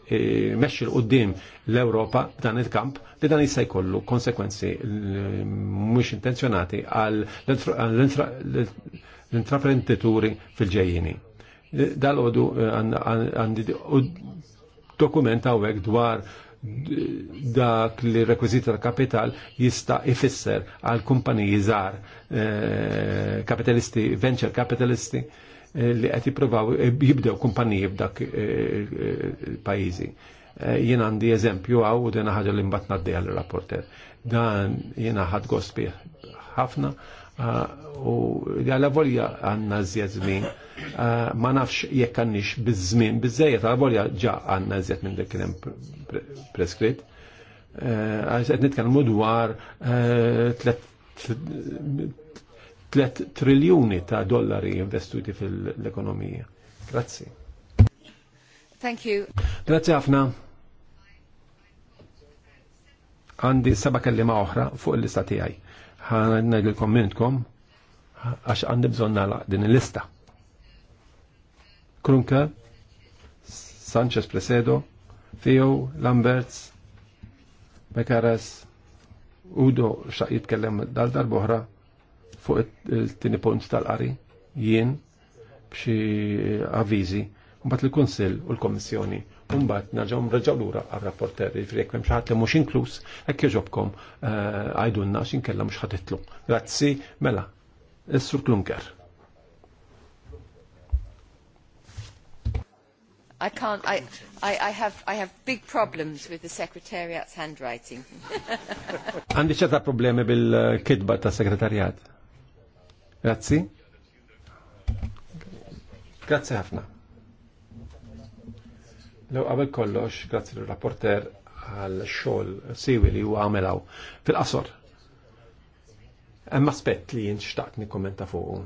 mexxi l qudiem l-Ewropa dan il-kamp li dan jista' jkollu konsekwenzi eh, mhux intenzjonati għal l-intraprendituri fil-ġejjini. Dal-għodu għandi dokument hawnhekk dwar dak li rekwizit tal-kapital jista ifisser għal kumpaniji żgħar eh, kapitalisti, venture capitalisti eh, li qed jippruvaw eh, jibdew kumpaniji b'dak il-pajjiżi. Jien għandi eżempju għaw u dena ħaġa li mbagħad ngħaddejha l-rapporter. Dan jiena ħadd gost ħafna u għal volja għanna zjazmin. Eh, ma nafx jekk għandix biż-żmien biżejjed għal volja ġa għandna eżjed minn dik kien preskritt. Eh, għax qed nitkellmu dwar 3 eh, triljuni ta' dollari investuti fil-ekonomija. Grazzi. Thank you. Grazzi ħafna. Għandi seba' kellima oħra fuq il-lista tiegħi. ngħidilkom minnkom għax għandi bżonn nagħlaq din il-lista. Krunka, Sanchez Presedo, Theo Lamberts, Mekaras, Udo xaq jitkellem dal darboħra fuq il-tini punt tal-qari, jien, bxi avvizi, Mbagħad il-Kunsill u l-Kommissjoni. Mbagħad nerġgħu l lura għal rapporter jifrek jiġifieri hemm xi ħadd li mhux inkluż hekk eh, għajdunna xin x'inkella mux ħatitlu. Grazzi, mela, il sur Klunker. I can't. I, I, I have. I have big problems with the secretariat's handwriting. Għandi ċerta problemi bil-kidba ta' segretarjat. Grazzi. Grazzi ħafna. Lew għabel kollox, grazzi l-rapporter għal xol siwi li huwa għamelaw fil-qasor. Hemm spett li jien xtaqt nikkommenta fuq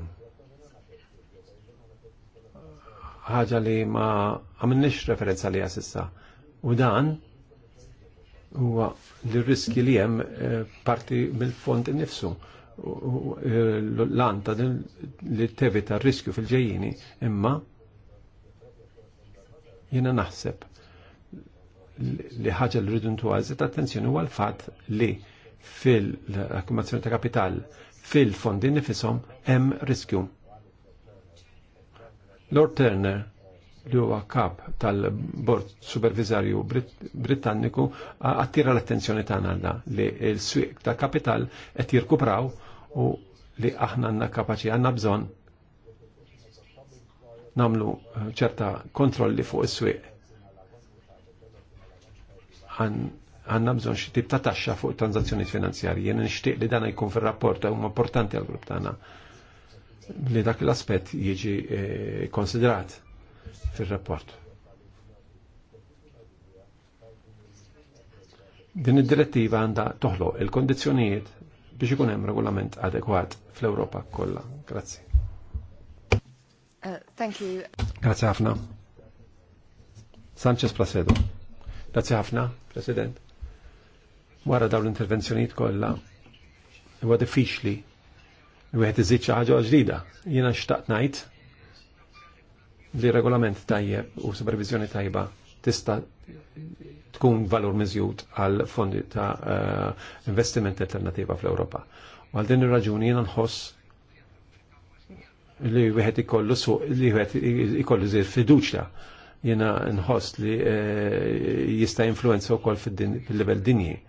ħaġa li ma għamilniex referenza li għasissa. U dan huwa li riski li hemm eh, parti mill-fond nifsu eh, l-lanta li tevita riskju fil-ġejjini imma jena naħseb li ħaġa li rridu ntu għazet attenzjoni u għal fatt li fil-akkumazzjoni ta' kapital fil-fondi nifisom hemm riskju Lord Turner li huwa kap tal-Bord Supervizarju Britanniku attira l-attenzjoni ta' tagħna li il swieq ta' kapital qed jirkupraw u li aħna għanna kapaċi għanna bżon namlu eh, ċerta kontrolli fuq is-swieq. Għanna bżon xi tip ta' taxxa fuq transazzjoni finanzjarji. Jien nixtieq li dan jkun fir-rapport huma importanti għal grupp tagħna li dak l-aspet jiġi eh, konsiderat fil-rapport. Din id-direttiva għandha toħloq il-kondizzjonijiet biex ikun hemm regolament adekwat fl-Ewropa kollha. Grazzi. Uh, thank you. Grazzi ħafna. Sanchez Placedo. Grazzi ħafna, President. Wara dawn l-intervenzjonijiet kollha huwa diffiċli wieħed iżid ħaġa ġdida. Jiena xtaqt ngħid li regolament tajjeb u supervizjoni tajba tista' tkun valur miżjud għal fondi ta' uh, investiment alternativa fl-Ewropa. U għal din ir-raġuni jiena nħoss li wieħed ikollu suq li wieħed ikollu żir fiduċja jiena nħoss li uh, jista' influenza wkoll fil-livell dinji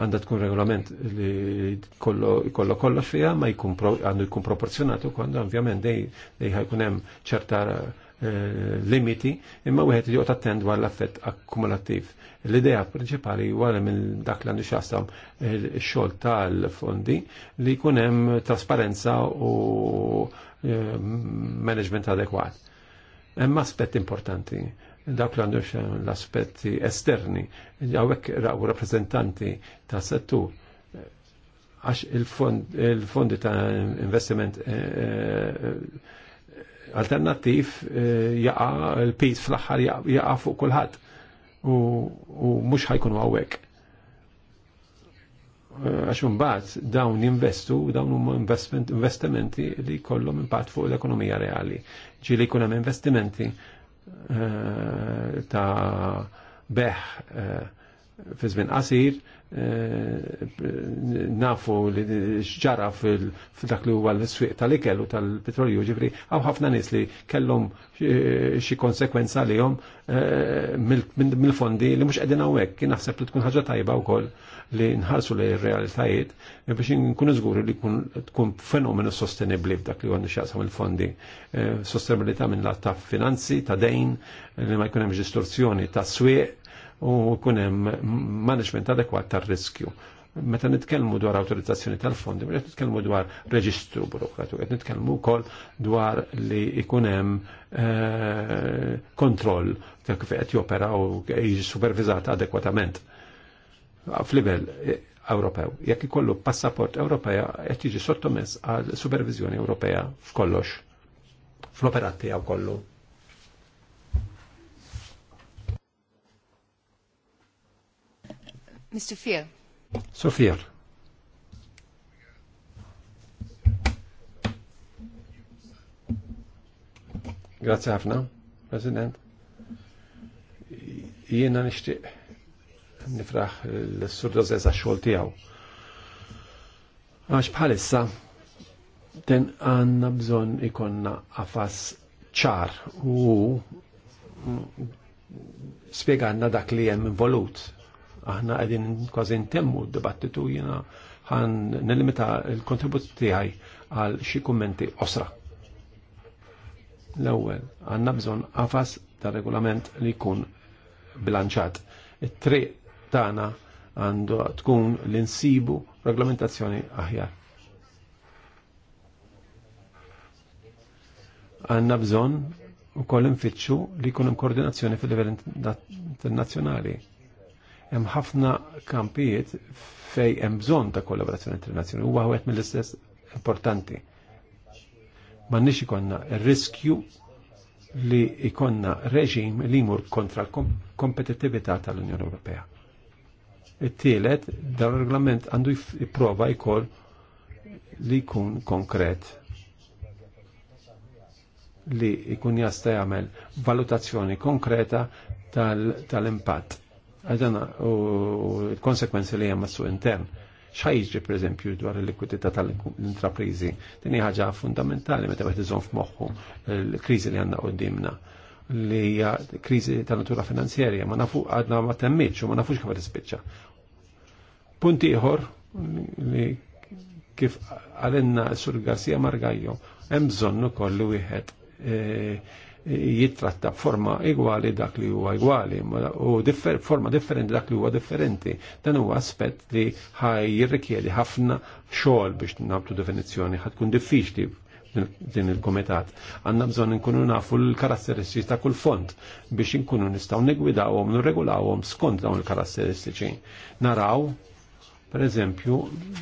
għanda tkun regolament li kollo kollox fiha ma jkun għandu jkun proporzjonat u ovvjament dej dej jkun hemm ċerta eh, limiti imma wieħed li joqgħod attend dwar l-affett akkumulattiv. L-idea prinċipali wara minn dak li għandu xastam ix-xogħol eh, tal-fondi li jkun hemm trasparenza u eh, management adekwat. Hemm aspett importanti li l l-aspetti esterni, għawek raw rappresentanti ta' settu, għax il-fondi ta' investiment eh, eh, alternativ eh, jaqa l pis fl-axħar jaqa fuq kullħat u mux ħajkunu għawek. Għax bat dawn investu, dawn huma investimenti li kollhom impatt fuq l-ekonomija reali. Ġili li jkun hemm investimenti Eh, ta' beħ eh, fi żmien qasir eh, nafu li xġara fil-dak li huwa l-swieq tal-ikel u tal-petrolju ġifri għaw ħafna nis li kellhom xi konsekwenza li jom mill-fondi li mhux qegħdin hawnhekk kien naħseb li tkun ħaġa tajba wkoll li nħarsu li realitajiet e biex nkunu zguri li tkun fenomenu sostenibli f'dak li għandu xaqsa il-fondi. E, sostenibilità minn la ta' finanzi, ta' dejn, li ma jkun hemm ta' swieq u jkun hemm management adekwat tar-riskju meta nitkellmu dwar autorizzazzjoni tal-fondi, meta nitkellmu dwar reġistru burokratu, qed nitkellmu wkoll dwar li ikun hemm e, kontroll ta' kif qed jopera u jiġi supervizat adekwatament f'livell eh, Ewropew. Jekk ikollu passaport Ewropea qed jiġi sottomess għal supervizjoni Ewropea f'kollox, fl-operat tiegħu kollu. Mr. Fier. Sofia. Grazie ħafna, President. Jiena nishtiq nifraħ l-sur Dozez għax tijaw. Għax bħalissa ten għanna bżon ikonna għafas ċar u spiega għanna dak li jem involut. Aħna għedin kważi ntemmu d-dibattitu jena għan nelimita l-kontribut tijaj għal xie kummenti osra. l ewel għanna bżon għafas ta' regolament li kun bilanċat. It-triq Tana għandu tkun l-insibu reglamentazzjoni aħjar. Għanna bżon u koll infittxu li kunem koordinazzjoni fil-livell internazzjonali. Hemm ħafna kampijiet fej hemm bżonn ta' kollaborazzjoni internazzjonali huwa wieħed mill-istess importanti. M'għandniex ikonna riskju li ikonna reġim li jmur kontra l kompetitività tal-Unjoni Ewropea. It-tielet, dan reglament għandu jipprova jkoll li jkun konkret li jkun jasta jagħmel valutazzjoni konkreta tal-impatt. Tal Għadana u l-konsekwenzi li hemm su intern. ċħajġi per eżempju dwar il-likwidità tal-intraprizi. Din hija ħaġa fundamentali meta qed iżomm f'moħħu l-kriżi li għandna qudiemna li hija kriżi ta' natura finanzjerja ma nafu għadna ma temmiċu, u ma nafux kif tispiċċa. Punt ieħor li kif għalenna sur Garcia Margajo, hemm bżonn ukoll li wieħed e, e, jittratta forma igwali dak li huwa igwali u forma differenti dak li huwa differenti. Dan huwa aspett li ħaj jirrikjedi ħafna xogħol biex nabtu definizzjoni ħad tkun diffiċli din il-komitat. Għanna bżon nkunu nafu l karasteristiċi ta' kull font biex nkunu nistaw negwidawhom, nirregulawhom skont dawn il-karatteristiċi. Naraw Per eżempju,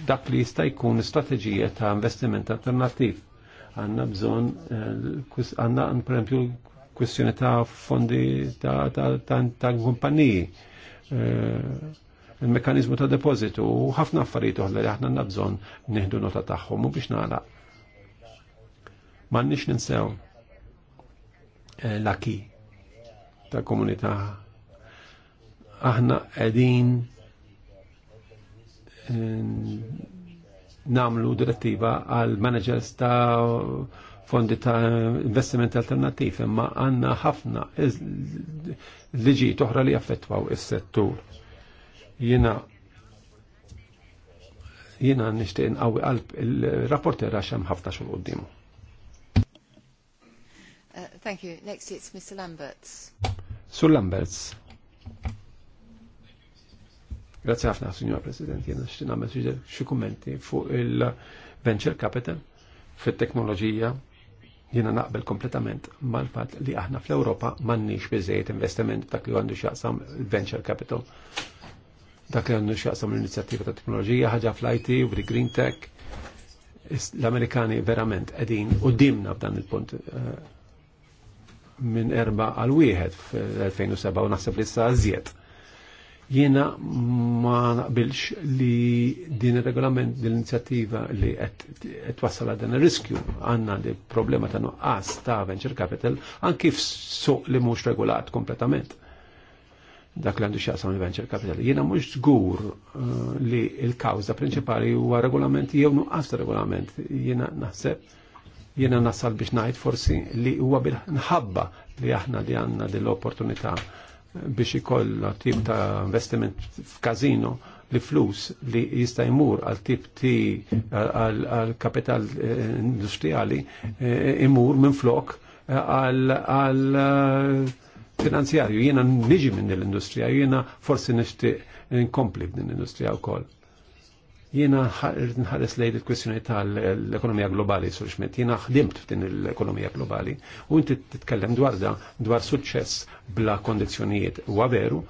dak li jista' jkun strateġija ta' investiment alternattiv. Għanna bżon, eh, għanna per eżempju kwestjoni ta' fondi ta' kumpaniji, eh, il-mekanizmu ta' depozitu u ħafna affarijiet oħra li aħna bżonn nieħdu nota tagħhom u biex nagħlaq. M'għandniex ninsew eh, l-aki ta' komunità. Aħna qegħdin Eh, namlu direttiva għal managers ta' fondi ta' investiment alternativ, imma għanna ħafna liġi toħra li jaffettwaw is-settur. Jena jena nishtiqin għawi qalb il-rapporter għaxem ħafna xogħol quddiemu. Uh, thank you. Next it's Mr. Lamberts. Sir Lamberts. Grazie ħafna, Signor President, jena xtin għamil xie kummenti fuq il-venture capital fit-teknoloġija jena naqbel kompletament mal-fat li aħna fl-Europa mannix bizzejt investiment dak li għandu xaqsam venture capital. Dak li għandu xaqsam l-inizjattiva ta' teknoloġija, ħagġa fl-IT u green tech. L-Amerikani verament edin u dimna f'dan il-punt eh, minn erba għal wieħed fl-2007 u naħseb li issa Jiena ma naqbilx li din il-regolament, din l-inizjattiva li qed wassala dan ir-riskju għandna li problema ta' nuqqas ta' venture capital anki f'suq li mhux regulat kompletament. Dak li għandu xaqsam venture capital. Jiena mhux żgur eh, li l-kawża prinċipali huwa regolament jew nuqqas ta' regolament. Jiena naħseb jiena nasal biex ngħid forsi li huwa bil-nħabba li aħna li għandna din l-opportunità biex ikollha tip ta' investiment f'kazino li flus li jista' jmur għal tip ti għal kapital eh, industrijali eh, imur minn flok eh, għal finanzjarju. Jiena niġi minn l-industrija, jiena forsi nixtieq nkompli b'din l-industrija wkoll. Jiena nħares lejn il-kwestjoni tal-ekonomija globali, sur jiena ħdimt f'din l-ekonomija globali, u inti titkellem dwar da, dwar suċċess bla kondizjonijiet u veru,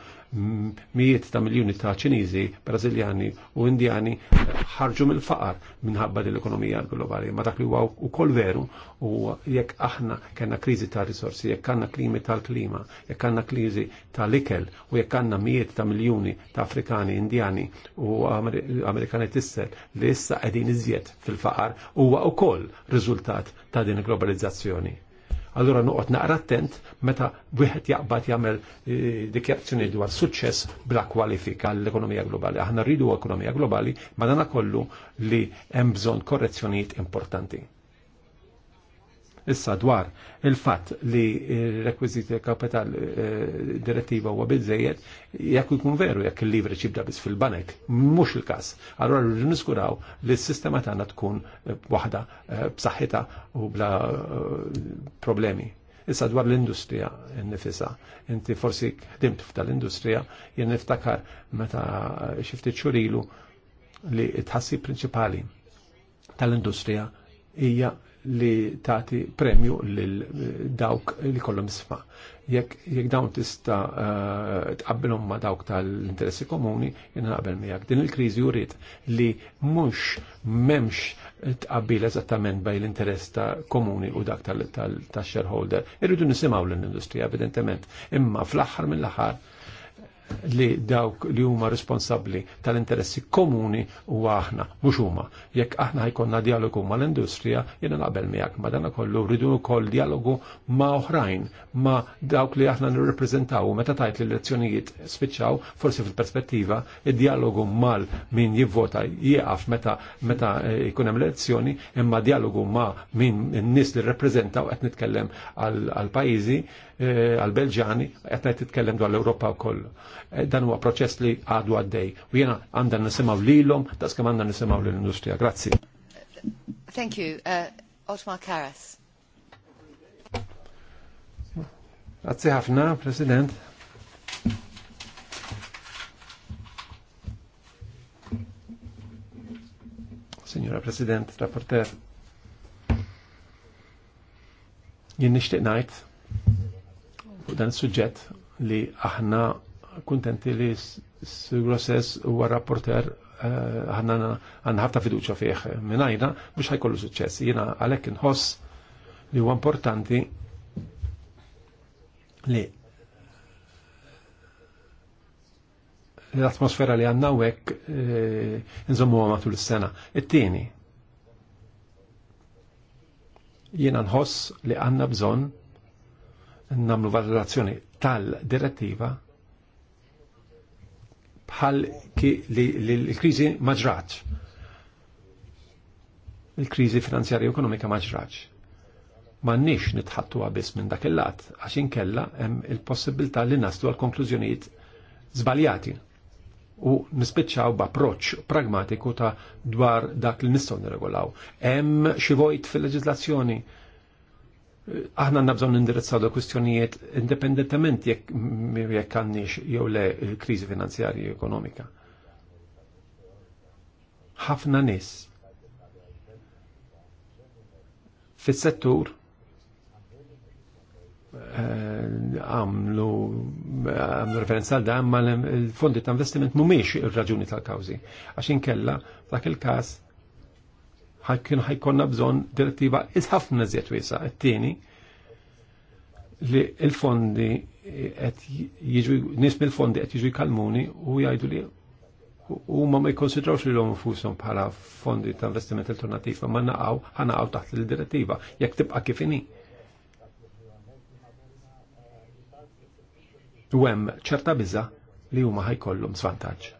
mijiet ta' miljoni ta' Ċiniżi, Brażiljani u Indjani ħarġu mill-faqar minħabba l-ekonomija globali. Ma dak li huwa wkoll veru u jekk aħna kellna kriżi ta' risorsi, jekk għandna klimi tal-klima, jekk għandna kriżi tal-ikel u jekk għandna mijiet ta' miljuni ta' Afrikani, Indjani u Amerikani tisser li issa qegħdin iżjed fil-faqar huwa wkoll riżultat ta' din il-globalizzazzjoni. Allura noqgħod naqra attent meta wieħed jaqbad jagħmel eh, dikjarazzjoni dwar suċċess bla kwalifika l-ekonomija globali. Aħna rridu ekonomija globali, ma dan kollu li hemm bżonn korrezzjonijiet importanti. Issa dwar il-fatt li il-rekwiziti kapital eh, direttiva huwa biżejjed jekk ikun veru jekk il livre ċibda biss fil-banek, mhux il-każ. Allura rridu niskuraw li s-sistema tagħna tkun eh, waħda eh, b'saħħitha u bla problemi. Issa dwar l-industrija nifisa. Inti forsi ħdimt f'tal-industrija, jien niftakar meta xifti ċurilu li tħassi prinċipali tal-industrija hija li tagħti premju lil eh, dawk li kollhom isma. Jekk jekk dawn tista eh, tqabbilhom ma' dawk tal-interessi komuni, jiena naqbel miegħek. Din il-kriżi urid li mhux m'hemmx tqabbil eżattament bej l-interess ta' komuni u dak tal-shareholder. Irridu nisimgħu lill industrija evidentement, imma fl-aħħar mill-aħħar li dawk li huma responsabbli tal-interessi komuni u aħna, mhux huma. Jekk aħna ħajkonna dialogu mal-industrija, jiena naqbel miegħek ma dan kollu rridu wkoll dialogu ma' oħrajn, ma' dawk li aħna nirrepreżentaw meta tajt li l-elezzjonijiet spiċċaw, forsi fil-perspettiva, id-dialogu mal min jivvota jieqaf meta meta eh, jkun hemm elezzjoni, imma dialogu ma' min n-nies li rrepreżentaw qed nitkellem għal pajjiżi Eh, għal-Belġani, għetna jtitkellem dwar l europa u koll. Eh, dan huwa proċess li għadu għaddej. U jena għandan jiena għandna nisimgħu lilhom, daskemm għandna nisimgħu l industrija Grazzi. Thank you. Uh, Otmar Karas. Grazzi ħafna, President. Signora President, rapporter. Jien nixtieq ngħid fuq dan suġġett li aħna kuntenti li s-Grossess huwa rapporter eh, aħna għanna ħafna fiduċa fieħ minajna biex ħajkollu suċċess. Jina għalek nħoss li huwa importanti li l-atmosfera li għanna għek eh, nżommu matul sena It-tieni, jiena nħoss li għanna bżonn namlu valutazzjoni tal-direttiva bħal li l-krizi maġraċ. Il-krizi finanzjarja u ekonomika maġraċ. Ma nix nitħattu għabis minn dak il kella għax inkella hemm il-possibilità li naslu għal konklużjonijiet zbaljati u nispiċċaw b'approċċ pragmatiku ta' dwar dak li nistgħu nirregolaw. Hemm xi vojt fil-leġiżlazzjoni aħna nabżon nindirizzaw da kwistjonijiet indipendentament jekk jekk għandniex jew le kriżi finanzjarji ekonomika. Ħafna nies fis-settur eh, għamlu għamlu referenza għal dan ma l-fondi ta' investiment mumiex ir-raġuni tal-kawzi. Għaxin kella, f'dak il-każ kienu ħajkonna bżon direttiva ħafna zjet wiesa. T-tieni li il-fondi għet jiġu nies il fondi għet jiġu jkalmuni u jajdu li huma ma jkonsidrawx li l-hom infushom bħala fondi ta' investiment alternativa ma naqaw ħanaqaw taħt il-direttiva jekk tibqa' kif inhi. U hemm ċerta biża li huma ħajkollhom svantaġġ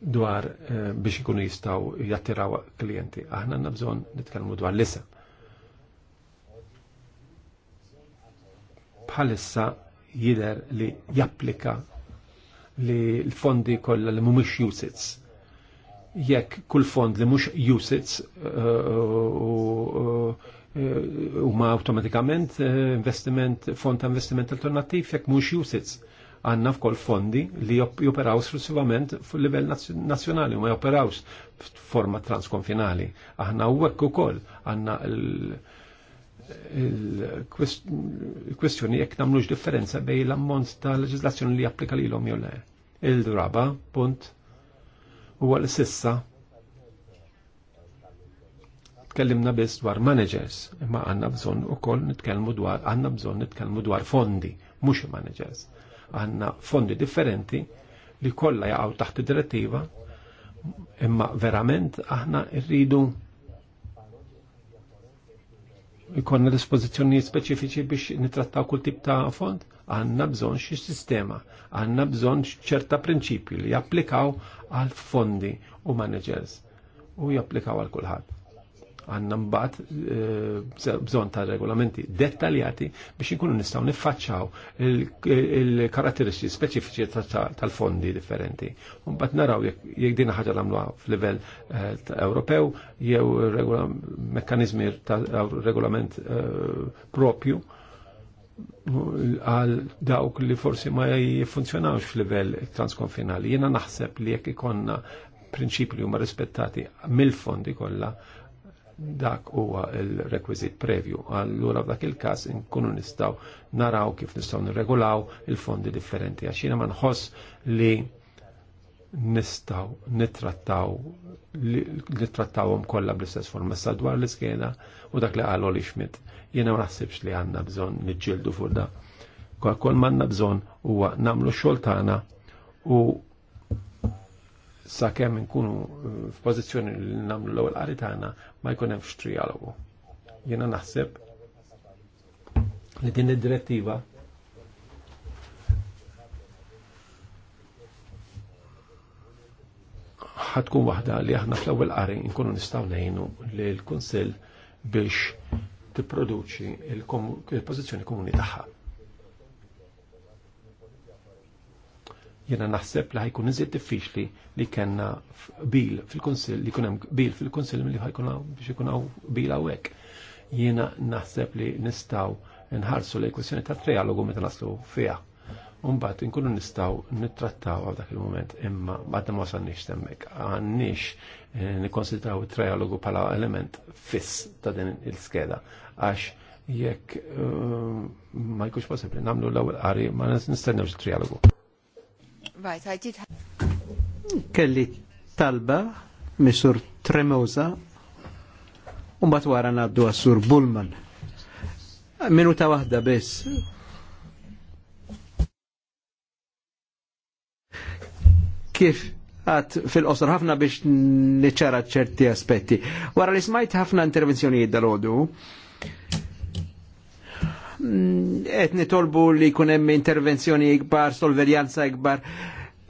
dwar eh, biex ikunu jistaw jattiraw klienti. Aħna għanna bżon nitkellmu dwar l-isem. Bħalissa jider li japplika li l-fondi kollha li mhumiex usits. Jekk kull fond li mhux usits eh, eh, huma automatikament investiment fond ta' investiment alternattiv jekk mhux usits għanna f'kol fondi li joperaw esklusivament fuq livell nazzjonali u ma joperawx f'forma transkonfinali. Aħna hekk ukoll għandna il-kwestjoni jekk nagħmlux differenza bejn l-ammont ta' leġislazzjoni li japplika lilhom jew le. Il-draba, punt, u għal sissa tkellimna biss dwar managers, imma għanna bżon u koll nitkellmu dwar, għanna bżon nitkellmu dwar fondi, mux managers għanna fondi differenti li kollha jaqgħu taħt id-direttiva, imma verament aħna rridu ikonna dispożizzjoni speċifiċi biex nitrattaw kull tip ta' fond, għanna bżon xi sistema, għanna bżon ċerta prinċipju li japplikaw għal fondi u managers u japplikaw għal kulħadd. Għanna mbagħad eh, bżonn ta' regolamenti dettaljati biex inkunu nistgħu niffaċċaw il-karatteristiċi speċifiċi tal-fondi differenti. Mbagħad naraw jekk din ħaġa nagħmluha f'livell eh, Ewropew jew mekkaniżmi ta' regolament eh, propju għal dawk li forsi ma jifunzjonawx f'livell transkonfinali. Jena naħseb li jekk ikonna li huma rispettati mill-fondi kollha dak huwa il-requisit prevju. Allura f'dak il-każ nkunu nistgħu naraw kif nistgħu nirregulaw il-fondi differenti għax jiena ma nħoss li nistgħu nittrattaw nittrattawhom kollha bl-istess forma sa dwar l-iskena u dak li qal Oli Schmidt. Jiena ma naħsibx li għandna bżonn niġġieldu fuq da. Kol manna bżonn huwa nagħmlu xoltana xogħol tagħna u sa kemm nkunu eh, f'pożizzjoni li nagħmlu l-ewwel qari tagħna ma jkun hemmx trialogu. Jiena naħseb li din id-direttiva ħatkun waħda li aħna fl-ewwel qari nkunu nistgħu ngħinu lill kunsill biex tipproduċi il-pożizzjoni komuni tagħha. Jena naħseb li ħajkun iżjed diffiċli li kena bil fil-konsil, li kunem bil fil-konsil li ħajkun biex ikun għaw bil għawek. Jena naħseb li nistaw nħarsu li kwestjoni ta' trialogu meta naslu fija. Umbat, inkunu nistaw nittrattaw għaw dak il-moment, imma għadda ma sannix temmek, għannix eh, nikonsidraw trialogu pala element fiss ta' din il-skeda, għax jekk eh, ma jkunx possibli namlu l-ewwel qari ma nistennewx trialogu. Right, I did Kelli talba misur Tremosa u mbagħad wara ngħaddu għas Bullman. Minuta waħda biss. Kif għat fil-qosor ħafna biex niċċara ċerti aspetti. Wara li smajt ħafna intervenzjonijiet dal-ħodu, Mm, etni tolbu li kunem intervenzjoni ikbar, solverjanza ikbar.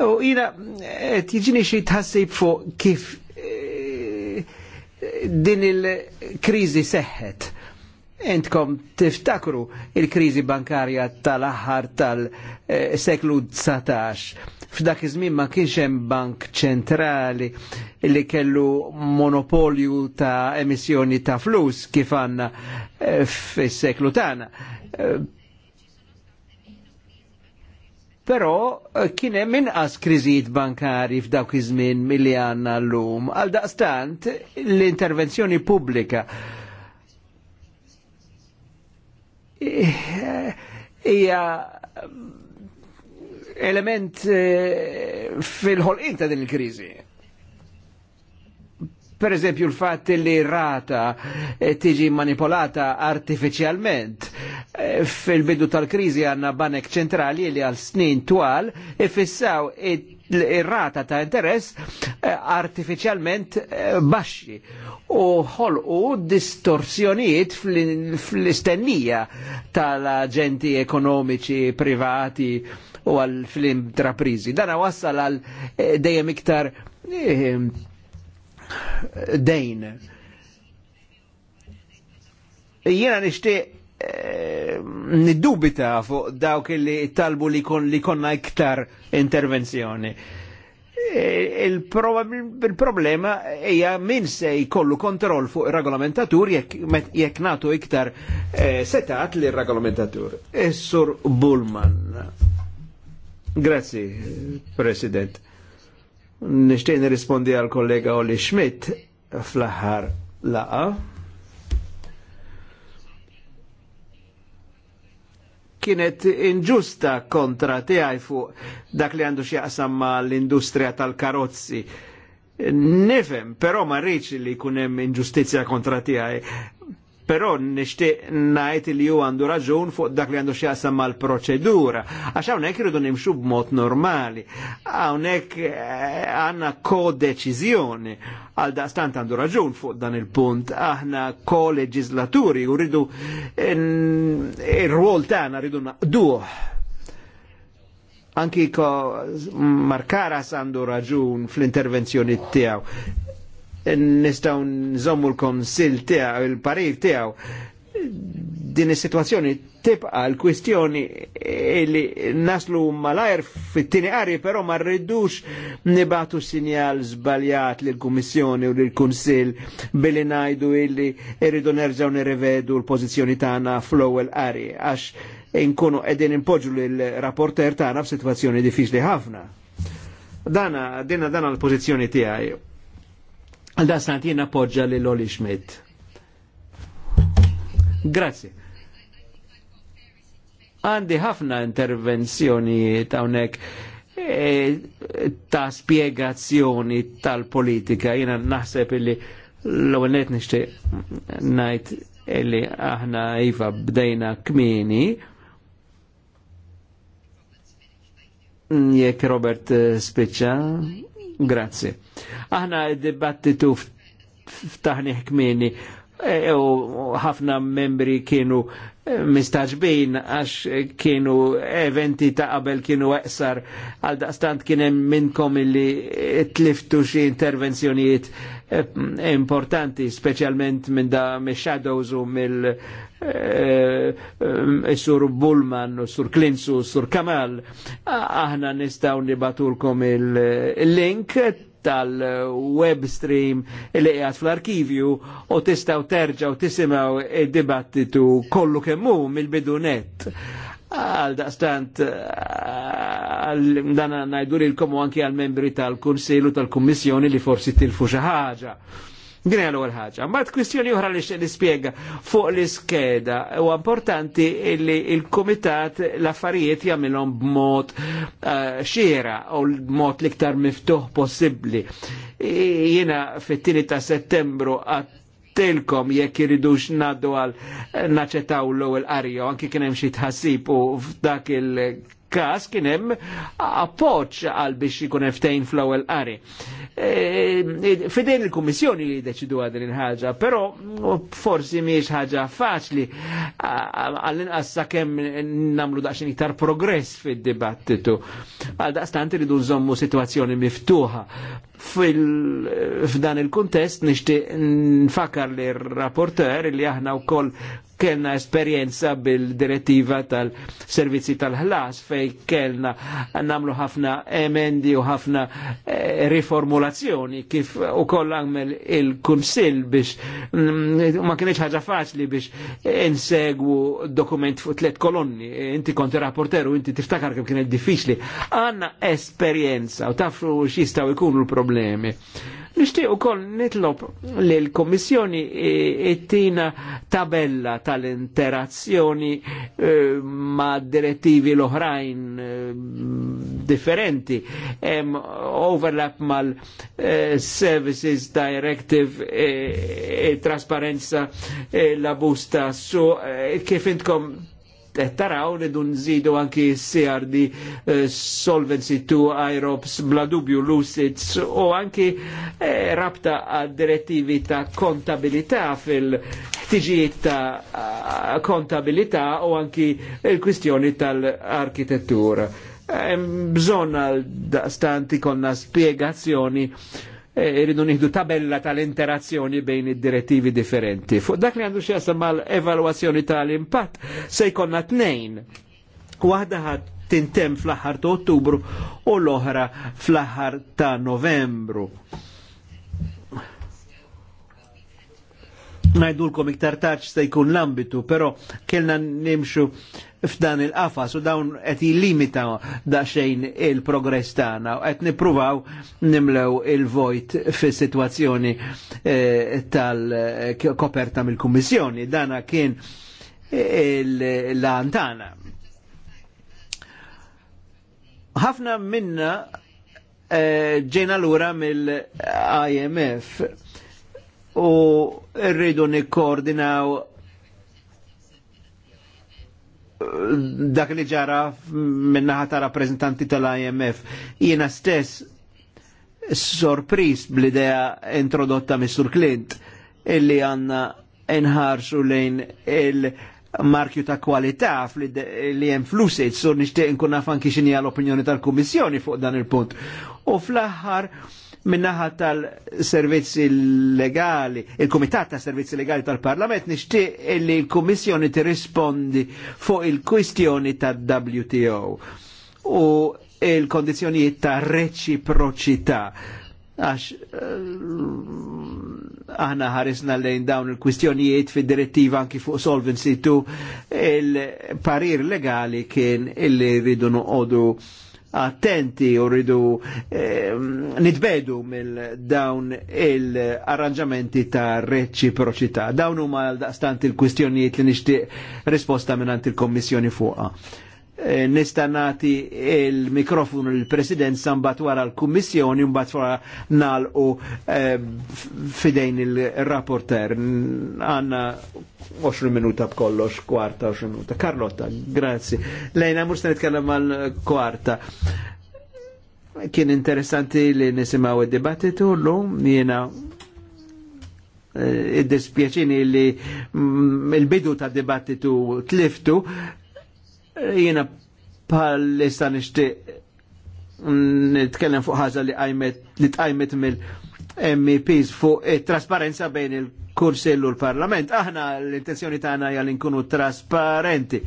U jina qed jiġini xi tħassib fuq kif eh, din il krizi seħħet entkom tiftakru il-krizi bankarja tal-aħħar tal-seklu 19. F'dak iż-żmien ma kienx hemm bank ċentrali li kellu monopolju ta' emissjoni ta' flus kif għandna eh, fis-seklu tagħna. Eh, però eh, kien hemm inqas kriżijiet bankari f'dawk iż-żmien milli għandna llum. Għal daqstant l-intervenzjoni pubblika hija element eh, fil-ħolqin ta' din il-kriżi per eżempju l-fat li rata eh, tiġi manipolata artificialment eh, fil-bidu tal-krizi għanna banek ċentrali li għal snin twal ifissaw it l-irrata ta' interess eh, artificialment eh, baxxi u ħolqu distorsjonijiet fl-istennija tal-aġenti ekonomiċi privati u għal fl-intraprizi. Dana wassal għal eh, dejjem iktar dejn. Jena nixtieq Ehm, niddubita fuq dawk li talbu li, kon, li konna iktar intervenzjoni. E, Il-problema hija min se jkollu kontroll fuq ir-regolamentatur jekk natu iktar e, setat li regolamentatur Essur Bullman. Grazzi, President. Nishtiq nirrispondi għal kollega Oli Schmidt fl-aħħar laqa. kienet inġusta kontra tiegħi fuq dak li għandu x'jaqsam ma' l-industrija tal-karozzi. Nifem, però ma rridx li jkun hemm inġustizzja kontra tiegħi però nixtieq najt li ju għandu raġun fuq dak li għandu xjaqsam mal-proċedura, għax hawnhekk rridu nimxu b'mod normali, hawnhekk eh, għandna deċizjoni għal daqstant għandu raġun fuq dan il-punt, aħna ko leġizlaturi u rridu eh, il-rwol tagħna rridu naqduħ. Anki ko Markaras għandu raġun fl-intervenzjoni tijaw nistaw nżommu l-konsil tiegħu, il-parir tijaw din is-sitwazzjoni tibqa l-kwistjoni li naslu malajr fit-tieni qari però ma rridux nibatu sinjal żbaljat lil kummissjoni u lil kunsill billi ngħidu illi irridu nerġgħu nirrivedu l-pożizzjoni tagħna fl-ewwel qari għax inkunu qegħdin impoġġu lil rapporter tagħna f'sitwazzjoni diffiċli ħafna. Dana, dina dana l-pożizzjoni tiegħi Da sant jena appoġġa li l-Oli Schmidt. Grazie. Għandi ħafna intervenzjoni ta' unek e, ta' spiegazzjoni tal-politika. Jena naħseb illi l-għonet nishti najt illi aħna jiva bdejna kmini. Jek Robert eh, spiċċa, Grazie. Aħna id-dibattitu f'taħniħ kmini E, e, u ħafna membri kienu e, mistaġbin għax kienu eventi ta' qabel kienu eqsar għal daqstant kien hemm minnkom illi tliftu xi intervenzjonijiet importanti, speċjalment minn da shadows u mill sur Bullman, sur Klinsu, sur Kamal. Aħna nistaw nibatulkom il-link il link tal-web stream li qiegħed fl-arkivju u tistgħu terġgħu tisimgħu id-dibattitu kollu kemm hu mill-bidunet. Għal daqstant dan ngħidu lilkom anki għal membri tal-Kunsilu tal-Kummissjoni li forsi tilfu xi ħaġa. Din l ewwel ħaġa. Mbagħad kwistjoni oħra li nispjega fuq l-iskeda u importanti li l-kumitat l-affarijiet jagħmilhom b'mod eh, xiera u b'mod l-iktar miftuħ possibbli. Jiena fit-tieni ta' Settembru għat tilkom jekk iridux naddu għal naċetaw l-ewwel qarju anki kien hemm xi tħassib u f'dak il każ kien hemm appoġġ għal biex ikun ftejn fl-ewwel qari. E, e, fidejn il-Kummissjoni li jiddeċidu din il-ħaġa, però forsi mhijiex ħaġa faċli għall-inqas sakemm nagħmlu daqsxejn iktar progress fid-dibattitu. Għal daqstant iridu nżommu sitwazzjoni miftuħa f'dan il-kuntest nixtieq nfakar li r-rapporter li aħna wkoll kellna esperienza bil-direttiva tal-servizzi tal-ħlas fej kellna namlu ħafna emendi u ħafna eh, riformulazzjoni kif u koll il-kunsil biex mm, ma kienieċ ħaġa faċli biex insegwu dokument fuq tlet kolonni inti konti rapporteru inti tiftakar kif kienet diffiċli għanna esperienza u tafru xistaw ikunu l-problemi Nishtiq u koll nitlob li l komissjoni e, ittina tabella tal-interazzjoni e, ma' direttivi l-oħrajn e, differenti. Em overlap mal-Services Directive, trasparenza, l-abus ta' su, kif intkom taraw li dun zidu anki CRD eh, Solvency 2 IROPS bla dubju Lucids u anki eh, rabta għad direttivi ta' kontabilità fil-ħtiġijiet ta' eh, kontabilità u anki il-kwistjoni tal-arkitettura bżon għal stanti konna spiegazzjoni Eh, irridu nieħdu tabella tal-interazzjoni bejn id-direttivi differenti. Fuq dak li għandu xjasam mal-evalwazzjoni tal-impatt se jkonna tnejn. Waħda ħadd tintem fl-aħħar ta' Ottubru u l-oħra fl-aħħar ta' Novembru. Najdulkom iktar taċ se jkun l-ambitu, pero kellna nimxu f'dan il-qafas u dawn qed jillimitaw daqsxejn il-progress tagħna u qed nippruvaw nimlew il-vojt fis-sitwazzjoni eh, tal-koperta mill-Kummissjoni. Dana kien l-antana. Ħafna minna eh, ġejna lura mill-IMF u rridu nikkoordinaw dak li ġara minnaħa ta' rappresentanti tal-IMF. Jiena stess sorpris bl-idea introdotta Mr. Clint illi għanna inħarsu lejn il-markju ta' kwalità li hemm flusit, so nixtieq nkun naf anki x'inhi l-opinjoni tal-Kummissjoni fuq dan il-punt. U fl-aħħar minnaħa tal-servizzi legali, il-Komitat ta' Servizzi Legali tal-Parlament nixtieq li l-Kummissjoni tirrispondi fuq il-kwistjoni tad-WTO u il-kondizjonijiet ta' reċiproċità għax eh, aħna ħarisna lejn dawn il-kwistjonijiet fid direttiva anki fuq Solvency 2 il-parir legali kien illi ridu noqodu attenti u rridu eh, nitbedu mill dawn il-arranġamenti ta' reċiproċità. Dawn huma daqstant il-kwistjonijiet li nixtieq risposta minn il-Kommissjoni fuqha. Eh, nistanati il-mikrofonu il president sambat wara l-Kummissjoni mbagħad wara u eh, fidejn il-rapporter. Għanna 20 minuta b'kollox, kwarta 20 minuta. Karlotta, grazie. Lejna mursta se nitkellem kwarta kien interessanti li nisimaw il dibattitu l-lum jena eh, id-dispjaċini li mm, il-bidu ta' dibattitu tliftu jina pal lista nishti nitkellem fuq ħaza li għajmet li tqajmet mill-MEPs fuq it-trasparenza bejn il u l-Parlament. Aħna l-intenzjoni tagħna hija li nkunu trasparenti.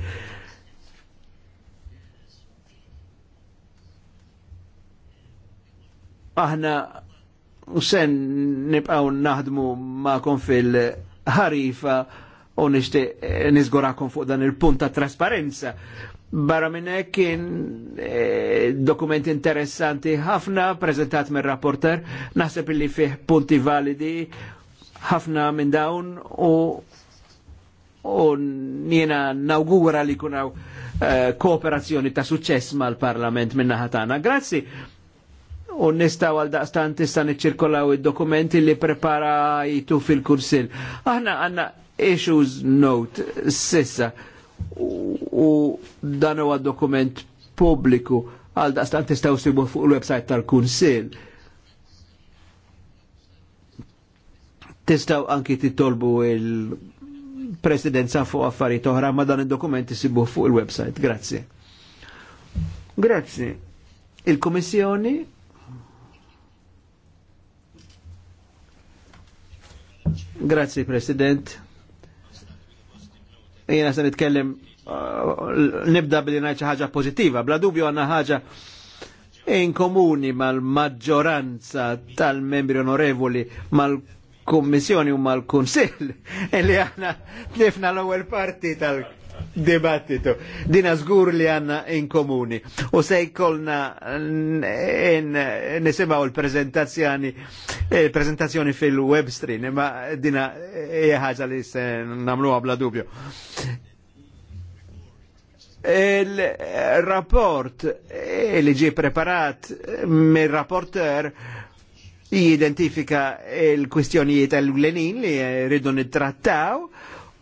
Aħna sen nibqgħu naħdmu magħkom fil-ħarifa u nishti eh, nizgurakom fuq dan il-punt ta' trasparenza. Barra minnek kien eh, dokument interessanti ħafna, prezentat minn rapporter naħseb li fih punti validi ħafna minn dawn u u njena nawgura li kunaw eh, kooperazzjoni ta' suċess mal-parlament minna ħatana. Grazzi u nistaw għal daqstan tista' niċċirkolaw id-dokumenti li preparajtu fil-kursil. Aħna għanna issues note sissa u dan huwa dokument pubbliku għal daqstan tistaw sibu fuq il-website tal kunsil Tistaw anki titolbu il-presidenza fuq affarijiet oħra ma dan id-dokument isibu fuq il-website. Grazzi. Grazzi. Il-Kummissjoni Grazzi President. Jena se nitkellem uh, nibda billi ngħid xi ħaġa pożittiva, bla dubju għandna ħaġa in komuni mal-maġġoranza tal-membri onorevoli mal-Kommissjoni u mal-Kunsill li aħna tlifna l ewel parti tal- dibattitu. Dina zgur li għanna in komuni. U sej kolna nisimaw il-prezentazzjoni il-prezentazzjoni fil-web stream, ma dina ħaġa li se namlu għabla dubju. Il-rapport li ġi preparat mill-rapporter jidentifika il-kwistjonijiet għal-glenin li rridu nittrattaw trattaw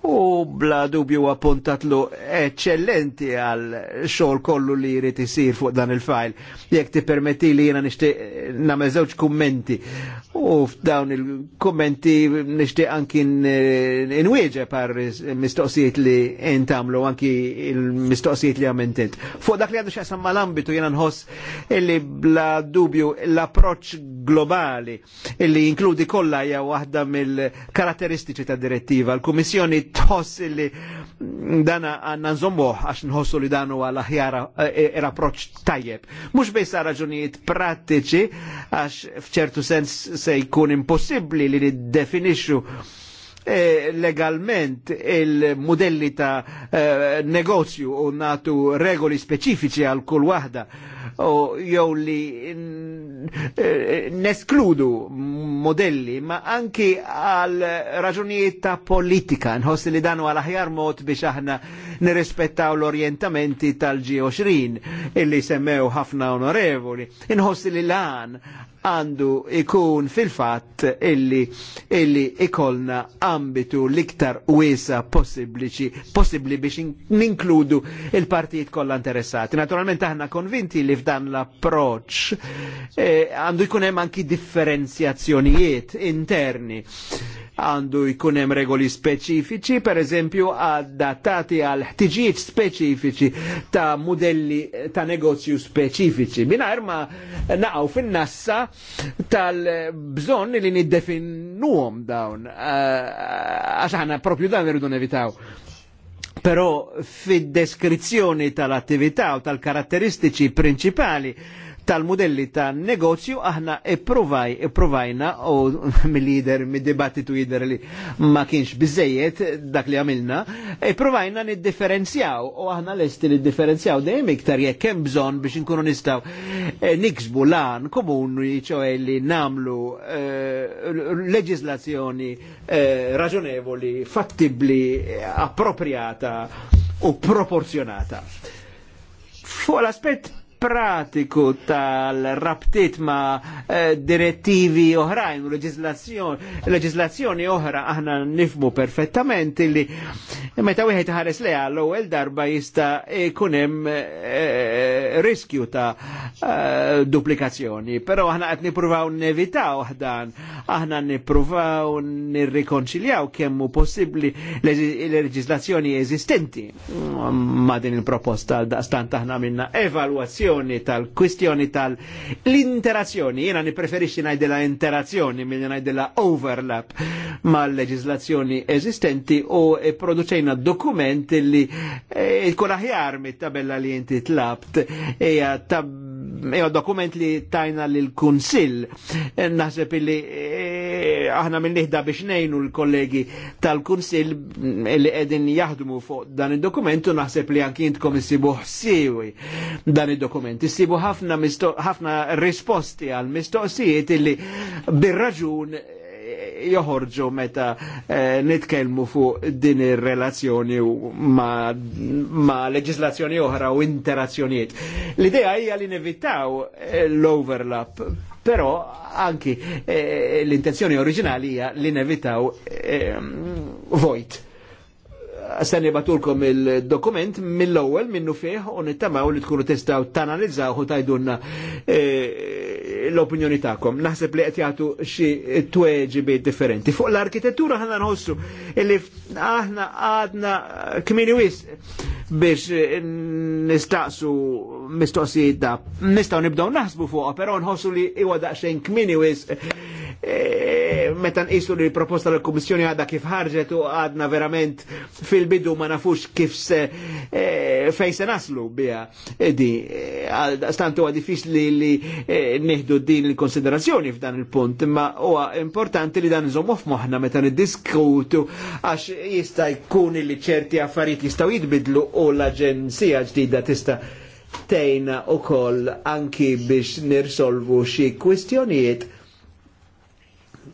u bla dubju appuntatlu eccellenti għal xogħol kollu li jrid isir fuq dan il-fajl. Jekk permetti li jiena nixtieq nagħmel żewġ kummenti u f'dawn il-kummenti nixtieq anki n-inwieġe par mistoqsijiet li intamlu anki il-mistoqsijiet li għamentet. Fuq dak li għandu samma mal-ambitu jena nħoss illi bla dubju l-approċċ globali illi jinkludi kollha jgħu waħda mill-karatteristiċi tad direttiva. L-Kummissjoni tħoss illi dana għanna nżommuħ għax nħossu li danu għal aħjar eh, er approċ tajjeb. Mux bejsa raġunijiet pratiċi għax fċertu sens se jkun impossibli li niddefinixxu E legalment il-modelli ta' e, negozju u natu regoli speċifiċi għal kull wahda u jew li e, neskludu modelli ma anki għal raġunijiet ta' politika nħossi li danu għal aħjar mod biex aħna nirrispettaw l-orientamenti tal-G20 illi semmew ħafna onorevoli nħossi li lan għandu ikun fil-fatt illi, illi ikolna ambitu liktar wisa possibli biex ninkludu il-partijiet kollha interessati. Naturalment aħna konvinti li f'dan l-approċ eh, għandu eh, jkun hemm anki differenzjazzjonijiet interni għandu jkunem hemm regoli speċifiċi, per eżempju adattati għal ħtiġijiet speċifiċi ta' modelli ta' negozju speċifiċi. Mingħajr ma naqaw fin-nassa tal-bżonn li niddefinuhom dawn eh, għax ħana propju dan rridu nevitaw. Però fid-deskrizzjoni tal-attività u tal-karatteristiċi principali tal-modelli ta' negozju aħna ipprovaj, ipprovajna u mill-lider, mill dibattitu jider li ma kienx bizzejiet dak li għamilna, ipprovajna nid-differenzjaw u aħna l-esti nid-differenzjaw dejjem iktar jek kem bżon biex nkunu nistaw eh, niksbu lan komuni ċoħe li namlu eh, eh, raġonevoli, fattibli, appropriata u proporzjonata. Fuq l aspet pratiku tal rabtit ma eh, direttivi oħrajn u leġislazzjoni oħra aħna nifmu perfettament li meta wieħed ħares leha l-ewwel darba jista' jkun hemm eh, eh, riskju ta' duplikazzjoni, però aħna qed nippruvaw nevitaw dan, aħna nippruvaw nirrikonċiljaw kemm hu possibbli l-leġislazzjoni eżistenti ma' din il-proposta daqstant aħna minna evalwazzjoni kwestjoni tal-kwistjoni tal-interazzjoni. Jena nipreferisci najdela interazzjoni mill najdela overlap mal-leġizlazzjoni eżistenti u e produċejna dokument li e, jkun e, aħjar mit-tabella li jinti tlabt hija e, dokument li tajna l-Kunsill. E, naħseb li aħna mill-nihda biex nejnu l-kollegi tal-kunsil li edin jaħdmu fuq dan il-dokumentu naħseb li anki jintkom issibu ħsiwi dan il-dokument. Issibu ħafna risposti għal mistoqsijiet illi bir-raġun eh, joħorġu meta eh, nitkelmu fuq din ir-relazzjoni ma, ma leġislazzjoni oħra u interazzjonijiet. L-idea hija li nevitaw eh, l-overlap, però anki eh, l-intenzjoni è hija li nevitaw eh, vojt. Stan batulkom il-dokument mill-ewwel minnu fih u nittamaw li tkunu tistgħu tanalizzaw u tajdunna eh, l-opinjoni tagħkom. Naħseb li qed jagħtu xi tweġibiet differenti. Fuq l-arkitettura ħana nħossu li aħna għadna kmini wisq biex eh, nistaqsu mistoqsijiet Nistaw nibdaw naħsbu fuqha, però nħossu li iwa daqxen kmini wis eh, meta nqisu li proposta l kummissjoni għadha kif ħarġet u għadna verament fil-bidu ma nafux kif se eh, fej se naslu bija e di stant huwa diffiċli li neħdu din il-konsiderazzjoni f'dan il-punt, imma huwa importanti li dan nżommu metan meta niddiskutu għax jista' jkun li ċerti affarijiet jistgħu jitbidlu u l-Aġenzija ġdida tista' tejna u koll anki biex nirsolvu xi kwistjonijiet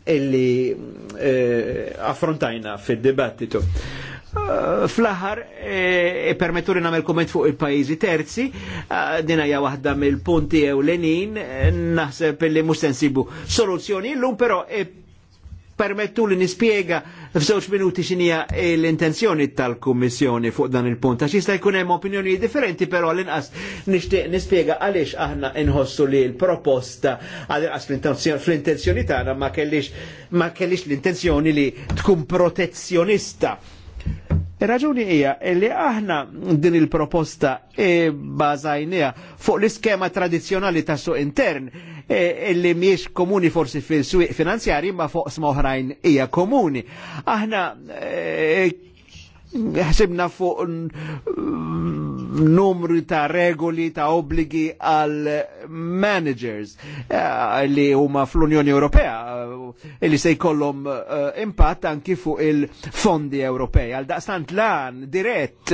illi eh, affrontajna fil-dibattitu. Eh, fl-aħħar, eh, permettu komment fuq il-pajjiżi terzi, eh, dina ja wahda waħda mill-punti ewlenin, eh, naħseb li mhux sensibu soluzzjoni llum, però e permettu li nispiega f'żewġ minuti xinija l-intenzjoni tal-Kummissjoni fuq dan il-punt. Għax jista' jkun hemm opinjoni differenti, però l-inqas nixtieq nispjega għaliex aħna inħossu li l-proposta għal-inqas fl-intenzjoni tagħna ma kellix ma kellix l-intenzjoni li tkun protezzjonista Il-raġuni hija li aħna din il-proposta e bażajnija fuq l-iskema tradizjonali ta' suq intern e, illi miex komuni forsi fil-suq finanzjari ma fuq smoħrajn hija komuni. Aħna e, ħsibna e, fuq numru ta' regoli ta' obbligi għal managers eh, li huma fl-Unjoni Ewropea eh, li se jkollhom eh, impatt anki fuq il-fondi Ewropej. Għal daqstant lan dirett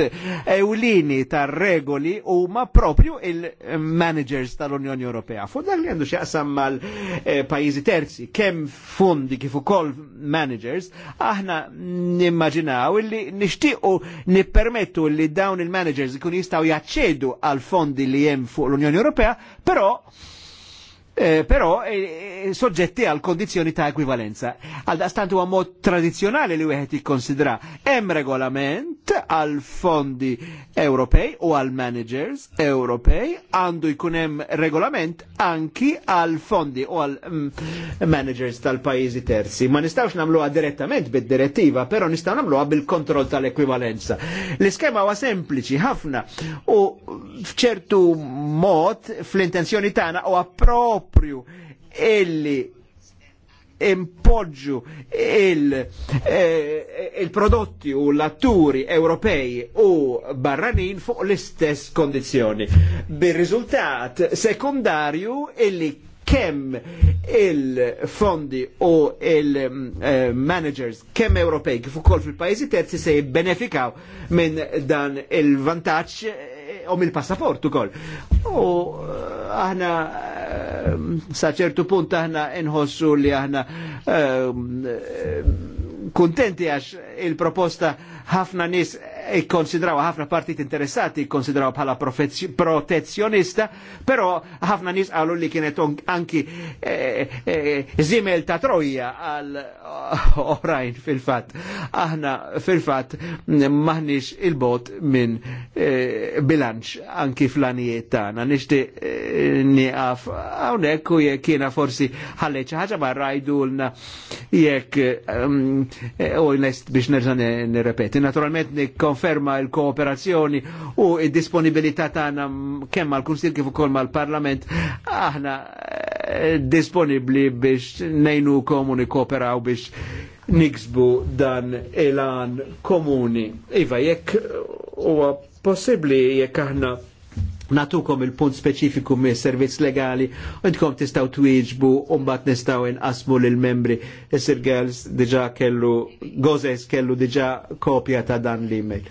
ewlini ta' regoli huma propju il-managers tal-Unjoni Ewropea. Fuq dak li għandu xaqsam mal-pajjiżi terzi, kemm fondi kif ukoll managers, aħna nimmaġinaw illi nixtiequ nippermettu li dawn il-managers ikun jistaw jaċċedu għal fondi li jem fuq l-Unjoni Ewropea, però Eh, però eh, eh soġġetti għal kondizjoni ta' ekwivalenza. Għal daqstant huwa mod tradizjonali li wieħed jikkonsidra hemm regolament għal fondi Ewropej u għal managers Ewropej għandu jkun hemm regolament anki għal fondi u għal mm, managers tal-pajjiżi terzi. Ma nistgħux nagħmluha direttament bid-direttiva, però nistgħu nagħmluha bil-kontroll tal-ekwivalenza. L-iskema huwa sempliċi ħafna u f'ċertu mod fl-intenzjoni tagħna huwa prop propju illi impoġġu eh, il-prodotti il u l-atturi Ewropej u barranin fuq l-istess kondizjoni. Bir-riżultat sekundarju illi kemm il-fondi u il-managers kemm Ewropej kif ukoll fil-pajjiżi terzi se jibbenefikaw minn dan il-vantaġġ u eh, mill-passaport ukoll. U eh, aħna saċertu punt aħna nħossu li aħna ehm, ehm, kontenti għax il-proposta ħafna nis ikkonsidraw e ħafna partit interessati ikkonsidraw bħala protezzjonista, però ħafna nies għalu li kienet anki zimel eh, eh, ta' troja għal oħrajn fil-fatt. Aħna fil-fatt maħnix il-bot minn eh, bilanċ anki flanijiet tagħna. Nixtieq nieqaf hawnhekk u jekk jiena forsi ħalleċ xi ħaġa barra jgħidulna jekk mm, u jnest biex nerġa' nirrepeti. Naturalment nikkonf konferma l-kooperazzjoni u il disponibilità tagħna kemm mal-Kunsil kif ukoll mal-Parlament aħna eh, disponibli biex nejnu komuni kooperaw biex niksbu dan elan komuni. Iva, jekk huwa possibbli jekk aħna natukom il-punt speċifiku me servizz legali, u jtkom tistaw twieġbu, umbat nistaw inqasmu l-membri. Isir girls diġa kellu, Gozes kellu diġa kopja ta' dan l-email.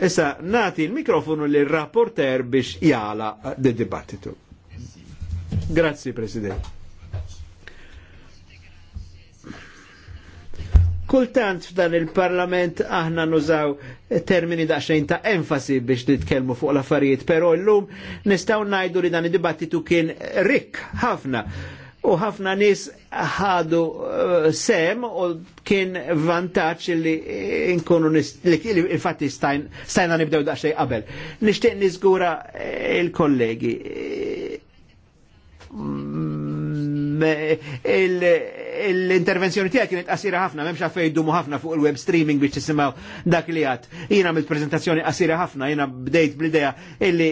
Issa, nati il-mikrofonu l-rapporter biex jala di dibattitu Grazie, Presidente. Kultant f'dan il-parlament aħna nużaw termini daċxajn ta' enfasi biex nitkelmu fuq l-affarijiet, pero l-lum nistaw najdu li dan id-dibattitu kien rik ħafna u ħafna nis ħadu uh, sem u kien vantaċ li nkunu il-fatti stajn, stajna nibdew daqsxejn qabel. Nishtiq nizgura eh, il-kollegi. Mm, il l-intervenzjoni tijak kienet qasira ħafna, m'hemmx għalfejn ħafna fuq il-web streaming biex tisimgħu dak li għad. Jiena mill prezentazzjoni qasira ħafna, jiena bdejt bl ideja illi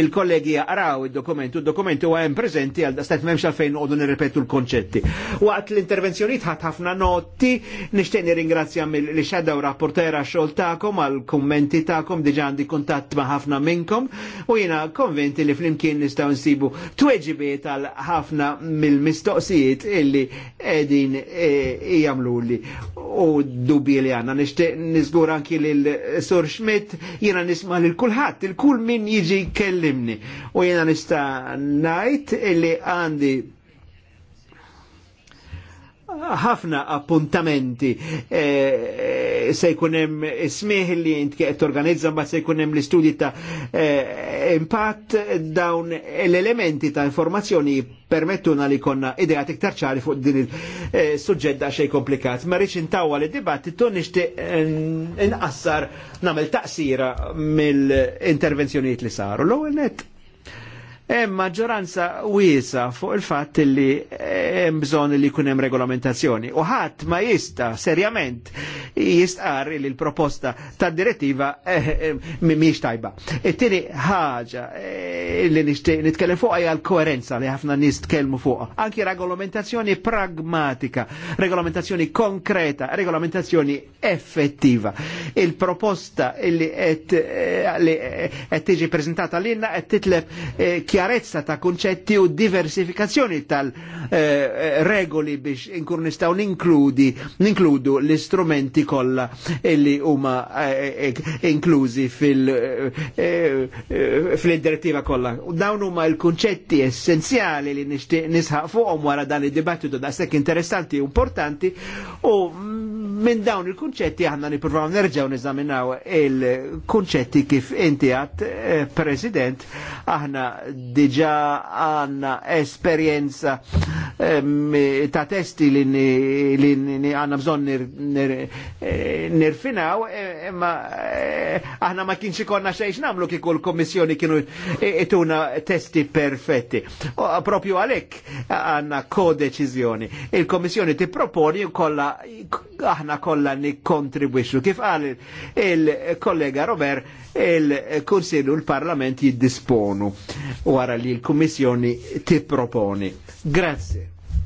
il-kollegi jaqraw id-dokument, il d-dokument huwa hemm preżenti għal stajt m'hemmx għalfejn noqogħdu nirrepetu l-konċetti. Waqt l-intervenzjoni tħat ħafna notti, nixtieq nirringrazzja li xadaw rapportera xogħol tagħkom għall-kummenti tagħkom diġà għandi kuntatt ma' ħafna minnkom u jiena konventi li flimkien nistgħu nsibu tweġibiet għal ħafna mill-mistoqsijiet illi edin e, e, jamlu li u dubi li għanna nishtiq nizgur anki l-Sur Schmidt jena nisma l kulħadd il-kull min jiġi kellimni u jena nista najt li għandi ħafna appuntamenti se jkunem smieħ li jint kieqet organizza ma se jkunem li istudji ta' eh, impatt dawn l-elementi ta' informazzjoni permettuna li konna idea iktar ċari fuq din il-sujġedda eh, xej komplikat. Ma rridx intawa li dibattitu nixtieq inqassar nagħmel taqsira mill-intervenzjonijiet li saru. L-ewwel hemm maġġoranza wiesa fuq il-fatt li hemm bżonn li jkun hemm regolamentazzjoni u ħadd ma jista serjament jistqar li l-proposta tad direttiva eh, eh, mhix tajba. It-tieni ħaġa eh, li nixtieq nitkellem fuqha hija l-koerenza li ħafna nies tkellmu fuqha. Anki regolamentazzjoni pragmatika, regolamentazzjoni konkreta, regolamentazzjoni effettiva. Il-proposta li qed tiġi preżentata lilna qed titleb eh, ċjarezza ta' konċetti u diversifikazzjoni tal-regoli eh, biex inkun nistaw ninkludi, ninkludu l-istrumenti kollha illi huma eh, eh inklużi eh, eh, fil-direttiva eh, fil kollha. Dawn huma l-kunċetti essenzjali li nixtieq nisħaq fuqhom wara dan id-dibattitu da' sekk interessanti u importanti u minn dawn il-kunċetti aħna nippruvaw nerġgħu niżaminaw il-kunċetti kif inti għat President aħna diġa għanna esperienza ta' testi li għanna bżon eh, nirfinaw, eh, ma eh, aħna ma kienx ikonna xejx namlu kiku l-Komissjoni kienu ituna testi perfetti. Propju għalek għanna ko-deċizjoni. Il-Komissjoni ti proponi kolla aħna kolla nikontribwixu. Kif għal il-kollega Robert, il kursilu l-Parlament jiddisponu. U wara li l-Kummissjoni tipproponi. Grazie.